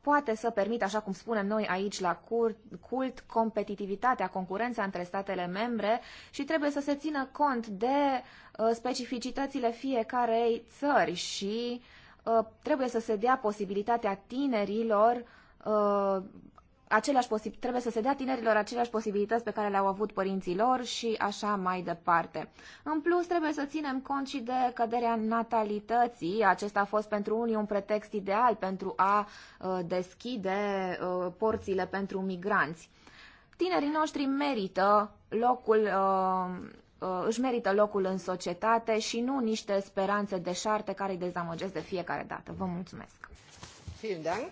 poate să permită, așa cum spunem noi aici la cult, cult, competitivitatea, concurența între statele membre și trebuie să se țină cont de uh, specificitățile fiecarei țări și uh, trebuie să se dea posibilitatea tinerilor Uh, aceleași posib- trebuie să se dea tinerilor aceleași posibilități pe care le-au avut părinții lor și așa mai departe. În plus, trebuie să ținem cont și de căderea natalității. Acesta a fost pentru unii un pretext ideal pentru a uh, deschide uh, porțile pentru migranți. Tinerii noștri merită locul uh, uh își merită locul în societate și nu niște speranțe deșarte care îi dezamăgesc de fiecare dată. Vă mulțumesc! Vielen Dank.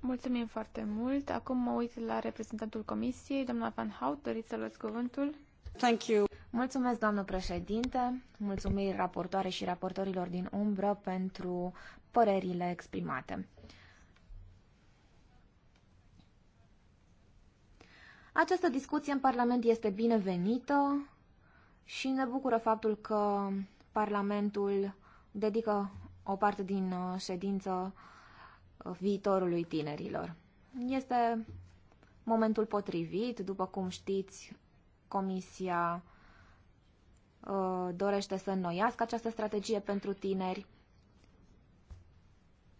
Mulțumim foarte mult. Acum mă uit la reprezentantul Comisiei, doamna Van Hout, doriți să luați cuvântul? Thank you. Mulțumesc, doamnă președinte, Mulțumim raportoare și raportorilor din umbră pentru părerile exprimate. Această discuție în Parlament este binevenită și ne bucură faptul că Parlamentul dedică o parte din uh, ședință uh, viitorului tinerilor. Este momentul potrivit, după cum știți, Comisia uh, dorește să înnoiască această strategie pentru tineri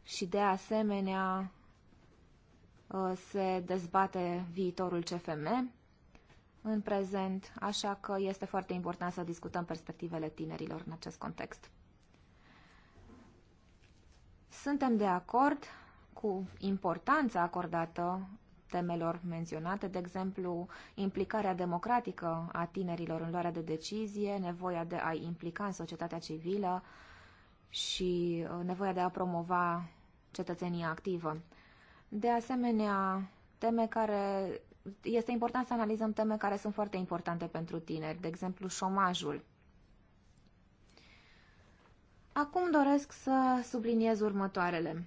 și de asemenea uh, se dezbate viitorul CFM în prezent, așa că este foarte important să discutăm perspectivele tinerilor în acest context. Suntem de acord cu importanța acordată temelor menționate, de exemplu, implicarea democratică a tinerilor în luarea de decizie, nevoia de a implica în societatea civilă și uh, nevoia de a promova cetățenia activă. De asemenea, teme care este important să analizăm teme care sunt foarte importante pentru tineri, de exemplu șomajul. Acum doresc să subliniez următoarele.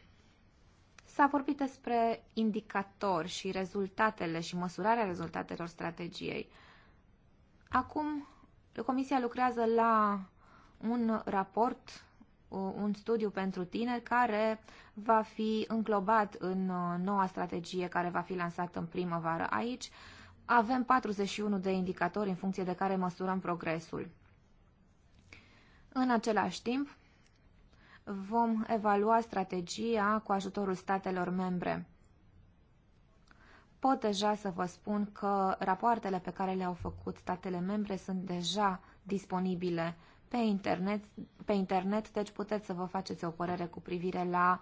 S-a vorbit despre indicatori și rezultatele și măsurarea rezultatelor strategiei. Acum, Comisia lucrează la un raport, un studiu pentru tineri care va fi înglobat în uh, noua strategie care va fi lansată în primăvară aici. Avem 41 de indicatori în funcție de care măsurăm progresul. În același timp, vom evalua strategia cu ajutorul statelor membre. Pot deja să vă spun că rapoartele pe care le-au făcut statele membre sunt deja disponibile pe internet, pe internet, deci puteți să vă faceți o părere cu privire la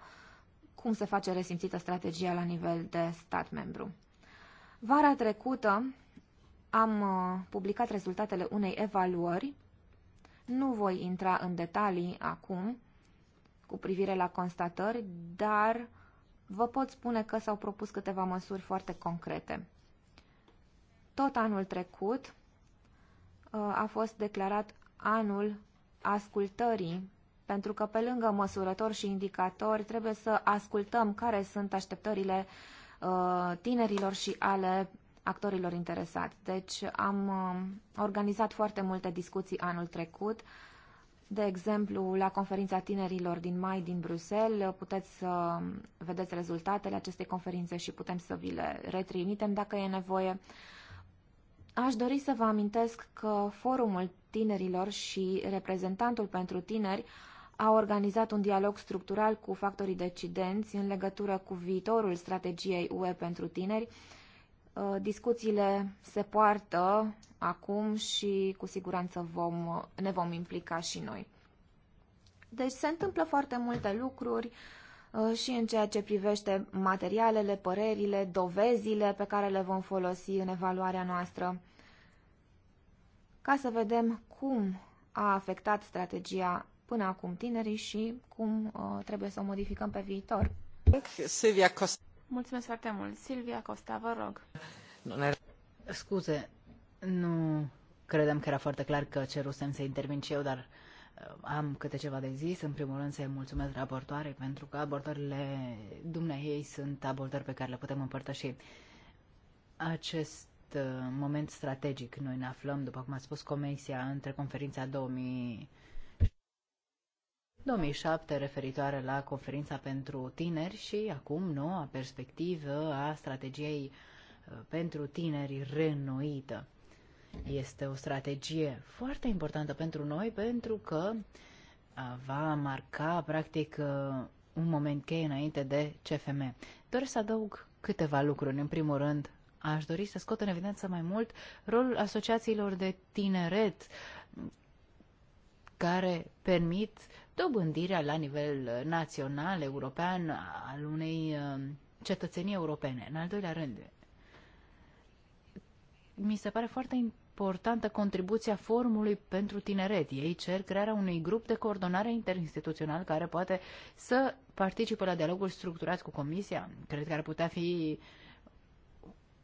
cum se face resimțită strategia la nivel de stat membru. Vara trecută am uh, publicat rezultatele unei evaluări. Nu voi intra în detalii acum, cu privire la constatări, dar vă pot spune că s-au propus câteva măsuri foarte concrete. Tot anul trecut uh, a fost declarat anul ascultării, pentru că pe lângă măsurători și indicatori trebuie să ascultăm care sunt așteptările uh, tinerilor și ale actorilor interesați. Deci am uh, organizat foarte multe discuții anul trecut de exemplu, la conferința tinerilor din mai din Bruxelles puteți să vedeți rezultatele acestei conferințe și putem să vi le retrimitem dacă e nevoie. Aș dori să vă amintesc că Forumul Tinerilor și reprezentantul pentru tineri a organizat un dialog structural cu factorii decidenți în legătură cu viitorul strategiei UE pentru tineri, Uh, discuțiile se poartă acum și cu siguranță vom, ne vom implica și noi. Deci se întâmplă foarte multe lucruri uh, și în ceea ce privește materialele, părerile, dovezile pe care le vom folosi în evaluarea noastră, ca să vedem cum a afectat strategia până acum tinerii și cum uh, trebuie să o modificăm pe viitor. Silvia Costa. Mulțumesc foarte mult. Silvia Costa, vă rog. Scuze, nu credeam că era foarte clar că cerusem să intervin și eu, dar uh, am câte ceva de zis. În primul rând să-i mulțumesc raportoarei pentru că abordările dumneai sunt abordări pe care le putem împărtăși. Acest uh, moment strategic noi ne aflăm, după cum a spus Comisia, între conferința 2000 2007 referitoare la conferința pentru tineri și acum noua perspectivă a strategiei uh, pentru tineri renoită. Este o strategie foarte importantă pentru noi pentru că uh, va marca practic uh, un moment cheie înainte de CFM. Doresc să adaug câteva lucruri. În primul rând, aș dori să scot în evidență mai mult rolul asociațiilor de tineret care permit dobândirea la nivel uh, național, european, al unei uh, cetățenii europene. În al doilea rând, mi se pare foarte importantă contribuția formului pentru tineret. Ei cer crearea unui grup de coordonare interinstituțional care poate să participe la dialogul structurat cu Comisia. Cred că ar putea fi uh,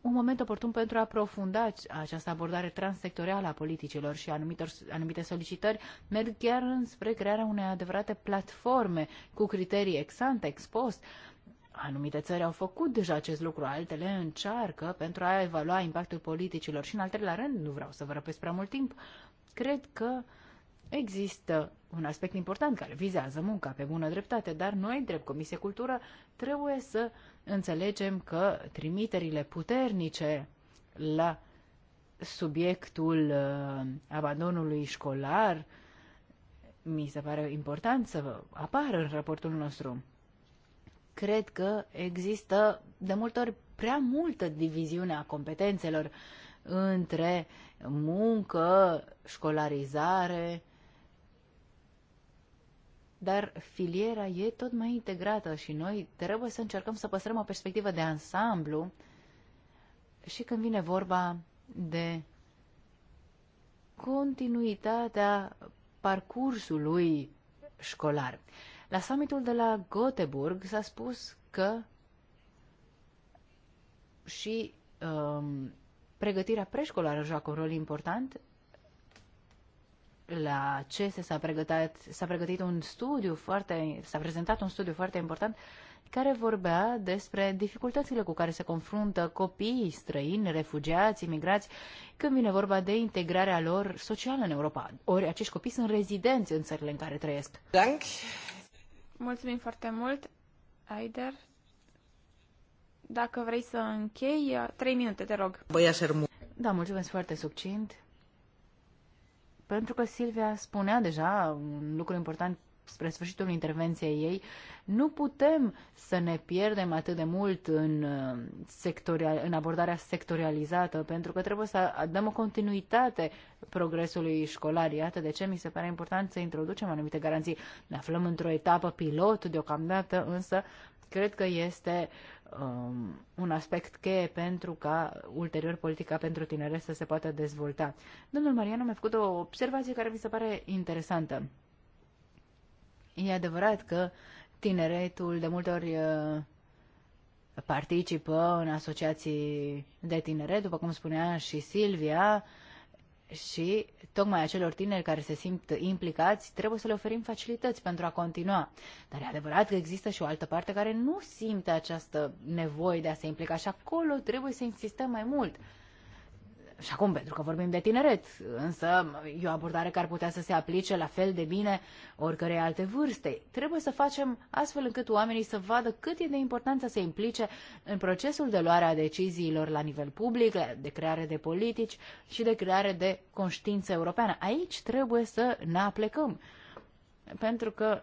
un moment oportun pentru a aprofunda această abordare transsectorială a politicilor și anumitor, anumite solicitări merg chiar înspre crearea unei adevărate platforme cu criterii ex-ante, ex-post. Anumite țări au făcut deja acest lucru, altele încearcă pentru a evalua impactul politicilor și, în al treilea rând, nu vreau să vă răpesc prea mult timp, cred că Există un aspect important care vizează munca pe bună dreptate, dar noi, drept Comisie Cultură, trebuie să înțelegem că trimiterile puternice la subiectul uh, abandonului școlar mi se pare important să apară în raportul nostru. Cred că există de multe ori prea multă diviziune a competențelor între muncă, școlarizare, dar filiera e tot mai integrată și noi trebuie să încercăm să păstrăm o perspectivă de ansamblu și când vine vorba de continuitatea parcursului școlar. La summitul de la Göteborg s-a spus că și um, pregătirea preșcolară joacă un rol important la CESE s-a pregătit, s-a pregătit un studiu foarte, s-a prezentat un studiu foarte important care vorbea despre dificultățile cu care se confruntă copiii străini, refugiați, imigrați, când vine vorba de integrarea lor socială în Europa. Ori acești copii sunt rezidenți în țările în care trăiesc. Thank. Mulțumim foarte mult, Aider. Dacă vrei să închei, trei minute, te rog. Băia Da, mulțumesc foarte succint. Pentru că Silvia spunea deja un lucru important spre sfârșitul intervenției ei, nu putem să ne pierdem atât de mult în, uh, sectorial, în abordarea sectorializată, pentru că trebuie să dăm o continuitate progresului școlar. Iată de ce mi se pare important să introducem anumite garanții. Ne aflăm într-o etapă pilot deocamdată, însă Cred că este um, un aspect cheie pentru ca ulterior politica pentru tinere să se poată dezvolta. Domnul Marian, mi-a făcut o observație care mi se pare interesantă. E adevărat că tineretul de multe ori uh, participă în asociații de tineret, după cum spunea și Silvia, uh, și tocmai acelor tineri care se simt implicați trebuie să le oferim facilități pentru a continua. Dar e adevărat că există și o altă parte care nu simte această nevoie de a se implica și acolo trebuie să insistăm mai mult și acum pentru că vorbim de tineret, însă e o abordare care ar putea să se aplice la fel de bine oricărei alte vârste. Trebuie să facem astfel încât oamenii să vadă cât e de important să se implice în procesul de luare a deciziilor la nivel public, de creare de politici și de creare de conștiință europeană. Aici trebuie să ne aplecăm. Pentru că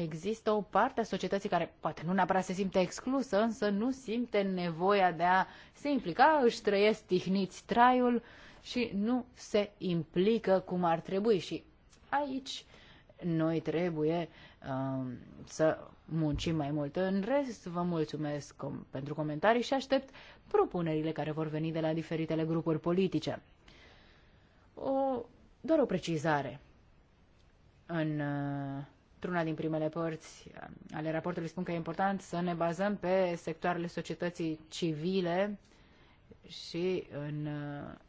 există o parte a societății care poate nu neapărat se simte exclusă, însă nu simte nevoia de a se implica, își trăiesc tihniți traiul și nu se implică cum ar trebui. Și aici noi trebuie uh, să muncim mai mult. În rest, vă mulțumesc com- pentru comentarii și aștept propunerile care vor veni de la diferitele grupuri politice. O, doar o precizare. În uh, Într-una din primele părți ale raportului spun că e important să ne bazăm pe sectoarele societății civile și în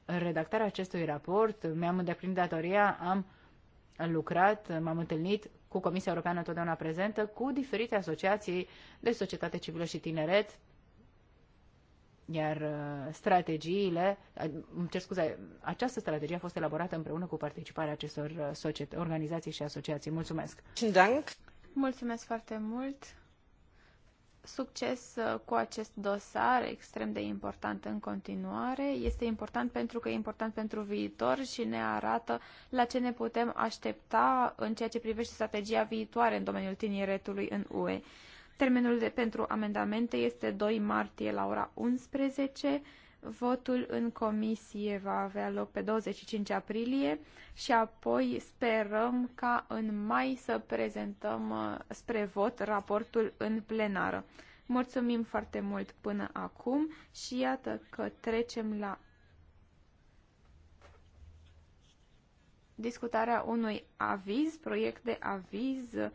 redactarea acestui raport mi-am îndeplinit datoria, am lucrat, m-am întâlnit cu Comisia Europeană totdeauna prezentă, cu diferite asociații de societate civilă și tineret iar uh, strategiile, uh, îmi cer scuze, această strategie a fost elaborată împreună cu participarea acestor uh, societ, organizații și asociații. Mulțumesc! Dank. Mulțumesc foarte mult! Succes cu acest dosar extrem de important în continuare. Este important pentru că e important pentru viitor și ne arată la ce ne putem aștepta în ceea ce privește strategia viitoare în domeniul tineretului în UE. Termenul de, pentru amendamente este 2 martie la ora 11. Votul în comisie va avea loc pe 25 aprilie și apoi sperăm ca în mai să prezentăm uh, spre vot raportul în plenară. Mulțumim foarte mult până acum și iată că trecem la discutarea unui aviz, proiect de aviz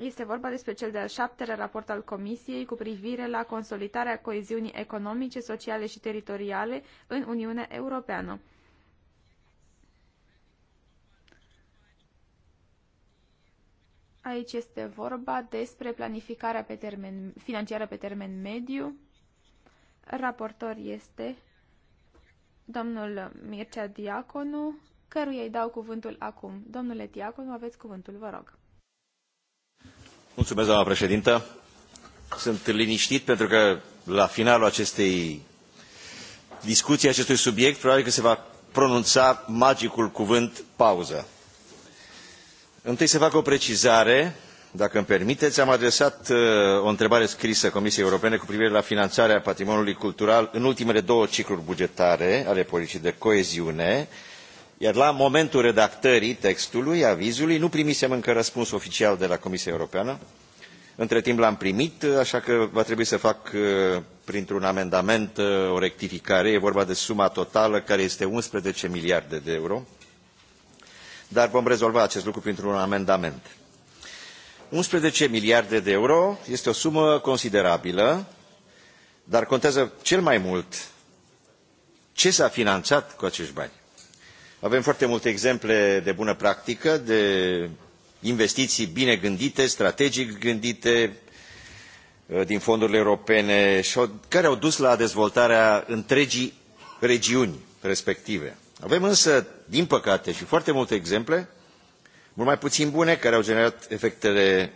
este vorba despre cel de-al șaptelea raport al Comisiei cu privire la consolidarea coeziunii economice, sociale și teritoriale în Uniunea Europeană. Aici este vorba despre planificarea pe termen, financiară pe termen mediu. Raportor este domnul Mircea Diaconu, căruia îi dau cuvântul acum. Domnule Diaconu, aveți cuvântul, vă rog. Mulțumesc, doamna președintă. Sunt liniștit pentru că la finalul acestei discuții, acestui subiect, probabil că se va pronunța magicul cuvânt pauză. Întâi să fac o precizare, dacă îmi permiteți, am adresat uh, o întrebare scrisă Comisiei Europene cu privire la finanțarea patrimoniului cultural în ultimele două cicluri bugetare ale politicii de coeziune, iar la momentul redactării textului, avizului, nu primisem încă răspuns oficial de la Comisia Europeană. Între timp l-am primit, așa că va trebui să fac uh, printr-un amendament uh, o rectificare. E vorba de suma totală care este 11 miliarde de euro, dar vom rezolva acest lucru printr-un amendament. 11 miliarde de euro este o sumă considerabilă, dar contează cel mai mult ce s-a finanțat cu acești bani. Avem foarte multe exemple de bună practică, de investiții bine gândite, strategic gândite uh, din fondurile europene care au dus la dezvoltarea întregii regiuni respective. Avem însă, din păcate, și foarte multe exemple, mult mai puțin bune, care au generat efectele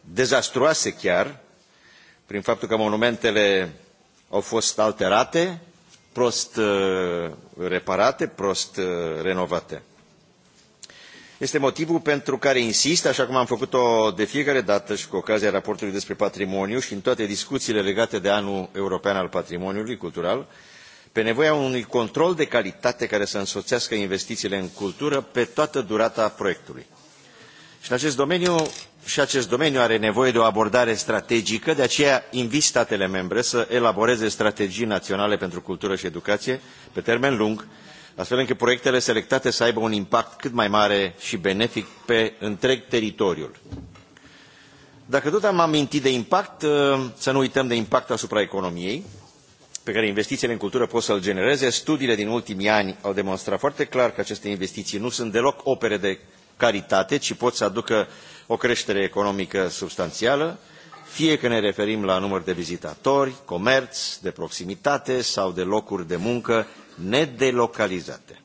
dezastruoase chiar, prin faptul că monumentele au fost alterate, prost uh, reparate, prost uh, renovate. Este motivul pentru care insist, așa cum am făcut-o de fiecare dată și cu ocazia raportului despre patrimoniu și în toate discuțiile legate de anul european al patrimoniului cultural, pe nevoia unui control de calitate care să însoțească investițiile în cultură pe toată durata proiectului. Și în acest domeniu și acest domeniu are nevoie de o abordare strategică, de aceea invit statele membre să elaboreze strategii naționale pentru cultură și educație pe termen lung, astfel încât proiectele selectate să aibă un impact cât mai mare și benefic pe întreg teritoriul. Dacă tot am amintit de impact, ă, să nu uităm de impactul asupra economiei, pe care investițiile în cultură pot să-l genereze. Studiile din ultimii ani au demonstrat foarte clar că aceste investiții nu sunt deloc opere de caritate, ci pot să aducă o creștere economică substanțială, fie că ne referim la număr de vizitatori, comerț, de proximitate sau de locuri de muncă nedelocalizate.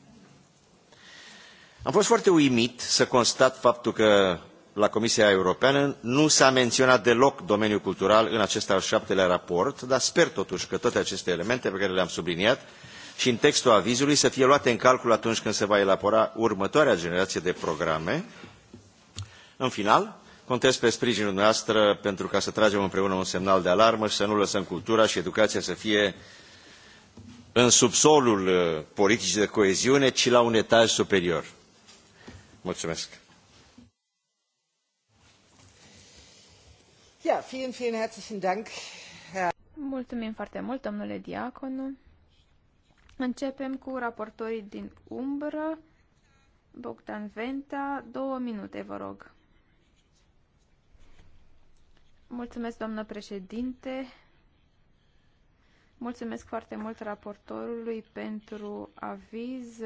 Am fost foarte uimit să constat faptul că la Comisia Europeană nu s-a menționat deloc domeniul cultural în acest al șaptelea raport, dar sper totuși că toate aceste elemente pe care le-am subliniat și în textul avizului să fie luate în calcul atunci când se va elabora următoarea generație de programe în final, contez pe sprijinul noastră pentru ca să tragem împreună un semnal de alarmă și să nu lăsăm cultura și educația să fie în subsolul uh, politicii de coeziune, ci la un etaj superior. Mulțumesc! Ja, vielen, vielen herzlichen Dank. Mulțumim foarte mult, domnule Diaconu. Începem cu raportorii din umbră. Bogdan Venta, două minute, vă rog. Mulțumesc, doamnă președinte. Mulțumesc foarte mult raportorului pentru aviz.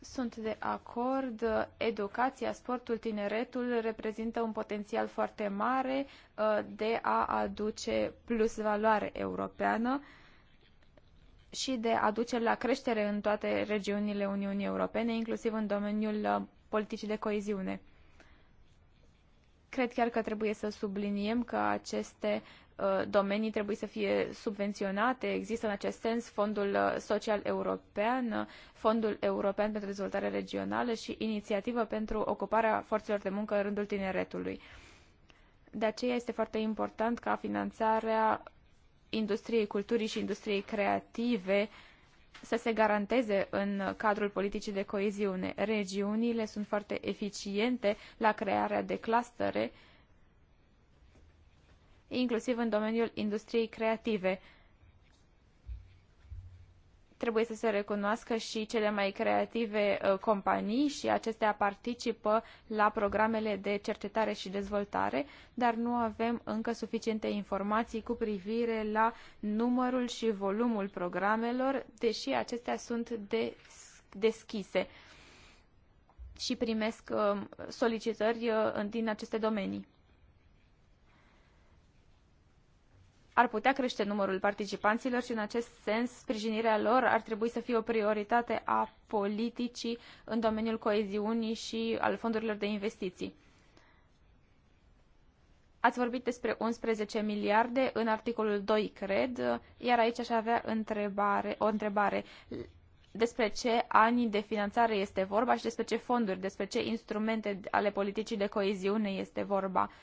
Sunt de acord. Educația, sportul, tineretul reprezintă un potențial foarte mare uh, de a aduce plus valoare europeană și de a duce la creștere în toate regiunile Uniunii Europene, inclusiv în domeniul uh, politicii de coeziune. Cred chiar că trebuie să subliniem că aceste uh, domenii trebuie să fie subvenționate. Există în acest sens Fondul uh, Social European, uh, Fondul European pentru Dezvoltare Regională și Inițiativă pentru Ocuparea Forțelor de Muncă în rândul tineretului. De aceea este foarte important ca finanțarea industriei culturii și industriei creative uh, să se garanteze în cadrul politicii de coeziune. Regiunile sunt foarte eficiente la crearea de clustere, inclusiv în domeniul industriei creative trebuie să se recunoască și cele mai creative uh, companii și acestea participă la programele de cercetare și dezvoltare, dar nu avem încă suficiente informații cu privire la numărul și volumul programelor, deși acestea sunt deschise și primesc uh, solicitări uh, din aceste domenii. ar putea crește numărul participanților și în acest sens sprijinirea lor ar trebui să fie o prioritate a politicii în domeniul coeziunii și al fondurilor de investiții. Ați vorbit despre 11 miliarde în articolul 2, cred, iar aici aș avea întrebare, o întrebare. Despre ce ani de finanțare este vorba și despre ce fonduri, despre ce instrumente ale politicii de coeziune este vorba? Uh,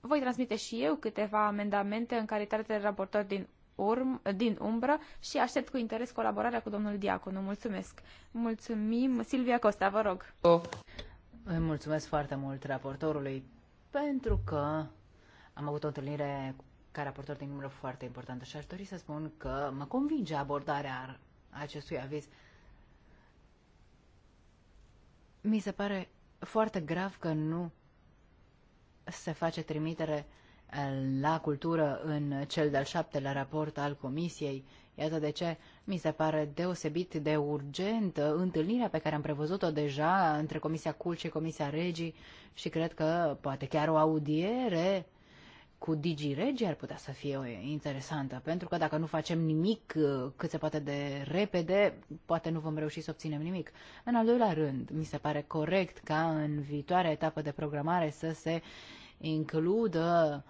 Voi transmite și eu câteva amendamente în calitate de raportor din, urm, din umbră și aștept cu interes colaborarea cu domnul Diaconu. Mulțumesc! Mulțumim! Silvia Costa, vă rog! Îi mulțumesc foarte mult raportorului pentru că am avut o întâlnire ca raportor din umbră foarte importantă și aș dori să spun că mă convinge abordarea acestui aviz. Mi se pare foarte grav că nu se face trimitere eh, la cultură în cel de-al șaptelea raport al Comisiei. Iată de ce mi se pare deosebit de urgent întâlnirea pe care am prevăzut-o deja între Comisia Cult și Comisia Regii și cred că poate chiar o audiere cu Digi Regi ar putea să fie interesantă, pentru că dacă nu facem nimic eh, cât se poate de repede, poate nu vom reuși să obținem nimic. În al doilea rând, mi se pare corect ca în viitoarea etapă de programare să se uh, includă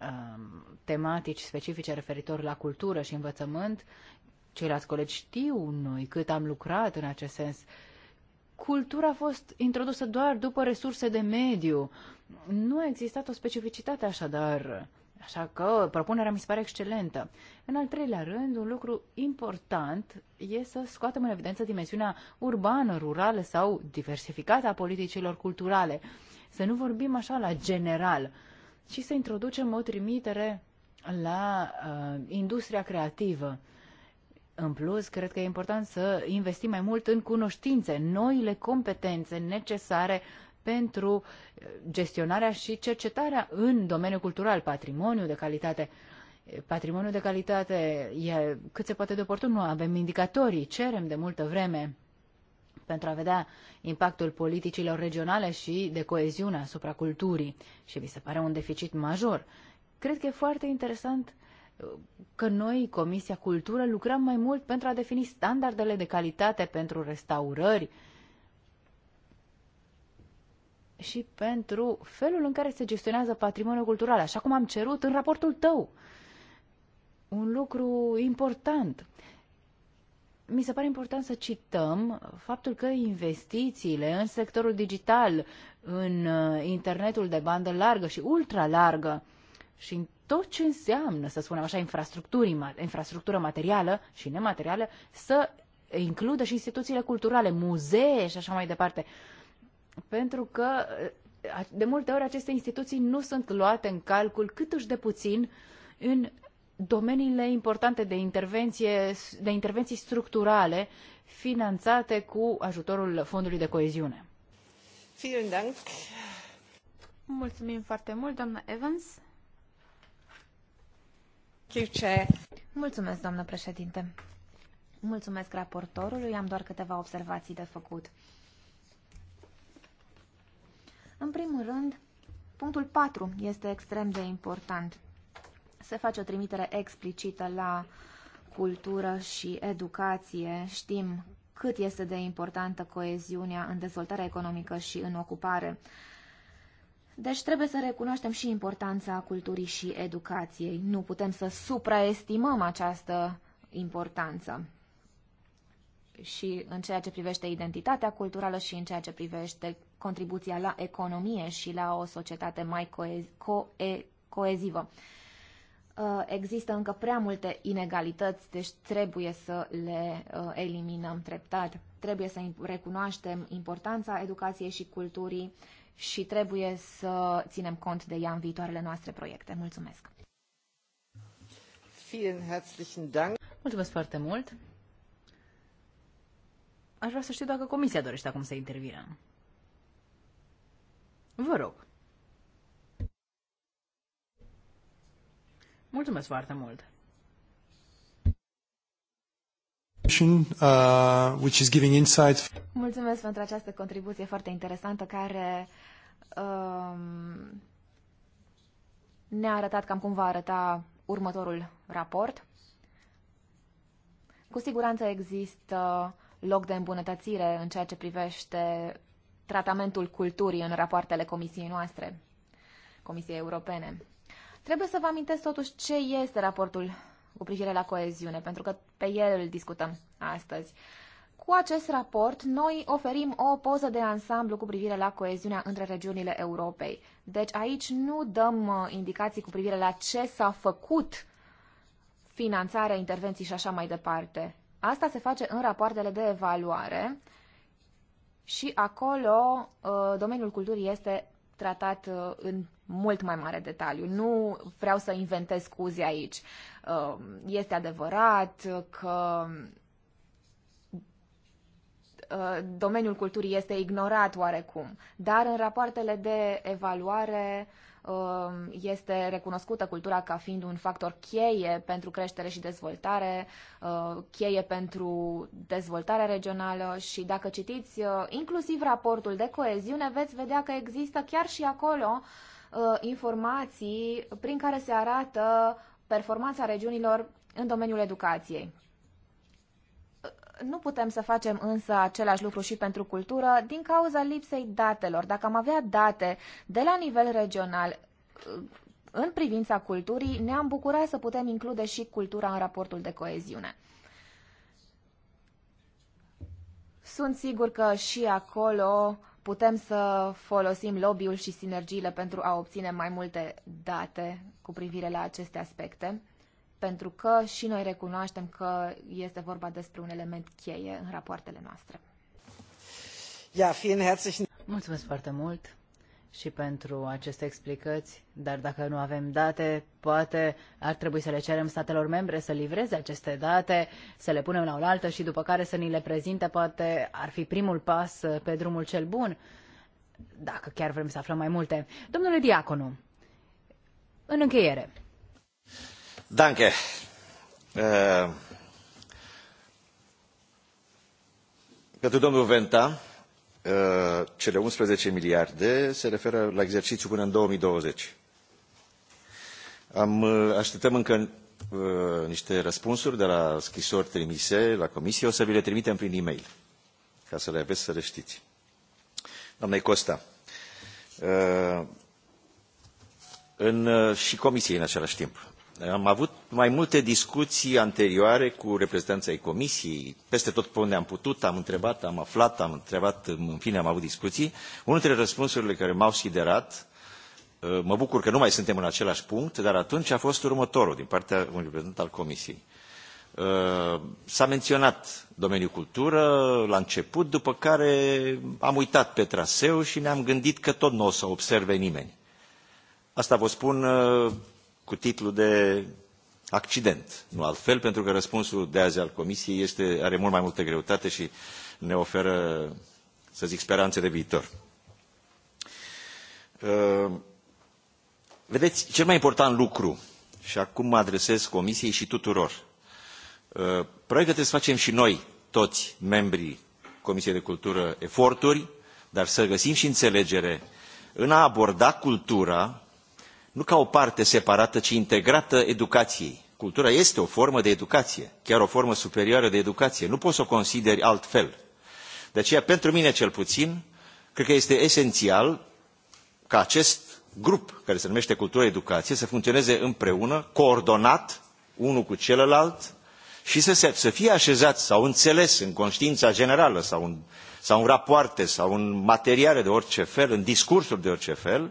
um, tematici specifice referitor la cultură și învățământ. Ceilalți colegi știu noi cât am lucrat în acest sens. Cultura a fost introdusă doar după resurse de mediu. Nu a existat o specificitate așadar. Așa că propunerea mi se pare excelentă. În al treilea rând, un lucru important e să scoatem în evidență dimensiunea urbană, rurală sau diversificată a politicilor culturale. Să nu vorbim așa la general, ci să introducem o trimitere la uh, industria creativă. În plus, cred că e important să investim mai mult în cunoștințe, noile competențe necesare pentru uh, gestionarea și cercetarea în domeniul cultural, patrimoniu de calitate. Patrimoniul de calitate e cât se poate de oportun, nu avem indicatorii, cerem de multă vreme pentru a vedea impactul politicilor regionale și de coeziune asupra culturii și mi se pare un deficit major. Cred că e foarte interesant uh, că noi, Comisia Cultură, lucrăm mai mult pentru a defini standardele de calitate pentru restaurări și pentru felul în care se gestionează patrimoniul cultural, așa cum am cerut în raportul tău. Un lucru important mi se pare important să cităm faptul că investițiile în sectorul digital, în uh, internetul de bandă largă și ultralargă și în tot ce înseamnă, să spunem așa, infrastructură materială și nematerială, să includă și instituțiile culturale, muzee și așa mai departe. Pentru că uh, de multe ori aceste instituții nu sunt luate în calcul cât uși de puțin în domeniile importante de, intervenție, de intervenții structurale finanțate cu ajutorul Fondului de Coeziune. dank. Mulțumim foarte mult, doamna Evans. Mulțumesc, doamnă președinte. Mulțumesc raportorului, am doar câteva observații de făcut. În primul rând, punctul 4 este extrem de important se face o trimitere explicită la cultură și educație. Știm cât este de importantă coeziunea în dezvoltarea economică și în ocupare. Deci trebuie să recunoaștem și importanța culturii și educației. Nu putem să supraestimăm această importanță. Și în ceea ce privește identitatea culturală și în ceea ce privește contribuția la economie și la o societate mai coe- co- e- coezivă. Uh, există încă prea multe inegalități, deci trebuie să le uh, eliminăm treptat. Trebuie să recunoaștem importanța educației și culturii și trebuie să ținem cont de ea în viitoarele noastre proiecte. Mulțumesc! Mulțumesc foarte mult! Aș vrea să știu dacă Comisia dorește acum să intervină. Vă rog! Mulțumesc foarte mult! Uh, which is giving insight. Mulțumesc pentru această contribuție foarte interesantă care um, ne-a arătat cam cum va arăta următorul raport. Cu siguranță există loc de îmbunătățire în ceea ce privește tratamentul culturii în rapoartele comisiei noastre, Comisiei Europene. Trebuie să vă amintesc totuși ce este raportul cu privire la coeziune, pentru că pe el îl discutăm astăzi. Cu acest raport, noi oferim o poză de ansamblu cu privire la coeziunea între regiunile Europei. Deci aici nu dăm uh, indicații cu privire la ce s-a făcut finanțarea, intervenții și așa mai departe. Asta se face în rapoartele de evaluare și acolo uh, domeniul culturii este tratat uh, în mult mai mare detaliu. Nu vreau să inventez scuze aici. Uh, este adevărat că Uh, domeniul culturii este ignorat oarecum, dar în rapoartele de evaluare uh, este recunoscută cultura ca fiind un factor cheie pentru creștere și dezvoltare, uh, cheie pentru dezvoltarea regională și dacă citiți inclusiv raportul de coeziune, veți vedea că există chiar și acolo informații prin care se arată performanța regiunilor în domeniul educației. Nu putem să facem însă același lucru și pentru cultură din cauza lipsei datelor. Dacă am avea date de la nivel regional uh, în privința culturii, ne-am bucurat să putem include și cultura în raportul de coeziune. Sunt sigur că și acolo putem să folosim lobby-ul și sinergiile pentru a obține mai multe date cu privire la aceste aspecte pentru că și noi recunoaștem că este vorba despre un element cheie în rapoartele noastre. Ja, vielen herzlichen... Mulțumesc foarte mult și pentru aceste explicații, dar dacă nu avem date, poate ar trebui să le cerem statelor membre să livreze aceste date, să le punem la oaltă și după care să ni le prezinte, poate ar fi primul pas uh, pe drumul cel bun, dacă chiar vrem să aflăm mai multe. Domnule Diaconu, în încheiere. Danke. Eh, pentru domnul Venta, eh, cele 11 miliarde se referă la exercițiul până în 2020. Am, eh, așteptăm încă niște răspunsuri de la scrisori trimise la comisie. O să vi le trimitem prin e-mail, ca să le aveți să le știți. Doamnei Costa, în, și comisiei în același timp. Am avut mai multe discuții anterioare cu reprezentanții ai Comisiei, peste tot pe unde am putut, am întrebat, am aflat, am întrebat, în fine am avut discuții. Unul dintre răspunsurile care m-au siderat, ă, mă bucur că nu mai suntem în același punct, dar atunci a fost următorul din partea unui reprezentant al Comisiei. Ă, s-a menționat domeniul cultură la început, după care am uitat pe traseu și ne-am gândit că tot nu o să observe nimeni. Asta vă spun ă, cu titlu de accident, nu altfel, pentru că răspunsul de azi al Comisiei este, are mult mai multă greutate și ne oferă, să zic, speranțe de viitor. Uh, vedeți, cel mai important lucru, și acum mă adresez Comisiei și tuturor, uh, probabil că trebuie să facem și noi, toți membrii Comisiei de Cultură, eforturi, dar să găsim și înțelegere în a aborda cultura nu ca o parte separată, ci integrată educației. Cultura este o formă de educație, chiar o formă superioară de educație. Nu poți să o consideri altfel. De aceea, pentru mine cel puțin, cred că este esențial ca acest grup care se numește Cultura Educație să funcționeze împreună, coordonat, unul cu celălalt, și să, se, să fie așezat sau înțeles în conștiința generală sau în, sau în rapoarte sau în materiale de orice fel, în discursuri de orice fel,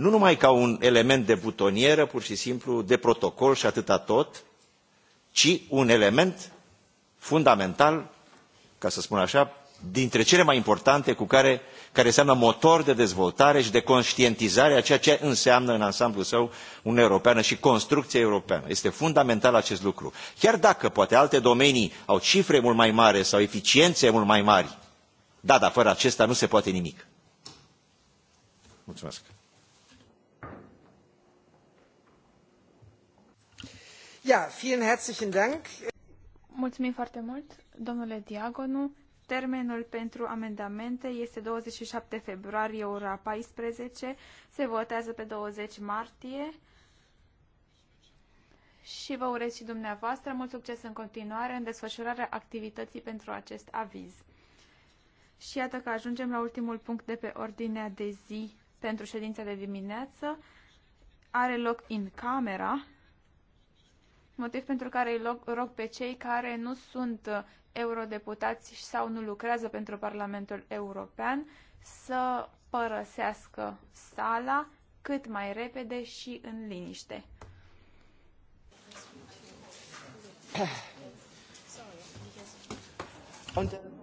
nu numai ca un element de butonieră, pur și simplu, de protocol și atâta tot, ci un element fundamental, ca să spun așa, dintre cele mai importante cu care, care înseamnă motor de dezvoltare și de conștientizare a ceea ce înseamnă în ansamblu său Uniunea Europeană și construcția europeană. Este fundamental acest lucru. Chiar dacă poate alte domenii au cifre mult mai mari sau eficiențe mult mai mari, da, dar fără acesta nu se poate nimic. Mulțumesc. Ja, vielen herzlichen Dank. Mulțumim foarte mult, domnule Diagonu. Termenul pentru amendamente este 27 februarie, ora 14. Se votează pe 20 martie. Și vă urez și dumneavoastră mult succes în continuare în desfășurarea activității pentru acest aviz. Și iată că ajungem la ultimul punct de pe ordinea de zi pentru ședința de dimineață. Are loc în camera motiv pentru care îi rog pe cei care nu sunt uh, eurodeputați sau nu lucrează pentru Parlamentul European să părăsească sala cât mai repede și în liniște. Und